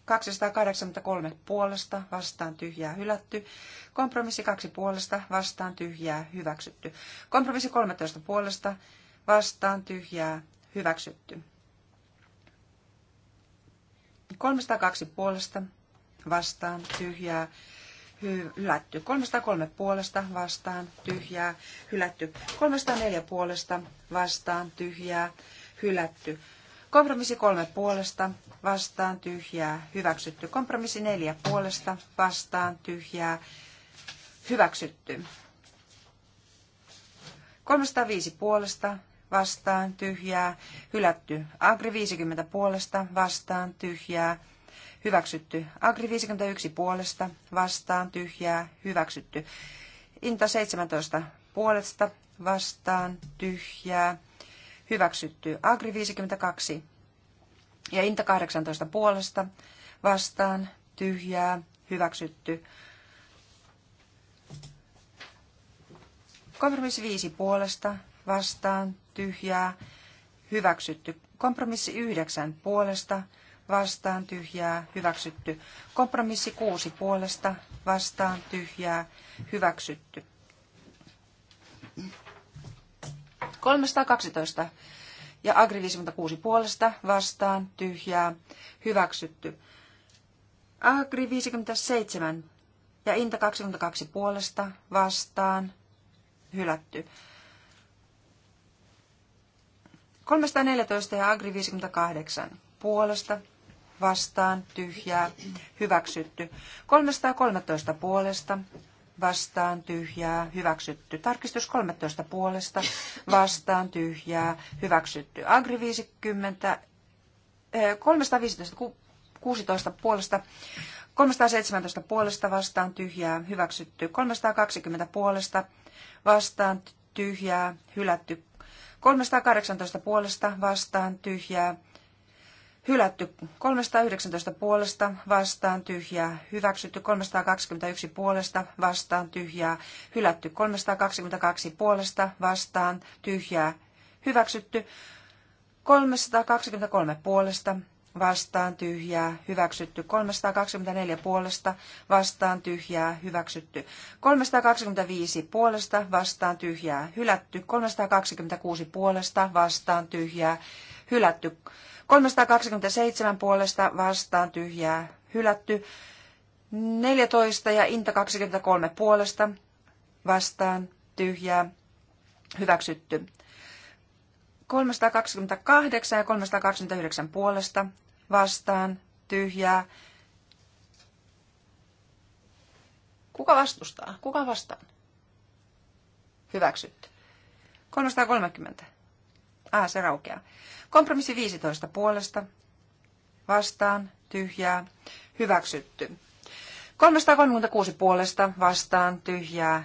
283 puolesta vastaan tyhjää hylätty. Kompromissi 2 puolesta vastaan tyhjää hyväksytty. Kompromissi 13 puolesta vastaan tyhjää hyväksytty. 302 puolesta vastaan tyhjää hylätty. 303 puolesta vastaan tyhjää hylätty. 304 puolesta vastaan tyhjää hylätty. Kompromissi kolme puolesta, vastaan tyhjää, hyväksytty. Kompromissi neljä puolesta, vastaan tyhjää, hyväksytty. 305 puolesta, vastaan tyhjää, hylätty. Agri 50 puolesta, vastaan tyhjää, hyväksytty. Agri 51 puolesta, vastaan tyhjää, hyväksytty. Inta 17 puolesta, vastaan tyhjää, hyväksytty. Agri 52 ja Inta 18 puolesta vastaan tyhjää hyväksytty. Kompromissi 5 puolesta vastaan tyhjää hyväksytty. Kompromissi 9 puolesta vastaan tyhjää hyväksytty. Kompromissi 6 puolesta vastaan tyhjää hyväksytty. 312 ja Agri 56 puolesta vastaan tyhjää hyväksytty. Agri 57 ja Inta 22 puolesta vastaan hylätty. 314 ja Agri 58 puolesta vastaan tyhjää hyväksytty. 313 puolesta vastaan tyhjää, hyväksytty. Tarkistus 13 puolesta, vastaan tyhjää, hyväksytty. Agri 50, 315, 16 puolesta, 317 puolesta vastaan tyhjää, hyväksytty. 320 puolesta vastaan tyhjää, hylätty. 318 puolesta vastaan tyhjää, Hylätty 319 puolesta vastaan tyhjää, hyväksytty 321 puolesta vastaan tyhjää, hylätty 322 puolesta vastaan tyhjää, hyväksytty 323 puolesta vastaan tyhjää, hyväksytty 324 puolesta vastaan tyhjää, hyväksytty 325 puolesta vastaan tyhjää, hylätty 326 puolesta vastaan tyhjää, hylätty 327 puolesta vastaan tyhjää hylätty. 14 ja Inta 23 puolesta vastaan tyhjää hyväksytty. 328 ja 329 puolesta vastaan tyhjää. Kuka vastustaa? Kuka vastaan? Hyväksytty. 330 Ah, se raukeaa. Kompromissi 15 puolesta. Vastaan. Tyhjää. Hyväksytty. 336 puolesta. Vastaan. Tyhjää.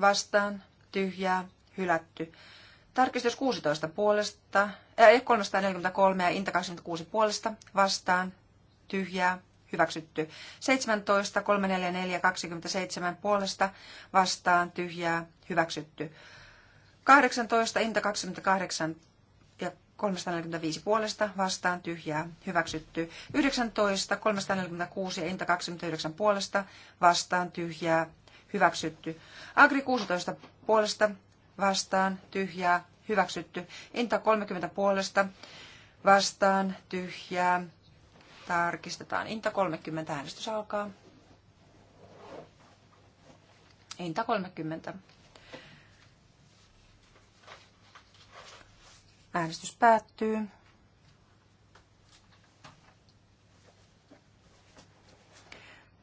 vastaan, tyhjää, hylätty. Tarkistus 16 puolesta, äh, 343 ja Inta 26 puolesta, vastaan, tyhjää, hyväksytty. 17, 344, 27 puolesta, vastaan, tyhjää, hyväksytty. 18, Inta 28 ja 345 puolesta, vastaan, tyhjää, hyväksytty. 19, 346 ja Inta 29 puolesta, vastaan, tyhjää, hyväksytty. Agri 16 puolesta vastaan tyhjää hyväksytty. Inta 30 puolesta vastaan tyhjää. Tarkistetaan. Inta 30 äänestys alkaa. Inta 30. Äänestys päättyy.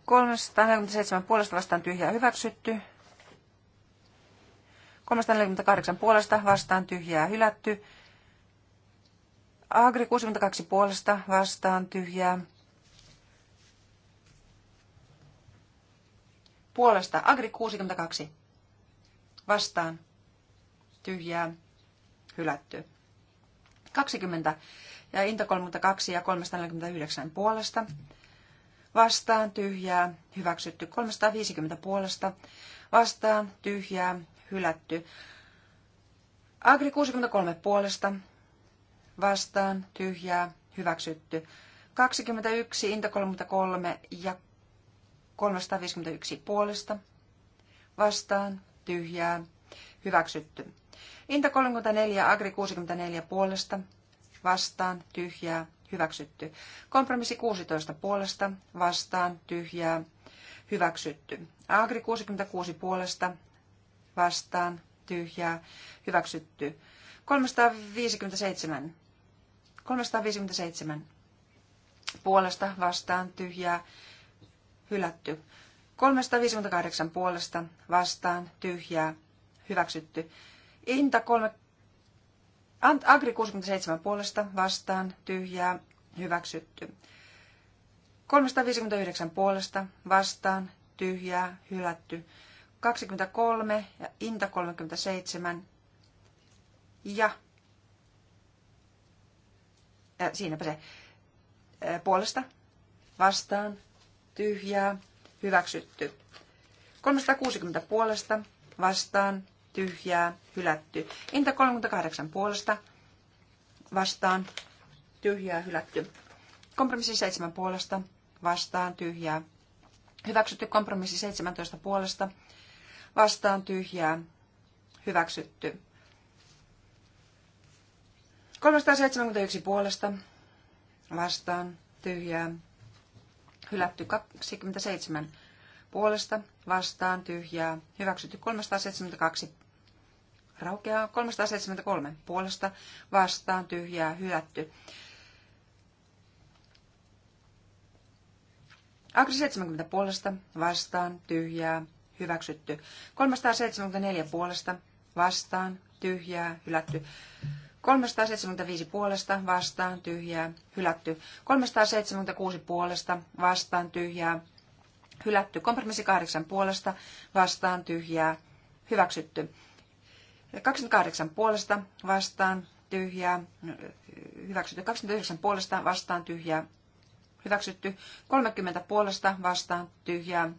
347 puolesta vastaan tyhjää hyväksytty. 348 puolesta vastaan tyhjää hylätty. Agri 62 puolesta vastaan tyhjää. Puolesta Agri 62 vastaan tyhjää hylätty. 20 ja Inta 32 ja 349 puolesta vastaan tyhjää, hyväksytty 350 puolesta, vastaan tyhjää, hylätty. Agri 63 puolesta, vastaan tyhjää, hyväksytty. 21, Inta 33 ja 351 puolesta, vastaan tyhjää, hyväksytty. Inta 34, Agri 64 puolesta, vastaan tyhjää, hyväksytty. Kompromissi 16 puolesta, vastaan, tyhjää, hyväksytty. Agri 66 puolesta, vastaan, tyhjää, hyväksytty. 357, 357 puolesta, vastaan, tyhjää, hylätty. 358 puolesta, vastaan, tyhjää, hyväksytty. Inta 3 Agri 67 puolesta vastaan tyhjää hyväksytty. 359 puolesta vastaan tyhjää hylätty. 23 ja Inta 37 ja, ja siinäpä se puolesta vastaan tyhjää hyväksytty. 360 puolesta vastaan tyhjää, hylätty. Inta 38 puolesta vastaan, tyhjää, hylätty. Kompromissi 7 puolesta vastaan, tyhjää. Hyväksytty kompromissi 17 puolesta vastaan, tyhjää, hyväksytty. 371 puolesta vastaan, tyhjää, hylätty 27 puolesta vastaan, tyhjää, hyväksytty 372 raukeaa. 373 puolesta vastaan tyhjää hylätty. Agri 70 puolesta vastaan tyhjää hyväksytty. 374 puolesta vastaan tyhjää hylätty. 375 puolesta vastaan tyhjää hylätty. 376 puolesta vastaan tyhjää hylätty. Kompromissi 8 puolesta vastaan tyhjää hyväksytty. 28 puolesta vastaan tyhjää, hyväksytty 29 puolesta vastaan tyhjää, hyväksytty 30 puolesta vastaan tyhjää,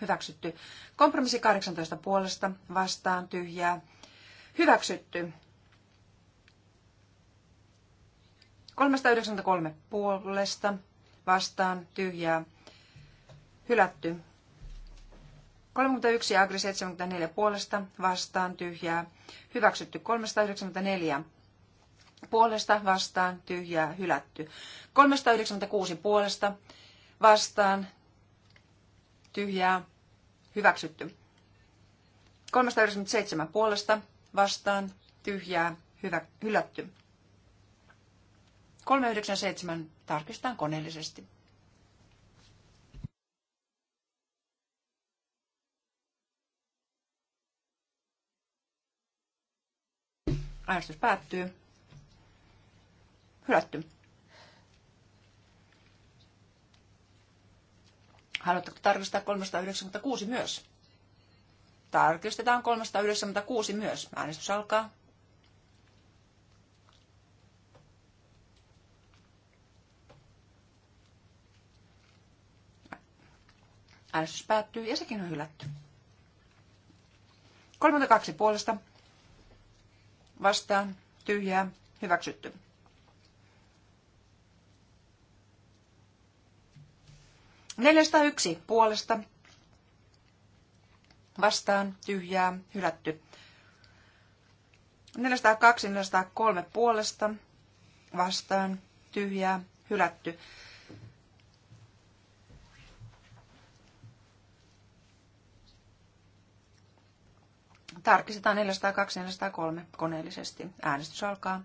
hyväksytty kompromissi 18 puolesta vastaan tyhjää, hyväksytty 393 puolesta vastaan tyhjää, hylätty 31 Agri 74 puolesta vastaan tyhjää. Hyväksytty 394 puolesta vastaan tyhjää hylätty. 396 puolesta vastaan tyhjää hyväksytty. 397 puolesta vastaan tyhjää hyvä, hylätty. 397 tarkistetaan koneellisesti. Äänestys päättyy. Hylätty. Haluatteko tarkistaa 396 myös? Tarkistetaan 396 myös. Äänestys alkaa. Äänestys päättyy ja sekin on hylätty. 32 puolesta vastaan tyhjää hyväksytty. Neljästä yksi puolesta vastaan tyhjää hylätty. 402, 403 puolesta vastaan tyhjää hylätty. Tarkistetaan 402-403 koneellisesti. Äänestys alkaa.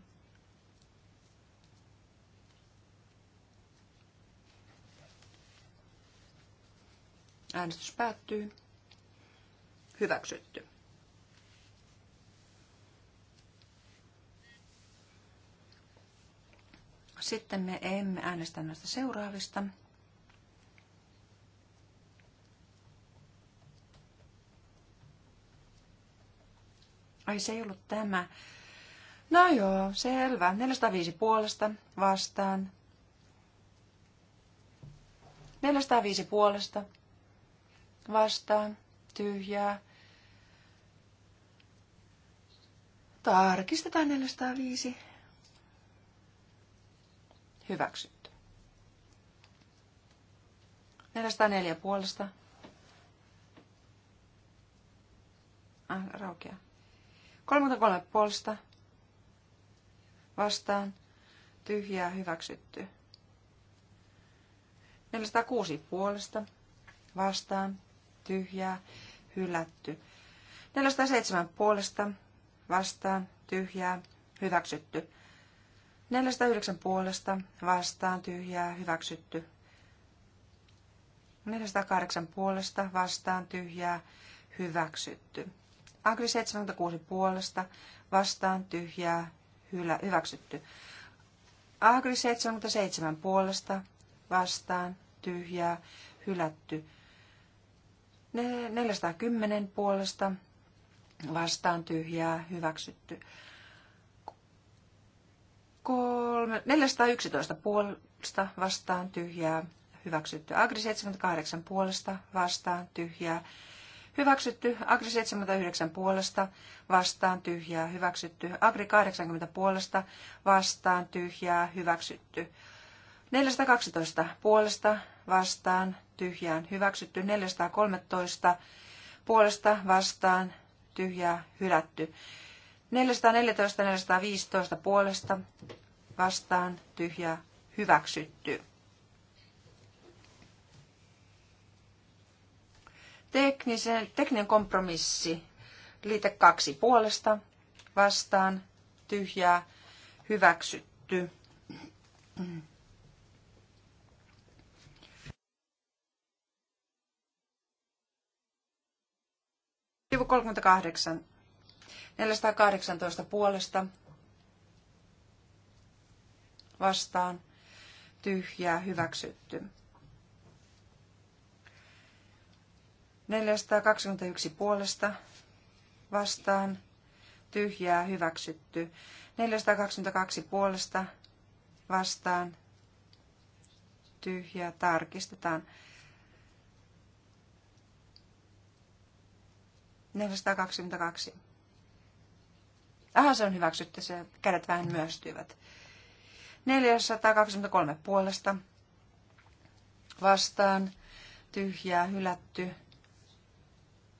Äänestys päättyy. Hyväksytty. Sitten me emme äänestä näistä seuraavista. Ai se ei ollut tämä. No joo, selvä. 405 puolesta vastaan. 405 puolesta vastaan. Tyhjää. Tarkistetaan 405. Hyväksytty. 404 puolesta. Ah, raukeaa. 33 puolesta vastaan tyhjää hyväksytty. 406 puolesta vastaan tyhjää hylätty. 407 puolesta vastaan tyhjää hyväksytty. 409 puolesta vastaan tyhjää hyväksytty. 408 puolesta vastaan tyhjää hyväksytty. Agri 76 puolesta vastaan tyhjää hylä, hyväksytty. Agri 77 puolesta vastaan tyhjää hylätty. 410 puolesta vastaan tyhjää hyväksytty. 411 puolesta vastaan tyhjää hyväksytty. Agri 78 puolesta vastaan tyhjää Hyväksytty. Agri 79 puolesta vastaan tyhjää. Hyväksytty. Agri 80 puolesta vastaan tyhjää. Hyväksytty. 412 puolesta vastaan tyhjään. Hyväksytty. 413 puolesta vastaan tyhjää. Hylätty. 414 415 puolesta vastaan tyhjää. Hyväksytty. tekninen kompromissi, liite kaksi puolesta, vastaan, tyhjää, hyväksytty. Sivu 38. 418 puolesta vastaan tyhjää hyväksytty. 421 puolesta vastaan tyhjää hyväksytty. 422 puolesta vastaan tyhjää tarkistetaan. 422. Aha, se on hyväksytty, se kädet vähän myöstyivät. 423 puolesta vastaan tyhjää hylätty.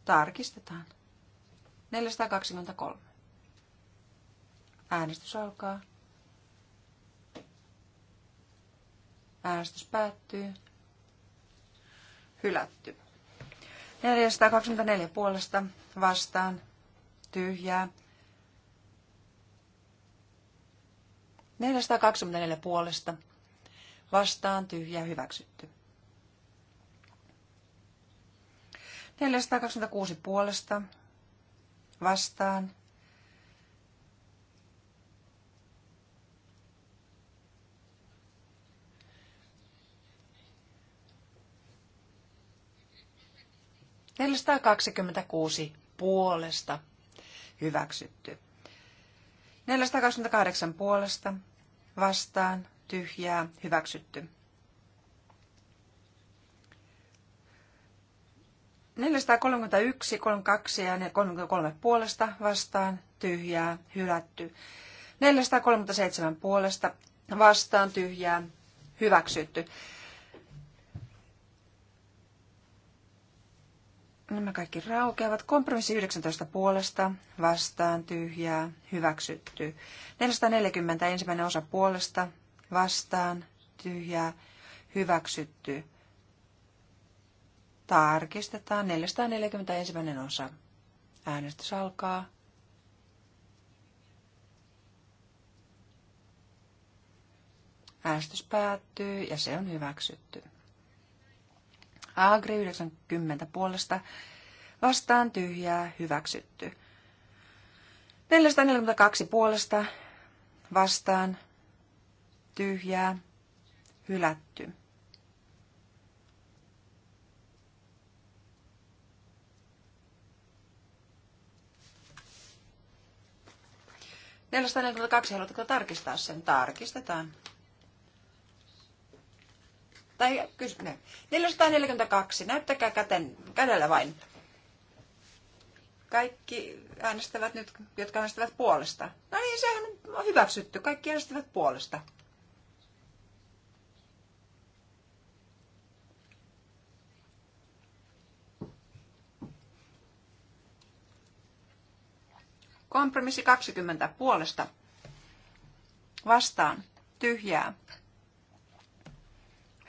Tarkistetaan. 423. Äänestys alkaa. Äänestys päättyy. Hylätty. 424 puolesta vastaan. Tyhjää. 424 puolesta vastaan tyhjää hyväksytty. 426 puolesta vastaan. Neljäsataakaksikymmentäkuusi puolesta hyväksytty. 428 puolesta vastaan tyhjää hyväksytty. 431, 32 ja 33 puolesta vastaan tyhjää hylätty. 437 puolesta vastaan tyhjää hyväksytty. Nämä kaikki raukeavat. Kompromissi 19 puolesta, vastaan, tyhjää, hyväksytty. 440 ensimmäinen osa puolesta, vastaan, tyhjää, hyväksytty. Tarkistetaan 441. osa. Äänestys alkaa. Äänestys päättyy ja se on hyväksytty. Agri 90 puolesta vastaan tyhjää hyväksytty. 442 puolesta vastaan tyhjää hylätty. 442, haluatteko tarkistaa sen? Tarkistetaan. Tai kysy, ne. 442, näyttäkää käten, kädellä vain. Kaikki äänestävät nyt, jotka äänestävät puolesta. No niin, sehän on hyväksytty. Kaikki äänestävät puolesta. Kompromissi 20 puolesta. Vastaan. Tyhjää.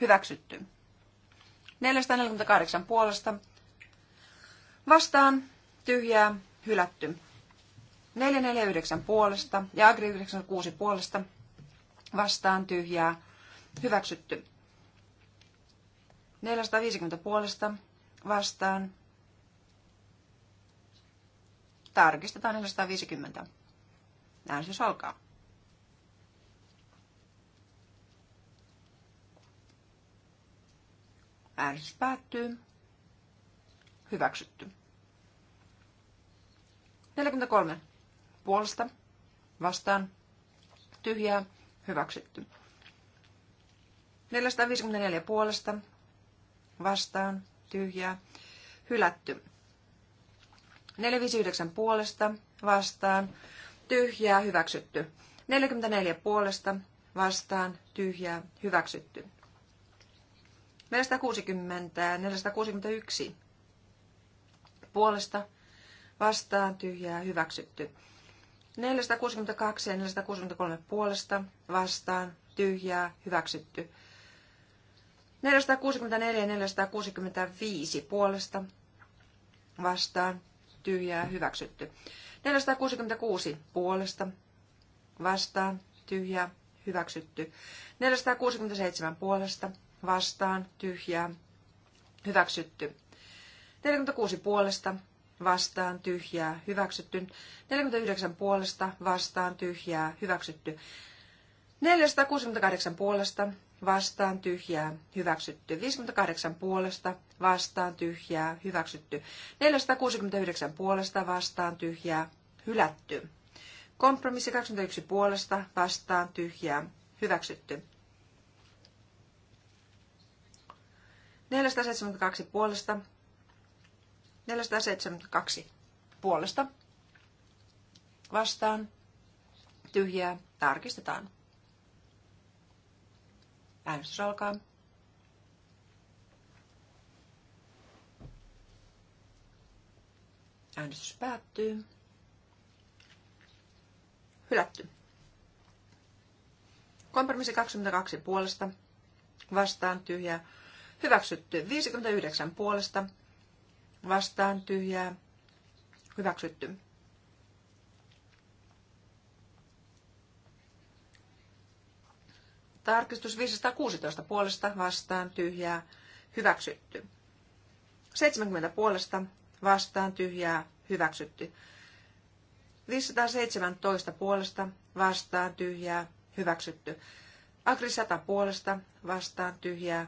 Hyväksytty. 448 puolesta. Vastaan. Tyhjää. Hylätty. 449 puolesta ja Agri 96 puolesta. Vastaan. Tyhjää. Hyväksytty. 450 puolesta. Vastaan. Tarkistetaan 450. siis alkaa. Äänestys päättyy. Hyväksytty. 43. Puolesta. Vastaan. Tyhjää. Hyväksytty. 454 puolesta. Vastaan. Tyhjää. Hylätty. 459 puolesta vastaan tyhjää hyväksytty. 44 puolesta vastaan tyhjää hyväksytty. 460, 461 puolesta vastaan tyhjää hyväksytty. 462 ja 463 puolesta vastaan tyhjää hyväksytty. 464 ja 465 puolesta vastaan tyhjää hyväksytty. 466 puolesta vastaan tyhjää hyväksytty. 467 puolesta vastaan tyhjää hyväksytty. 46 puolesta vastaan tyhjää hyväksytty. 49 puolesta vastaan tyhjää hyväksytty. 468 puolesta vastaan tyhjää, hyväksytty. 58 puolesta vastaan tyhjää, hyväksytty. 469 puolesta vastaan tyhjää, hylätty. Kompromissi 21 puolesta vastaan tyhjää, hyväksytty. 472 puolesta. 472 puolesta. Vastaan. Tyhjää. Tarkistetaan. Äänestys alkaa. Äänestys päättyy. Hylätty. Kompromissi 22 puolesta. Vastaan tyhjää. Hyväksytty 59 puolesta. Vastaan tyhjää. Hyväksytty Tarkistus 516 puolesta vastaan tyhjää hyväksytty. 70 puolesta vastaan tyhjää hyväksytty. 517 puolesta vastaan tyhjää hyväksytty. Agri 100 puolesta vastaan tyhjää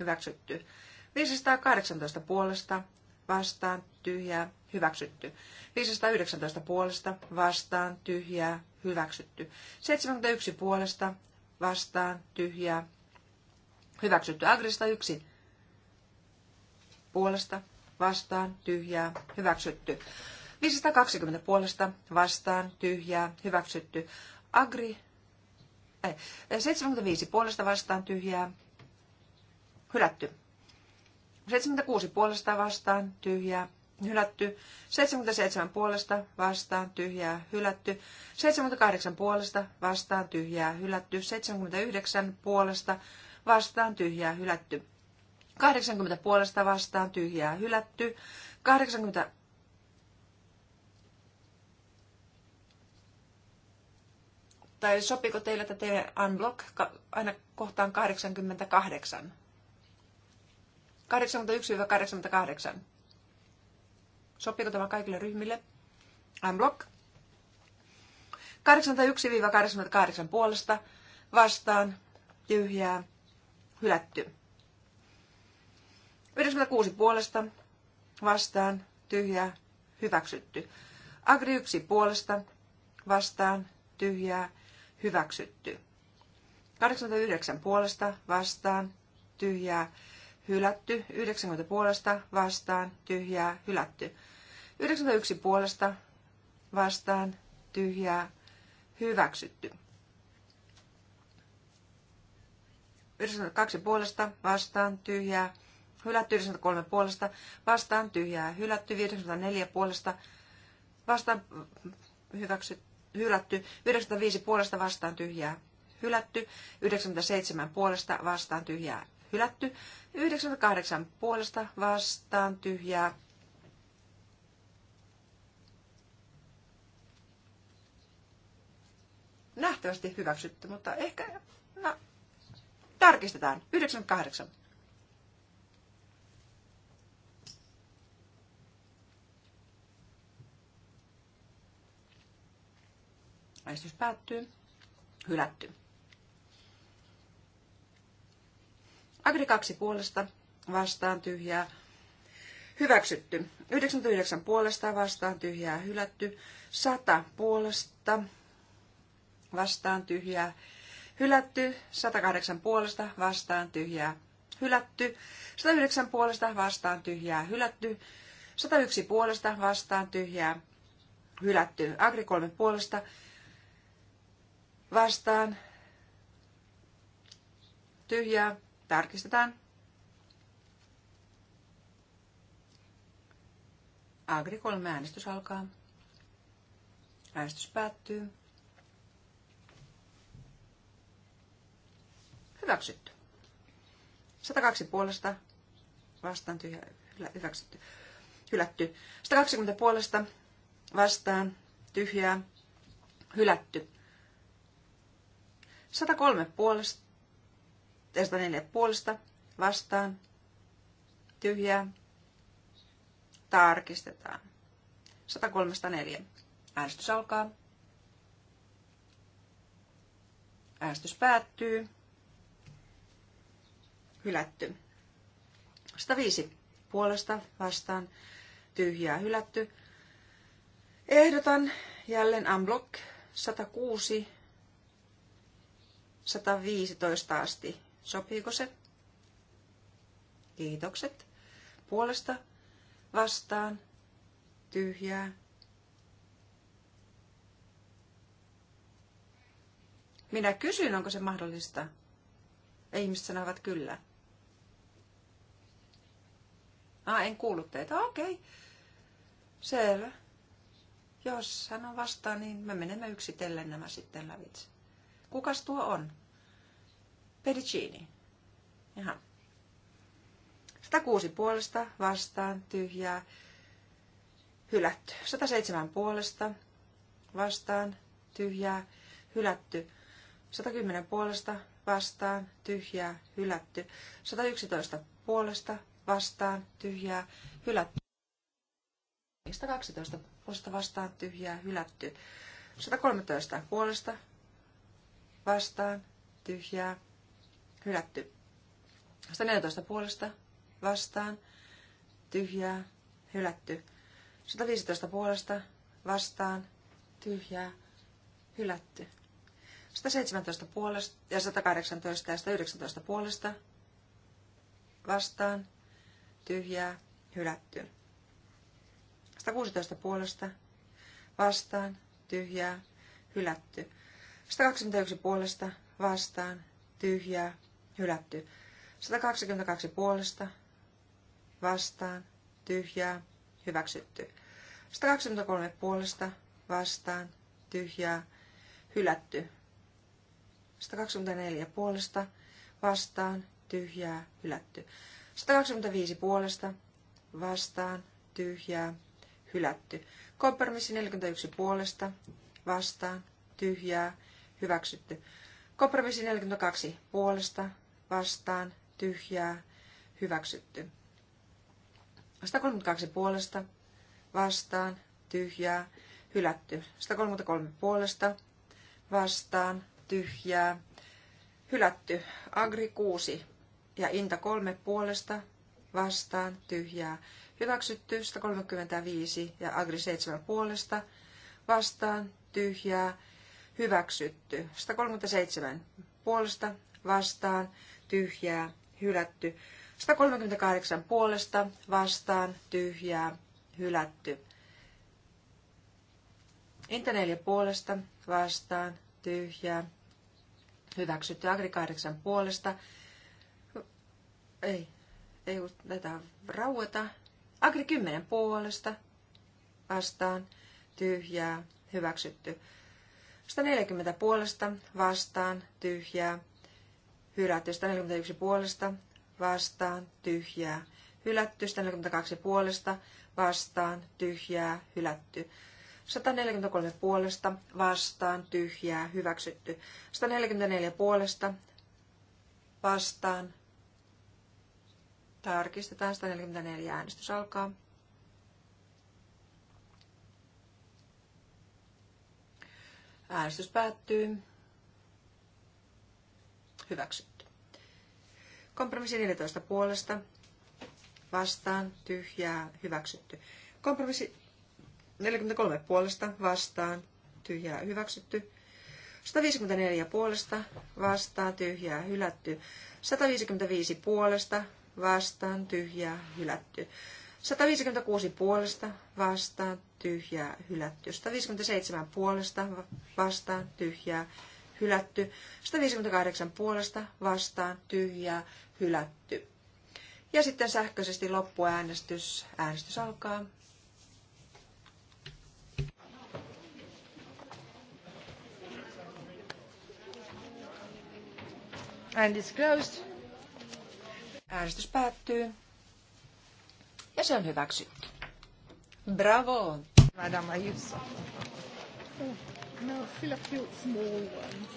hyväksytty. 518 puolesta vastaan tyhjää hyväksytty. 519 puolesta vastaan tyhjää hyväksytty. 71 puolesta vastaan tyhjää. Hyväksytty Agrista yksi puolesta vastaan tyhjää. Hyväksytty 520 puolesta vastaan tyhjää. Hyväksytty Agri ei, 75 puolesta vastaan tyhjää. Hylätty. 76 puolesta vastaan tyhjää hylätty. 77 puolesta vastaan tyhjää hylätty. 78 puolesta vastaan tyhjää hylätty. 79 puolesta vastaan tyhjää hylätty. 80 puolesta vastaan tyhjää hylätty. 80 tai sopiko teille, että teille unblock aina kohtaan 88? 81-88. Sopiiko tämä kaikille ryhmille? block. 81-88 puolesta vastaan tyhjää hylätty. 96 puolesta vastaan tyhjää hyväksytty. Agri 1 puolesta vastaan tyhjää hyväksytty. 89 puolesta vastaan tyhjää hylätty. 90 puolesta vastaan tyhjää hylätty. 91 puolesta vastaan tyhjää hyväksytty. 92 puolesta vastaan tyhjää hylätty. 93 puolesta vastaan tyhjää hylätty. 94 puolesta vastaan hyväksytty. Hylätty. 95 puolesta vastaan tyhjää hylätty. 97 puolesta vastaan tyhjää hylätty. 98 puolesta vastaan tyhjää nähtävästi hyväksytty, mutta ehkä no, tarkistetaan. 98. Äänestys päättyy. Hylätty. Agri 2 puolesta vastaan tyhjää. Hyväksytty. 99 puolesta vastaan tyhjää hylätty. 100 puolesta vastaan tyhjää, hylätty, 108 puolesta vastaan tyhjää, hylätty, 109 puolesta vastaan tyhjää, hylätty, 101 puolesta vastaan tyhjää, hylätty, Agri 3 puolesta vastaan tyhjää, tarkistetaan. Agri 3 äänestys alkaa. Äänestys päättyy. Hyväksytty. 102 puolesta vastaan tyhjä, hyväksytty. Hylätty. 120 puolesta vastaan tyhjää. Hylätty. 103 puolesta, 104 puolesta vastaan tyhjää. Tarkistetaan. 103 Äänestys alkaa. Äänestys päättyy hylätty. 105 puolesta vastaan tyhjää hylätty. Ehdotan jälleen unblock 106 115 asti. Sopiiko se? Kiitokset. Puolesta vastaan tyhjää. Minä kysyn, onko se mahdollista. ihmiset sanovat kyllä. Ah, en kuullut teitä. Okei. Okay. Selvä. Jos hän on vastaan, niin me menemme yksitellen nämä sitten lävitse. Kukas tuo on? Pedicini. Jaha. 106 puolesta vastaan tyhjää hylätty. 107 puolesta vastaan tyhjää hylätty. 110 puolesta vastaan tyhjää hylätty. 111 puolesta vastaan tyhjää hylätty. 12 puolesta vastaan tyhjää hylätty. 113 puolesta vastaan tyhjää hylätty. 114 puolesta vastaan tyhjää hylätty. 115 puolesta vastaan tyhjää hylätty. 117 puolesta ja 118 ja 119 puolesta vastaan tyhjää, hylätty. 116 puolesta, vastaan, tyhjää, hylätty. 121 puolesta, vastaan, tyhjää, hylätty. 122 puolesta, vastaan, tyhjää, hyväksytty. 123 puolesta, vastaan, tyhjää, hylätty. 124 puolesta, vastaan, tyhjää, hylätty. 125 puolesta vastaan tyhjää hylätty. Kompromissi 41 puolesta vastaan tyhjää hyväksytty. Kompromissi 42 puolesta vastaan tyhjää hyväksytty. 132 puolesta vastaan tyhjää hylätty. 133 puolesta vastaan tyhjää hylätty. Agri 6 ja Inta kolme puolesta vastaan tyhjää. Hyväksytty 135 ja Agri 7 puolesta vastaan tyhjää. Hyväksytty 137 puolesta vastaan tyhjää. Hylätty 138 puolesta vastaan tyhjää. Hylätty. Inta 4 puolesta vastaan tyhjää. Hyväksytty Agri 8 puolesta vastaan, ei. Ei tätä raueta. Agri 10 puolesta vastaan tyhjää hyväksytty. 140 puolesta vastaan tyhjää hylätty. 141 puolesta vastaan tyhjää hylätty. 142 puolesta vastaan tyhjää hylätty. 143 puolesta vastaan tyhjää hyväksytty. 144 puolesta vastaan Tarkistetaan 144 äänestys alkaa. Äänestys päättyy. Hyväksytty. Kompromissi 14 puolesta. Vastaan. Tyhjää. Hyväksytty. Kompromissi 43 puolesta. Vastaan. Tyhjää. Hyväksytty. 154 puolesta. Vastaan. Tyhjää. Hylätty. 155 puolesta vastaan tyhjää hylätty. 156 puolesta vastaan tyhjää hylätty. 157 puolesta vastaan tyhjää hylätty. 158 puolesta vastaan tyhjää hylätty. Ja sitten sähköisesti loppuäänestys. Äänestys alkaa. And it's closed. Äänestys päättyy. Ja se on hyväksytty. Bravo! Madame Ayuso. no, fill a few small ones.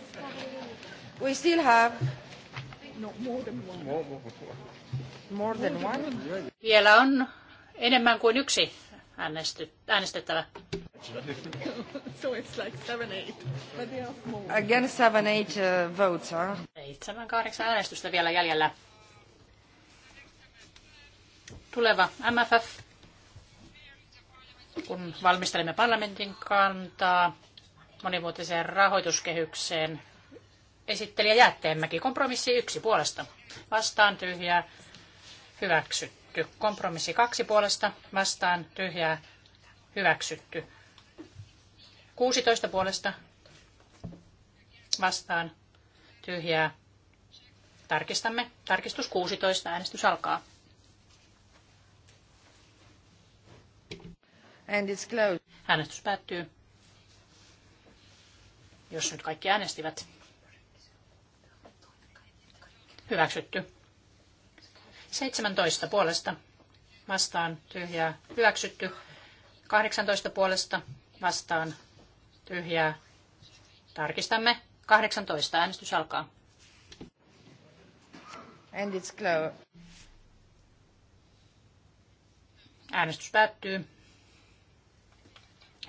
We still have... No, more than one. More, more than one? Vielä on enemmän kuin yksi äänesty, äänestettävä. <laughs> so it's like seven, eight. But they are small. Again seven, eight uh, votes, huh? Seitsemän, kahdeksan äänestystä vielä jäljellä tuleva MFF, kun valmistelemme parlamentin kantaa monivuotiseen rahoituskehykseen, esittelijä Jäätteenmäki, kompromissi yksi puolesta, vastaan tyhjää, hyväksytty. Kompromissi kaksi puolesta, vastaan tyhjää, hyväksytty. 16 puolesta, vastaan tyhjää, tarkistamme. Tarkistus 16, äänestys alkaa. And it's closed. Äänestys päättyy. Jos nyt kaikki äänestivät. Hyväksytty. 17 puolesta vastaan tyhjää hyväksytty. 18 puolesta vastaan tyhjää. Tarkistamme. 18 äänestys alkaa. And it's closed. Äänestys päättyy.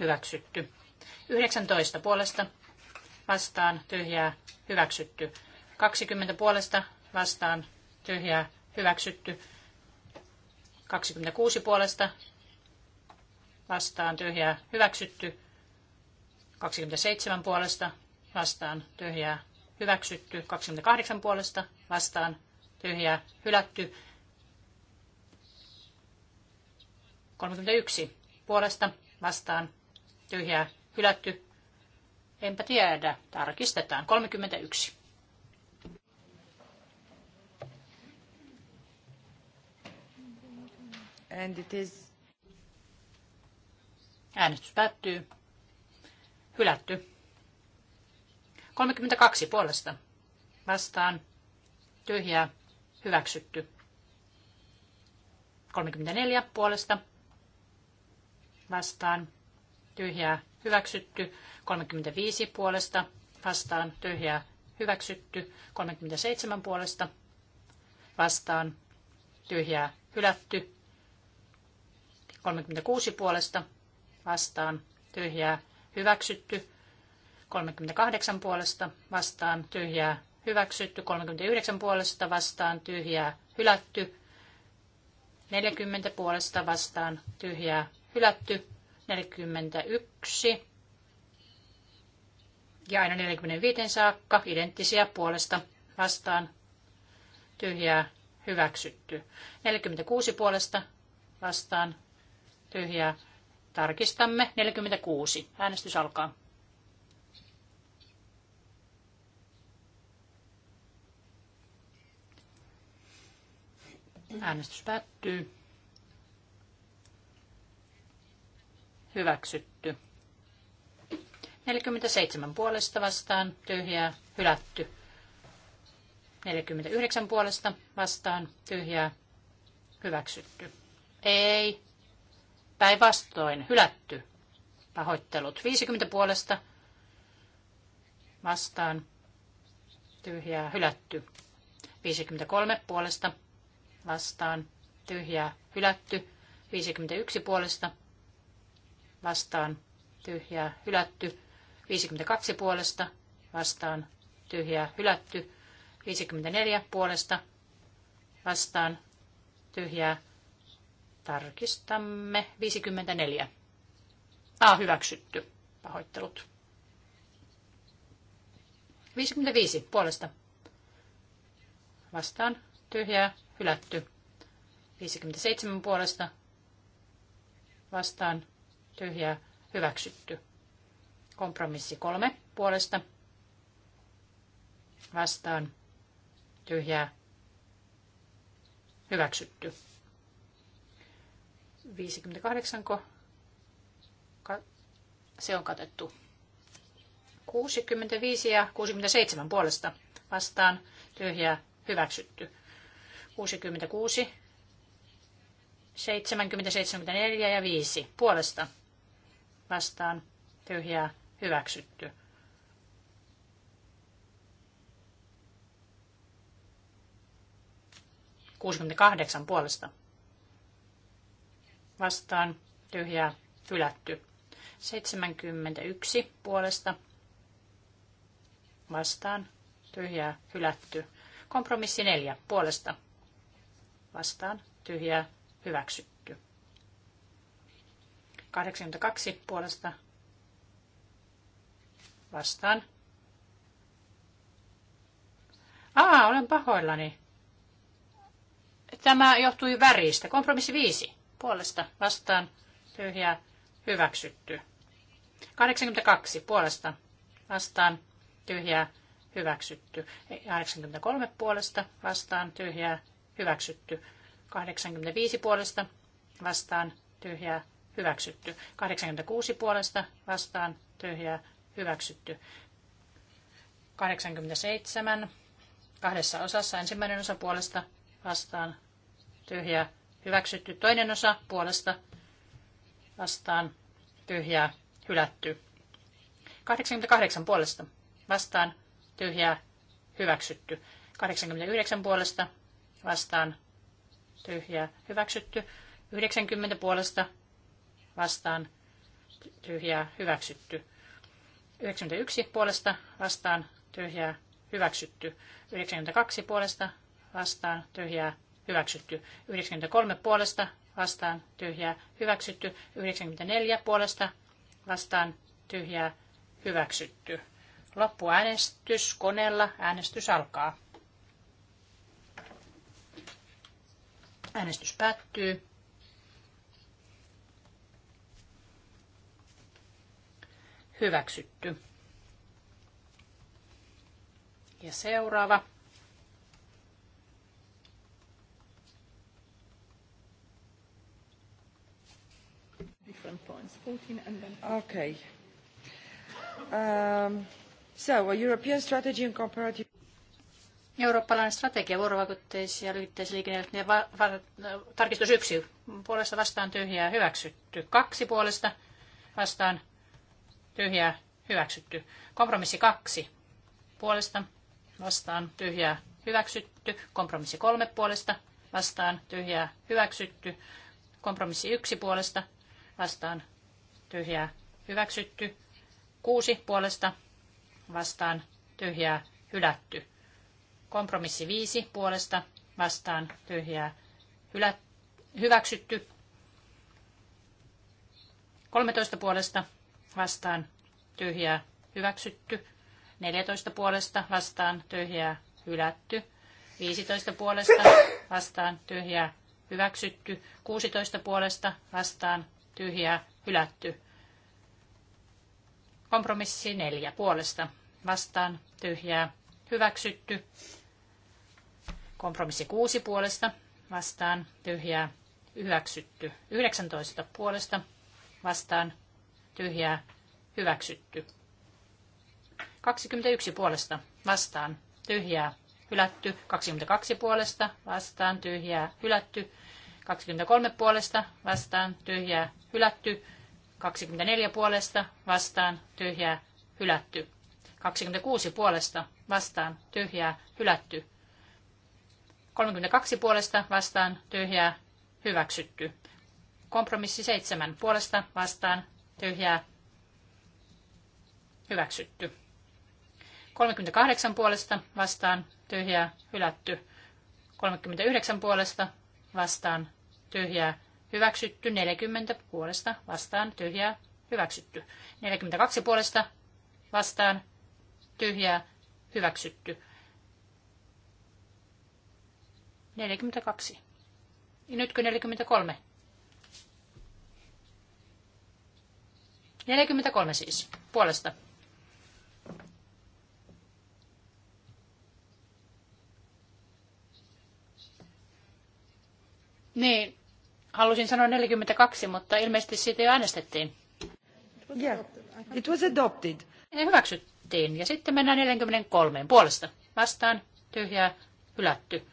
Hyväksytty. 19 puolesta vastaan tyhjää hyväksytty. 20 puolesta vastaan tyhjää hyväksytty. 26 puolesta vastaan tyhjää hyväksytty. 27 puolesta vastaan tyhjää hyväksytty. 28 puolesta vastaan tyhjää hylätty. 31 puolesta vastaan Tyhjää. Hylätty. Enpä tiedä. Tarkistetaan. 31. And it is... Äänestys päättyy. Hylätty. 32 puolesta. Vastaan. Tyhjää. Hyväksytty. 34 puolesta. Vastaan tyhjää hyväksytty. 35 puolesta vastaan tyhjää hyväksytty. 37 puolesta vastaan tyhjää hylätty. 36 puolesta vastaan tyhjää hyväksytty. 38 puolesta vastaan tyhjää hyväksytty. 39 puolesta vastaan tyhjää hylätty. 40 puolesta vastaan tyhjää hylätty. 41 ja aina 45 saakka identtisiä puolesta vastaan tyhjää hyväksytty. 46 puolesta vastaan tyhjää tarkistamme. 46. Äänestys alkaa. Äänestys päättyy. hyväksytty. 47 puolesta vastaan, tyhjää, hylätty. 49 puolesta vastaan, tyhjää, hyväksytty. Ei, päinvastoin, hylätty. Pahoittelut. 50 puolesta vastaan, tyhjää, hylätty. 53 puolesta vastaan, tyhjää, hylätty. 51 puolesta vastaan tyhjää hylätty. 52 puolesta vastaan tyhjää hylätty. 54 puolesta vastaan tyhjää. Tarkistamme 54. A ah, hyväksytty. Pahoittelut. 55 puolesta vastaan tyhjää hylätty. 57 puolesta vastaan tyhjää hyväksytty. Kompromissi kolme puolesta vastaan tyhjää hyväksytty. 58 se on katettu. 65 ja 67 puolesta vastaan tyhjää hyväksytty. 66, 70, 74 ja 5 puolesta vastaan tyhjää hyväksytty. Kuusikymmentäkahdeksan puolesta vastaan tyhjää hylätty. 71 puolesta vastaan tyhjää hylätty. Kompromissi 4 puolesta vastaan tyhjää hyväksytty. 82 puolesta vastaan. Aa, olen pahoillani. Tämä johtui väristä. Kompromissi 5 puolesta vastaan tyhjä hyväksytty. 82 puolesta vastaan tyhjä hyväksytty. 83 puolesta vastaan tyhjä hyväksytty. 85 puolesta vastaan tyhjä hyväksytty. 86 puolesta vastaan tyhjää hyväksytty. 87 kahdessa osassa ensimmäinen osa puolesta vastaan tyhjää hyväksytty. Toinen osa puolesta vastaan tyhjää hylätty. 88 puolesta vastaan tyhjää hyväksytty. 89 puolesta vastaan tyhjää hyväksytty. 90 puolesta vastaan tyhjää hyväksytty. 91 puolesta vastaan tyhjää hyväksytty. 92 puolesta vastaan tyhjää hyväksytty. 93 puolesta vastaan tyhjää hyväksytty. 94 puolesta vastaan tyhjää hyväksytty. Loppuäänestys koneella. Äänestys alkaa. Äänestys päättyy. Hyväksytty. Ja seuraava. Okay. Um, so, a European strategy and comparative... Eurooppalainen strategia vuorovaikutteisia liitteisliikennejärjestelmiä va- va- tarkistus yksi. Puolesta vastaan tyhjää hyväksytty. Kaksi puolesta vastaan tyhjää, hyväksytty. Kompromissi kaksi puolesta, vastaan, tyhjää, hyväksytty. Kompromissi kolme puolesta, vastaan, tyhjää, hyväksytty. Kompromissi yksi puolesta, vastaan, tyhjää, hyväksytty. Kuusi puolesta, vastaan, tyhjää, hylätty. Kompromissi viisi puolesta, vastaan, tyhjää, hylä, hyväksytty. 13 puolesta vastaan tyhjää hyväksytty. 14 puolesta vastaan tyhjää hylätty. 15 puolesta vastaan tyhjää hyväksytty. 16 puolesta vastaan tyhjää hylätty. Kompromissi 4 puolesta vastaan tyhjää hyväksytty. Kompromissi 6 puolesta vastaan tyhjää hyväksytty. 19 puolesta vastaan tyhjää, hyväksytty. 21 puolesta vastaan, tyhjää, hylätty. 22 puolesta vastaan, tyhjää, hylätty. 23 puolesta vastaan, tyhjää, hylätty. 24 puolesta vastaan, tyhjää, hylätty. 26 puolesta vastaan, tyhjää, hylätty. 32 puolesta vastaan, tyhjää, hyväksytty. Kompromissi 7 puolesta vastaan, tyhjää, hyväksytty. 38 puolesta vastaan, tyhjää, hylätty. 39 puolesta vastaan, tyhjää, hyväksytty. 40 puolesta vastaan, tyhjää, hyväksytty. 42 puolesta vastaan, tyhjää, hyväksytty. 42. Ja nytkö 43? 43 siis. Puolesta. Niin, halusin sanoa 42, mutta ilmeisesti siitä jo äänestettiin. Yeah, it was adopted. Ne hyväksyttiin. Ja sitten mennään 43 puolesta. Vastaan, tyhjää, hylätty.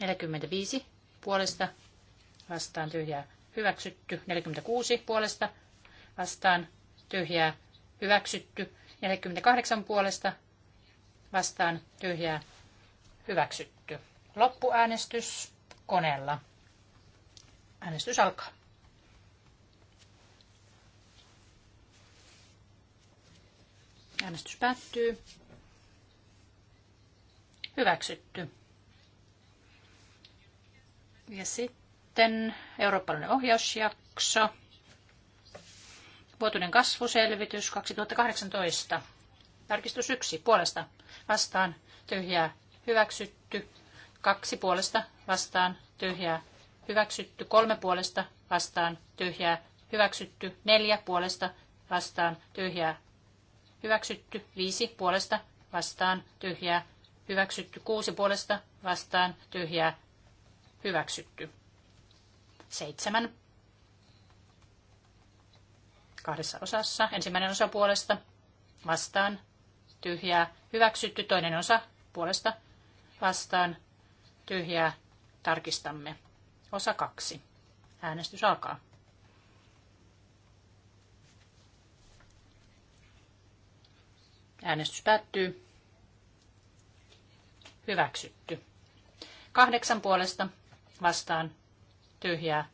45 puolesta, vastaan tyhjää, hyväksytty. 46 puolesta, vastaan tyhjää hyväksytty. 48 puolesta vastaan tyhjää hyväksytty. Loppuäänestys koneella. Äänestys alkaa. Äänestys päättyy. Hyväksytty. Ja sitten eurooppalainen ohjausjakso. Vuotuinen kasvuselvitys 2018. Tarkistus 1. Puolesta vastaan tyhjää hyväksytty. 2. Puolesta vastaan tyhjää hyväksytty. 3. Puolesta vastaan tyhjää hyväksytty. 4. Puolesta vastaan tyhjää hyväksytty. 5. Puolesta vastaan tyhjää hyväksytty. 6. Puolesta vastaan tyhjää hyväksytty. 7 kahdessa osassa. Ensimmäinen osa puolesta vastaan tyhjää hyväksytty. Toinen osa puolesta vastaan tyhjää tarkistamme. Osa kaksi. Äänestys alkaa. Äänestys päättyy. Hyväksytty. Kahdeksan puolesta vastaan tyhjää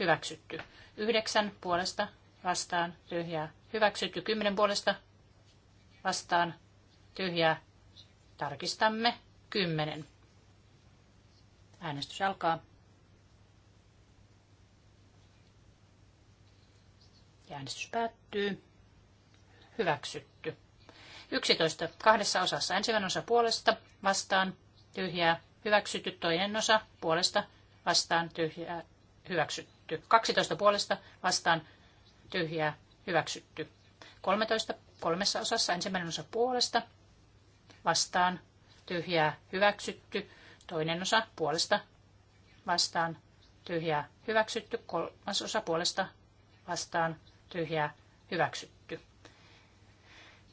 hyväksytty. Yhdeksän puolesta vastaan, tyhjää. Hyväksytty kymmenen puolesta vastaan, tyhjää. Tarkistamme kymmenen Äänestys alkaa. Ja äänestys päättyy. Hyväksytty. 11. Kahdessa osassa. Ensimmäinen osa puolesta, vastaan, tyhjää, hyväksytty. Toinen osa puolesta, vastaan, tyhjää, hyväksytty. 12 puolesta, vastaan, tyhjää, hyväksytty. 13 kolmessa osassa ensimmäinen osa puolesta, vastaan, tyhjää, hyväksytty. Toinen osa puolesta, vastaan, tyhjää, hyväksytty. Kolmas osa puolesta, vastaan, tyhjää, hyväksytty.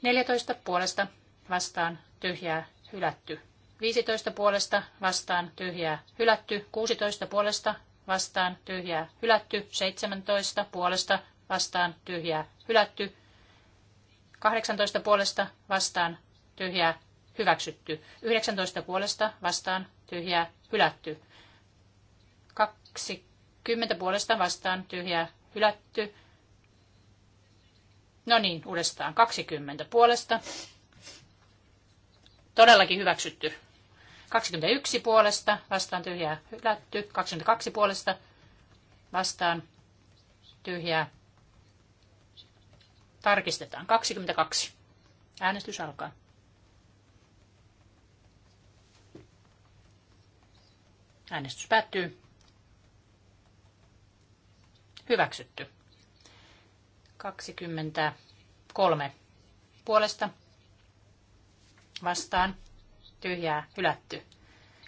14 puolesta, vastaan, tyhjää, hylätty. 15 puolesta, vastaan, tyhjää, hylätty. 16 puolesta, vastaan, tyhjää, hylätty. 17 puolesta, vastaan tyhjää hylätty. 18 puolesta vastaan tyhjää hyväksytty. 19 puolesta vastaan tyhjää hylätty. 20 puolesta vastaan tyhjää hylätty. No niin, uudestaan 20 puolesta. Todellakin hyväksytty. 21 puolesta vastaan tyhjää hylätty. 22 puolesta vastaan tyhjää Tarkistetaan. 22. Äänestys alkaa. Äänestys päättyy. Hyväksytty. 23 puolesta vastaan tyhjää hylätty.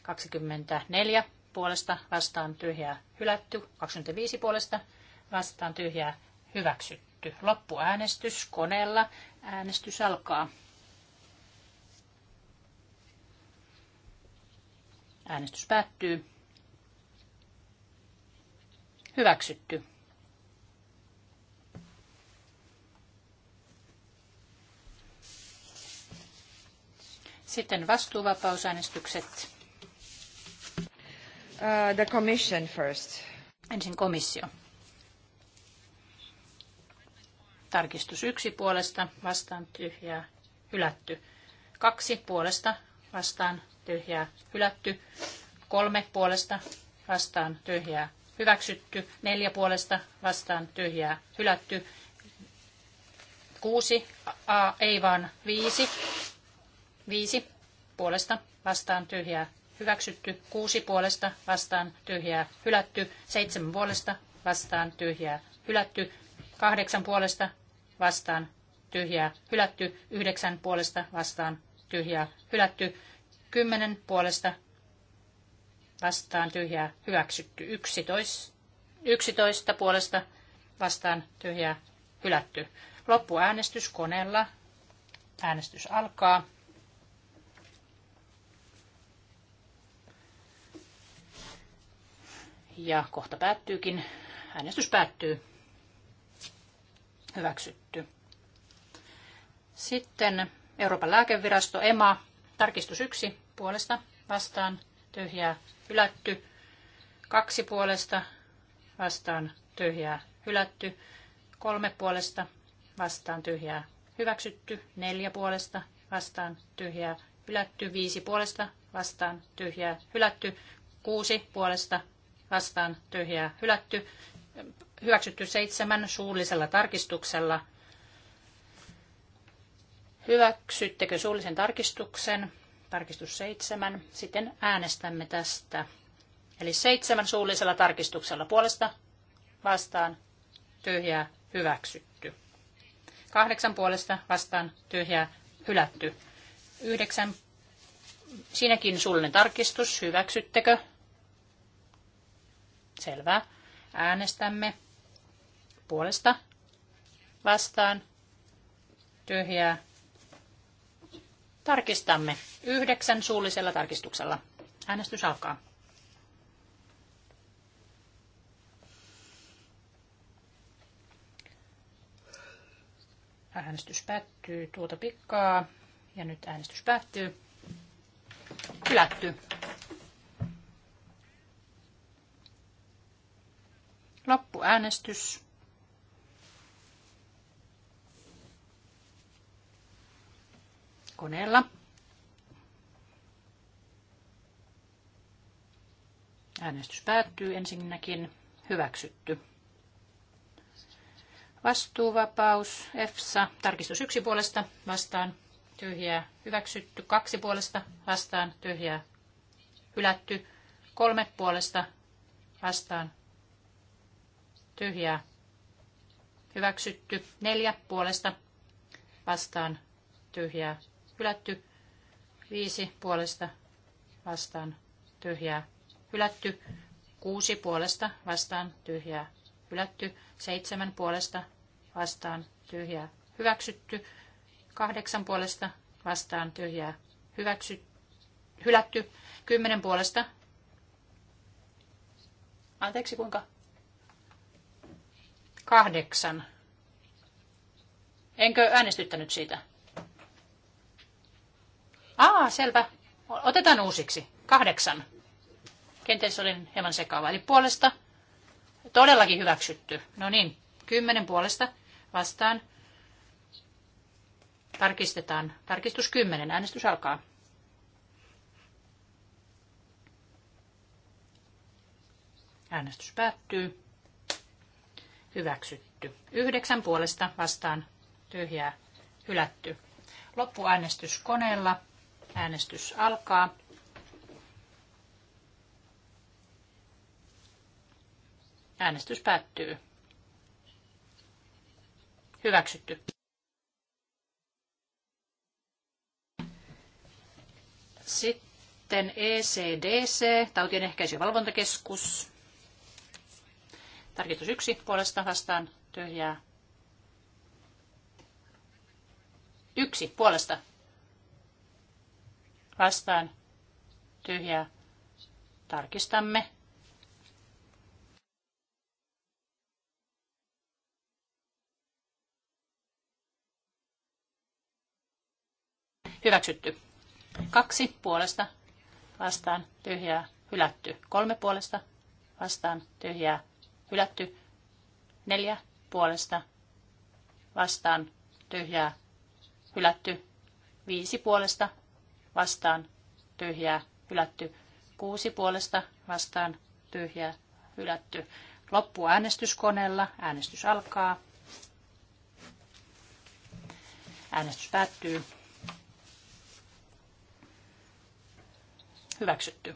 24 puolesta vastaan tyhjää hylätty. 25 puolesta vastaan tyhjää hyväksytty. Päätetty loppuäänestys koneella. Äänestys alkaa. Äänestys päättyy. Hyväksytty. Sitten vastuuvapausäänestykset. Uh, the commission first. Ensin komissio. Tarkistus yksi puolesta vastaan tyhjää hylätty. Kaksi puolesta vastaan tyhjää hylätty. Kolme puolesta vastaan tyhjää hyväksytty. Neljä puolesta vastaan tyhjää hylätty. Kuusi, a, ei vaan viisi. Viisi puolesta vastaan tyhjää hyväksytty. Kuusi puolesta vastaan tyhjää hylätty. Seitsemän puolesta vastaan tyhjää hylätty. Kahdeksan puolesta vastaan tyhjää hylätty, yhdeksän puolesta vastaan tyhjää hylätty, kymmenen puolesta vastaan tyhjää hyväksytty, yksitoista puolesta vastaan tyhjää hylätty. Loppuäänestys koneella. Äänestys alkaa. Ja kohta päättyykin. Äänestys päättyy. Hyväksytty. Sitten Euroopan lääkevirasto EMA, tarkistus 1 puolesta vastaan tyhjää hylätty. Kaksi puolesta vastaan tyhjää hylätty. Kolme puolesta vastaan tyhjää hyväksytty. Neljä puolesta vastaan tyhjää hylätty. Viisi puolesta vastaan tyhjää hylätty. Kuusi puolesta vastaan tyhjää hylätty hyväksytty seitsemän suullisella tarkistuksella. Hyväksyttekö suullisen tarkistuksen? Tarkistus seitsemän. Sitten äänestämme tästä. Eli seitsemän suullisella tarkistuksella puolesta vastaan tyhjää hyväksytty. Kahdeksan puolesta vastaan tyhjää hylätty. Yhdeksän. Siinäkin suullinen tarkistus. Hyväksyttekö? Selvä. Äänestämme puolesta vastaan tyhjää. Tarkistamme yhdeksän suullisella tarkistuksella. Äänestys alkaa. Äänestys päättyy tuota pikkaa. Ja nyt äänestys päättyy. Hylätty. Loppuäänestys. Koneella. Äänestys päättyy ensinnäkin. Hyväksytty. Vastuuvapaus, EFSA, tarkistus yksi puolesta vastaan, tyhjää, hyväksytty, kaksi puolesta vastaan, tyhjää, hylätty, kolme puolesta vastaan, tyhjää. Hyväksytty. Neljä puolesta vastaan tyhjää. Hylätty. Viisi puolesta vastaan tyhjää. Hylätty. Kuusi puolesta vastaan tyhjää. Hylätty. Seitsemän puolesta vastaan tyhjää. Hyväksytty. Kahdeksan puolesta vastaan tyhjää. Hyväksy, hylätty. Kymmenen puolesta. Anteeksi, kuinka? kahdeksan. Enkö äänestyttänyt siitä? Aa, selvä. Otetaan uusiksi. Kahdeksan. Kenties olin hieman sekava. Eli puolesta todellakin hyväksytty. No niin, kymmenen puolesta vastaan. Tarkistetaan. Tarkistus kymmenen. Äänestys alkaa. Äänestys päättyy hyväksytty. Yhdeksän puolesta vastaan tyhjää hylätty. Loppuäänestys koneella. Äänestys alkaa. Äänestys päättyy. Hyväksytty. Sitten ECDC, tautien ehkäisy- ja valvontakeskus. Tarkistus yksi puolesta vastaan tyhjää. Yksi puolesta vastaan tyhjää. Tarkistamme. Hyväksytty. Kaksi puolesta vastaan tyhjää hylätty. Kolme puolesta vastaan tyhjää Hylätty. Neljä puolesta vastaan tyhjää. Hylätty. Viisi puolesta vastaan tyhjää. Hylätty. Kuusi puolesta vastaan tyhjää. Hylätty. Loppu äänestyskoneella. Äänestys alkaa. Äänestys päättyy. Hyväksytty.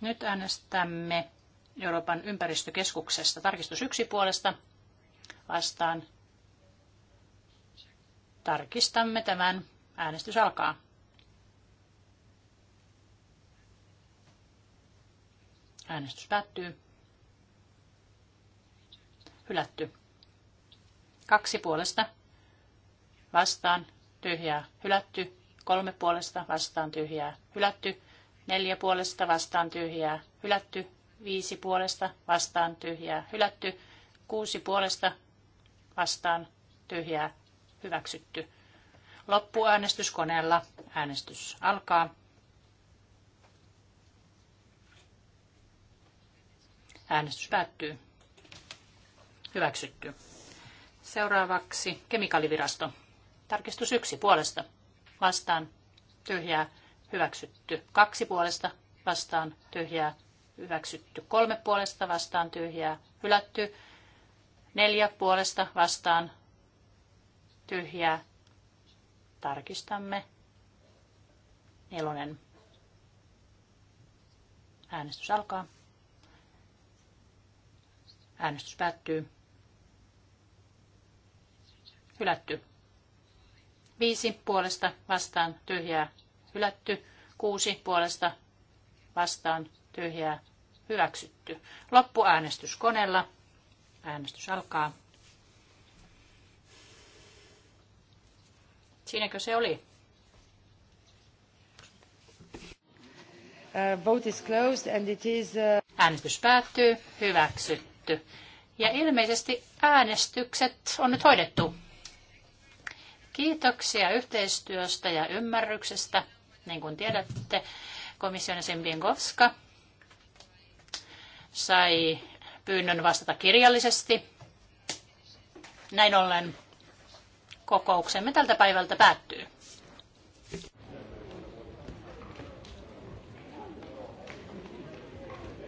Nyt äänestämme Euroopan ympäristökeskuksesta. Tarkistus yksi puolesta vastaan. Tarkistamme tämän. Äänestys alkaa. Äänestys päättyy. Hylätty. Kaksi puolesta. Vastaan. Tyhjää. Hylätty. Kolme puolesta. Vastaan. Tyhjää. Hylätty. Neljä puolesta. Vastaan. Tyhjää. Hylätty viisi puolesta vastaan tyhjää hylätty. kuusi puolesta vastaan tyhjää hyväksytty. Loppuäänestyskoneella äänestys alkaa. Äänestys päättyy. Hyväksytty. Seuraavaksi kemikaalivirasto. Tarkistus yksi puolesta. Vastaan. Tyhjää. Hyväksytty. Kaksi puolesta. Vastaan. Tyhjää hyväksytty. Kolme puolesta vastaan tyhjää, hylätty. Neljä puolesta vastaan tyhjää. Tarkistamme. Nelonen. Äänestys alkaa. Äänestys päättyy. Hylätty. Viisi puolesta vastaan tyhjää. Hylätty. Kuusi puolesta vastaan tyhjää. Hyväksytty. Loppuäänestys koneella. Äänestys alkaa. Siinäkö se oli? Uh, vote is closed and it is, uh... Äänestys päättyy. Hyväksytty. Ja ilmeisesti äänestykset on nyt hoidettu. Kiitoksia yhteistyöstä ja ymmärryksestä. Niin kuin tiedätte, komission esim. Bienkovska sai pyynnön vastata kirjallisesti. Näin ollen kokouksemme tältä päivältä päättyy.